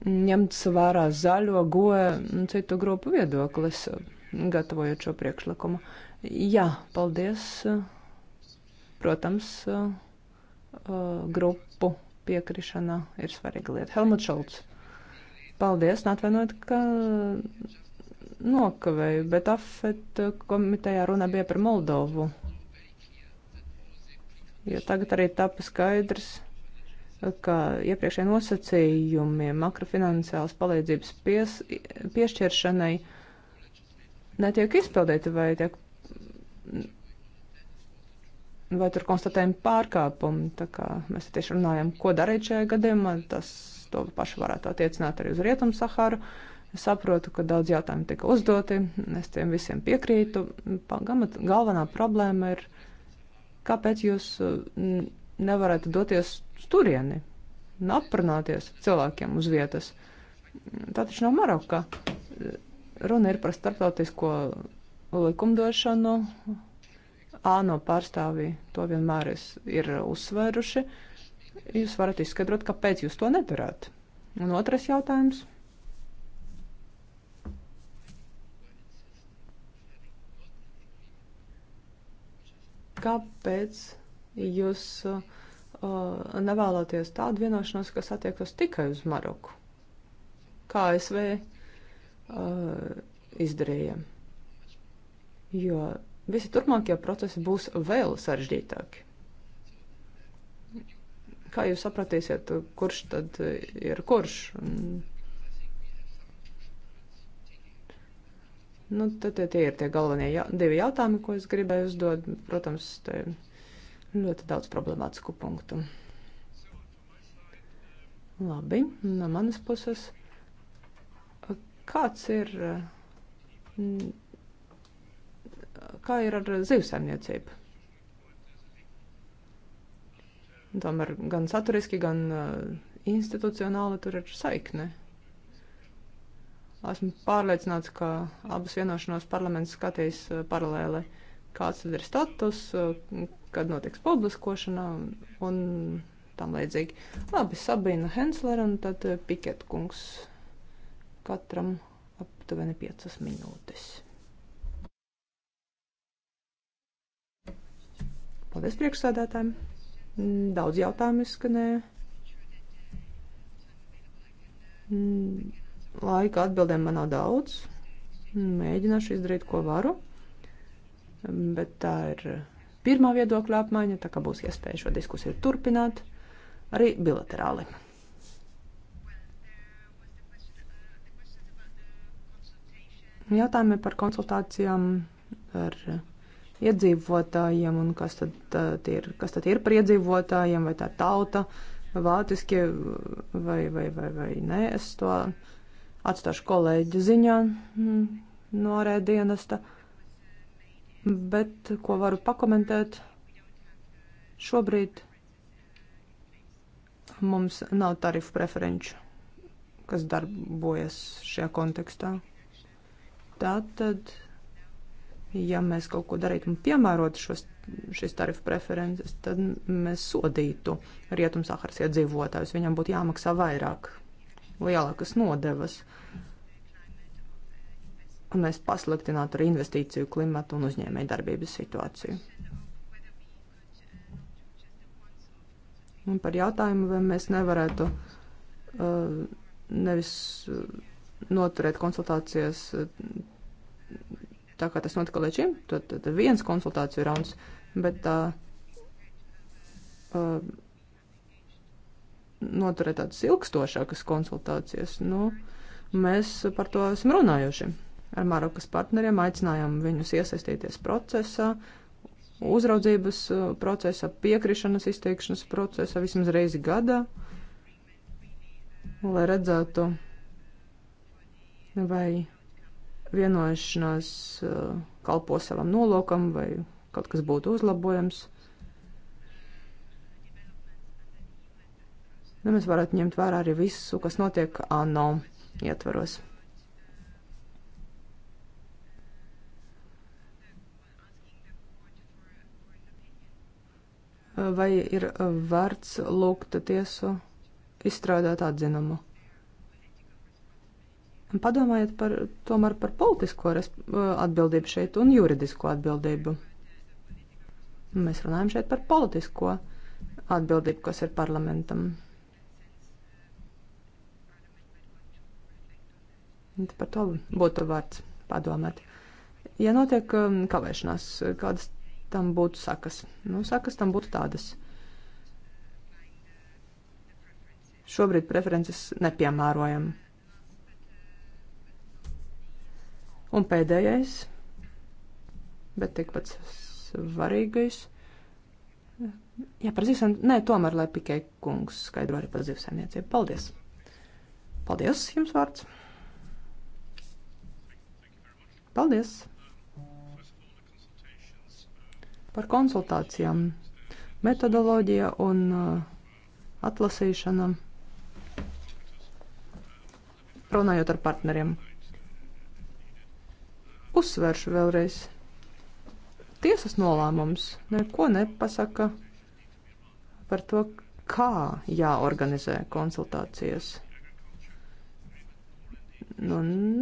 ņemts vērā zaļo, goe un citu grupu viedoklis, uh, gatavojot šo priekšlikumu? Jā, paldies. Uh, protams, grupu piekrišana ir svarīga lieta. Helmut Šolts. Paldies, atvainojiet, ka nokavēju, bet afet komitejā runa bija par Moldovu jo tagad arī tapa skaidrs, ka iepriekšējie nosacījumi makrofinanciālas palīdzības pies, piešķiršanai netiek izpildīti vai tiek. Vai tur konstatējam pārkāpumu? Tā kā mēs tieši runājam, ko darīt šajā gadījumā, tas to pašu varētu attiecināt arī uz Rietumu Saharu. Es saprotu, ka daudz jautājumu tika uzdoti, es tiem visiem piekrītu. Galvenā problēma ir uh, Kāpēc jūs uh, nevarat doties turieni un nu, aprunāties cilvēkiem uz vietas? Tā taču nav Maroka. Runa ir par starptautisko likumdošanu. ANO pārstāvji to vienmēr ir uzsvēruši. Jūs varat izskaidrot, kāpēc jūs to nedarāt. Un otrais jautājums. Kāpēc jūs uh, uh, nevēlaties tādu vienošanos, kas attiektos tikai uz Maroku? Kā ASV uh, izdarīja? Jo visi turpmākie procesi būs vēl sarežģītāki. Kā jūs sapratīsiet, kurš tad ir kurš? Un, Nu, tad tie ir tie galvenie ja, divi jautājumi, ko es gribēju uzdot. Protams, te ir ļoti daudz problemātisku punktu. Labi, no manas puses. Kāds ir, kā ir ar zivsaimniecību? Tomēr gan saturiski, gan uh, institucionāli tur ir saikne. Esmu pārliecināts, ka abas vienošanos parlaments skatīs eh, paralēli, kāds tad ir status, eh, kad notiks publiskošana un tam līdzīgi. Labi, Sabina Hensler un tad eh, Piket kungs katram aptuveni 5 minūtes. Paldies priekšsādātājiem. Daudz jautājumu izskanēja. Mm Laika atbildēm man nav daudz. Mēģināšu izdarīt, ko varu. Bet tā ir pirmā viedokļa apmaiņa, tā kā būs iespēja šo diskusiju turpināt arī bilaterāli. Jautājumi par konsultācijām ar iedzīvotājiem un kas tad, tad ir, kas tad ir par iedzīvotājiem, vai tā tauta, vātiski vai, vai, vai, vai nē, es to. Uh, atstāšu kolēģi ziņā mm, no rētdienesta, bet ko varu pakomentēt šobrīd mums nav tarifu preferenču, kas darbojas šajā kontekstā. Tātad, ja mēs kaut ko darītu un piemērotu šos, šīs tarifu preferences, tad mēs sodītu Rietum Saharas iedzīvotājus. Viņam būtu jāmaksā vairāk lielākas nodevas, un mēs pasliktinātu arī investīciju klimatu un uzņēmēju darbības situāciju. Un par jautājumu, vai mēs nevarētu uh, nevis uh, noturēt konsultācijas uh, tā, kā tas notika līdz šim, tad, tad viens konsultāciju rauns, bet tā. Uh, uh noturēt tādas ilgstošākas konsultācijas. Nu, mēs par to esam runājuši ar Marokas partneriem, aicinājām viņus iesaistīties procesā, uzraudzības uh, procesā, piekrišanas izteikšanas procesā vismaz reizi gadā, lai redzētu, vai vienošanās uh, kalpo savam nolokam vai kaut kas būtu uzlabojams. Nu, mēs varētu ņemt vērā arī visu, kas notiek ANO ietvaros. Vai ir vērts lūgt tiesu izstrādāt atzinumu? Padomājiet par, tomēr par politisko atbildību šeit un juridisko atbildību. Mēs runājam šeit par politisko atbildību, kas ir parlamentam. Par to būtu vērts padomāt. Ja notiek um, kavēšanās, kādas tam būtu sakas? Nu, sakas tam būtu tādas. Šobrīd preferences nepiemērojam. Un pēdējais, bet tikpat svarīgais. Jā, par zivsēm. Nē, tomēr, lai Pikē kungs skaidro arī par zivsēmniecību. Paldies! Paldies, jums vārds! Paldies! Par konsultācijām, metodoloģija un uh, atlasīšana, runājot ar partneriem. Uzsveršu vēlreiz. Tiesas nolēmums neko nepasaka par to, kā jāorganizē konsultācijas. Nu,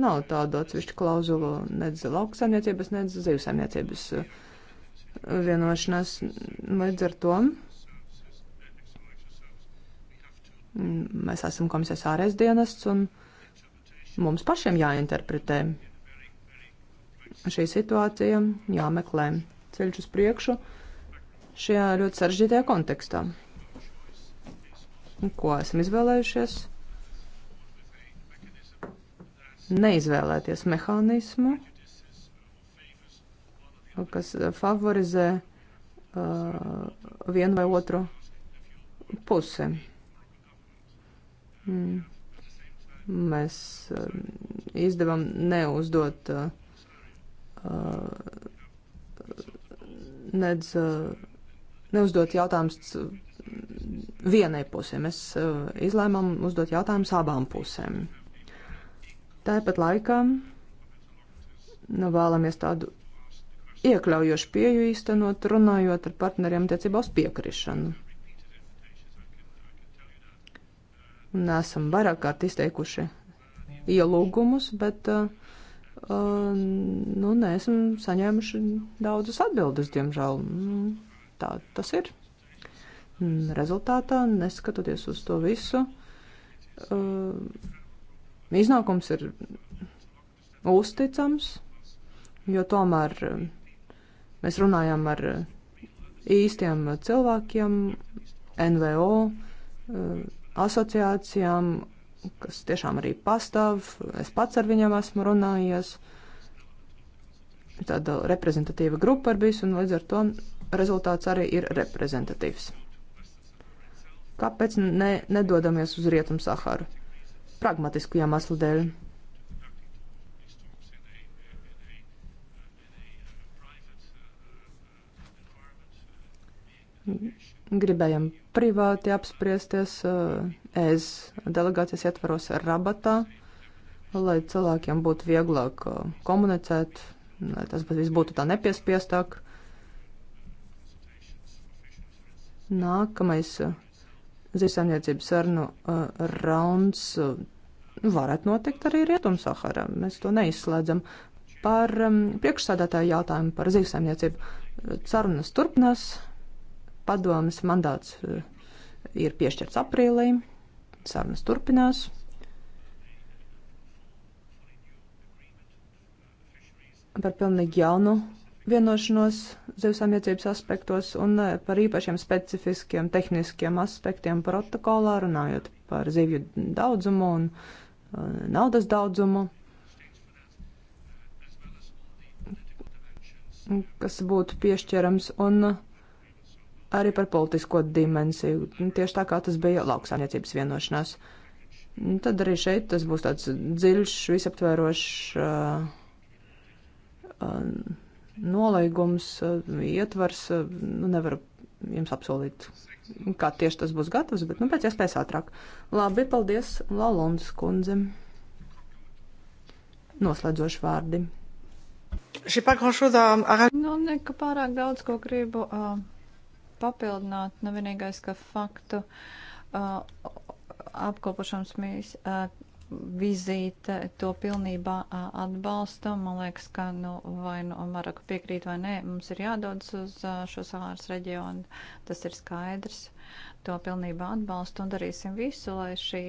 nav tādu atsevišķu klauzulu nedz lauksaimniecības, nedz zivsaimniecības uh, vienošanās. Līdz ar to mm, mēs esam komisijas ārējais dienests un mums pašiem jāinterpretē šī situācija, jāmeklē ceļš uz priekšu šajā ļoti sarežģītajā kontekstā. Ko esam izvēlējušies? neizvēlēties mehānismu, kas favorizē uh, vienu vai otru pusi. Mm. Mēs uh, izdevam neuzdot uh, uh nedz, uh, neuzdot jautājumus vienai pusē. Mēs uh, izlēmām uzdot jautājumus abām pusēm. Tāpat laikā nu, vēlamies tādu iekļaujošu pieju īstenot, runājot ar partneriem attiecībā uz piekrišanu. Un esam vairāk kārt izteikuši ielūgumus, bet uh, uh nu, neesam saņēmuši daudzas atbildes, diemžēl. Nu, tā tas ir. Rezultātā, neskatoties uz to visu, uh, iznākums ir uzticams, jo tomēr um, mēs runājam ar uh, īstiem cilvēkiem, NVO uh, asociācijām, kas tiešām arī pastāv. Es pats ar viņiem esmu runājies. Tāda reprezentatīva grupa ir bijusi, un līdz ar to rezultāts arī ir reprezentatīvs. Kāpēc ne, nedodamies uz Rietumu Saharu? pragmatisku iemeslu dēļ. Gribējām privāti apspriesties eh, ES delegācijas ietvaros rabatā, lai cilvēkiem būtu vieglāk eh, komunicēt, lai tas viss būtu tā nepiespiestāk. Nākamais eh, Zīvesaimniecības sarunu uh, rauns uh, varētu notikt arī Rietumsahara. Mēs to neizslēdzam. Par um, priekšsādātāju jautājumu par zīvesaimniecību uh, sarunas turpinās. Padomas mandāts uh, ir piešķirts aprīlī. Sarunas turpinās. Par pilnīgi jaunu vienošanos zivsaimniecības aspektos un eh, par īpašiem specifiskiem tehniskiem aspektiem protokolā, runājot par zivju daudzumu un eh, naudas daudzumu, kas būtu piešķirams, un arī par politisko dimensiju, tieši tā kā tas bija lauksaimniecības vienošanās. Tad arī šeit tas būs tāds dziļš, visaptverošs. Uh, uh, nolaigums, eh, ietvars, eh, nu, nevaru jums apsolīt, kā tieši tas būs gatavs, bet, nu, pēc iespējas ātrāk. Labi, paldies Lalons kundze. Noslēdzoši vārdi. Nu, neka pārāk daudz, ko gribu uh, papildināt, nu, vienīgais, ka faktu uh, apkopošanas mīs. Uh, vizīte to pilnībā atbalsta. Man liekas, ka nu, vai nu Maroka piekrīt vai nē, mums ir jādodas uz šo Sahāras reģionu. Tas ir skaidrs. To pilnībā atbalstu un darīsim visu, lai šī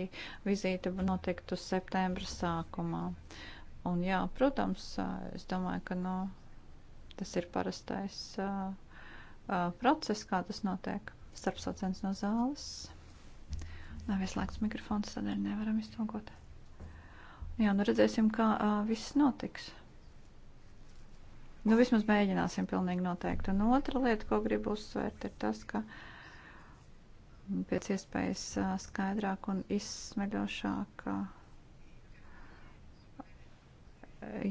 vizīte notiktu septembra sākumā. Un jā, protams, es domāju, ka nu, tas ir parastais uh, uh, process, kā tas notiek. Starpsaucens no zāles. Nav ieslēgts mikrofons, tādēļ nevaram iztolkot. Jā, nu redzēsim, kā uh, viss notiks. Nu, vismaz mēģināsim pilnīgi noteikti. Un otra lieta, ko gribu uzsvērt, ir tas, ka pēc iespējas uh, skaidrāk un izsmeļošāk uh,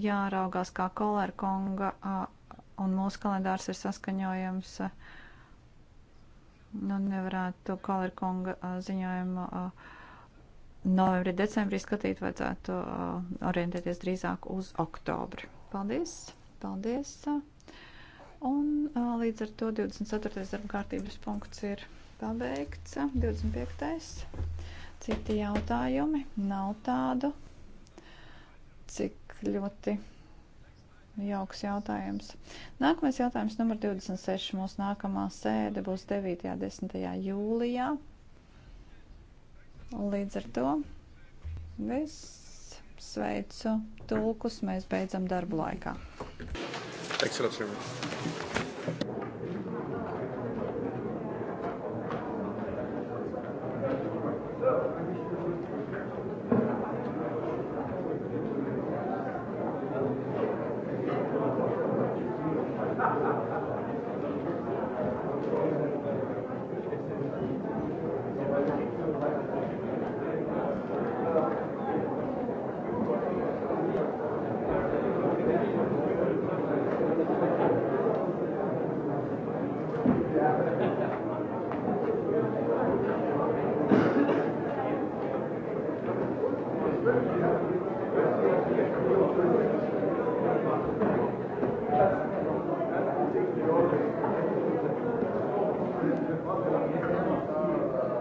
jāraugās, kā kolēra konga uh, un mūsu kalendārs ir saskaņojams. Uh, nu, nevarētu kolēra konga uh, ziņojumu. Uh, novembrī, decembrī skatīt, vajadzētu uh, orientēties drīzāk uz oktobri. Paldies! Paldies! Un uh, līdz ar to 24. darba kārtības punkts ir pabeigts. 25. Citi jautājumi nav tādu. Cik ļoti jauks jautājums. Nākamais jautājums numur 26. Mūsu nākamā sēde būs 9. un 10. jūlijā. Līdz ar to viss sveicu tulkus, mēs beidzam darbu laikā. Excellent.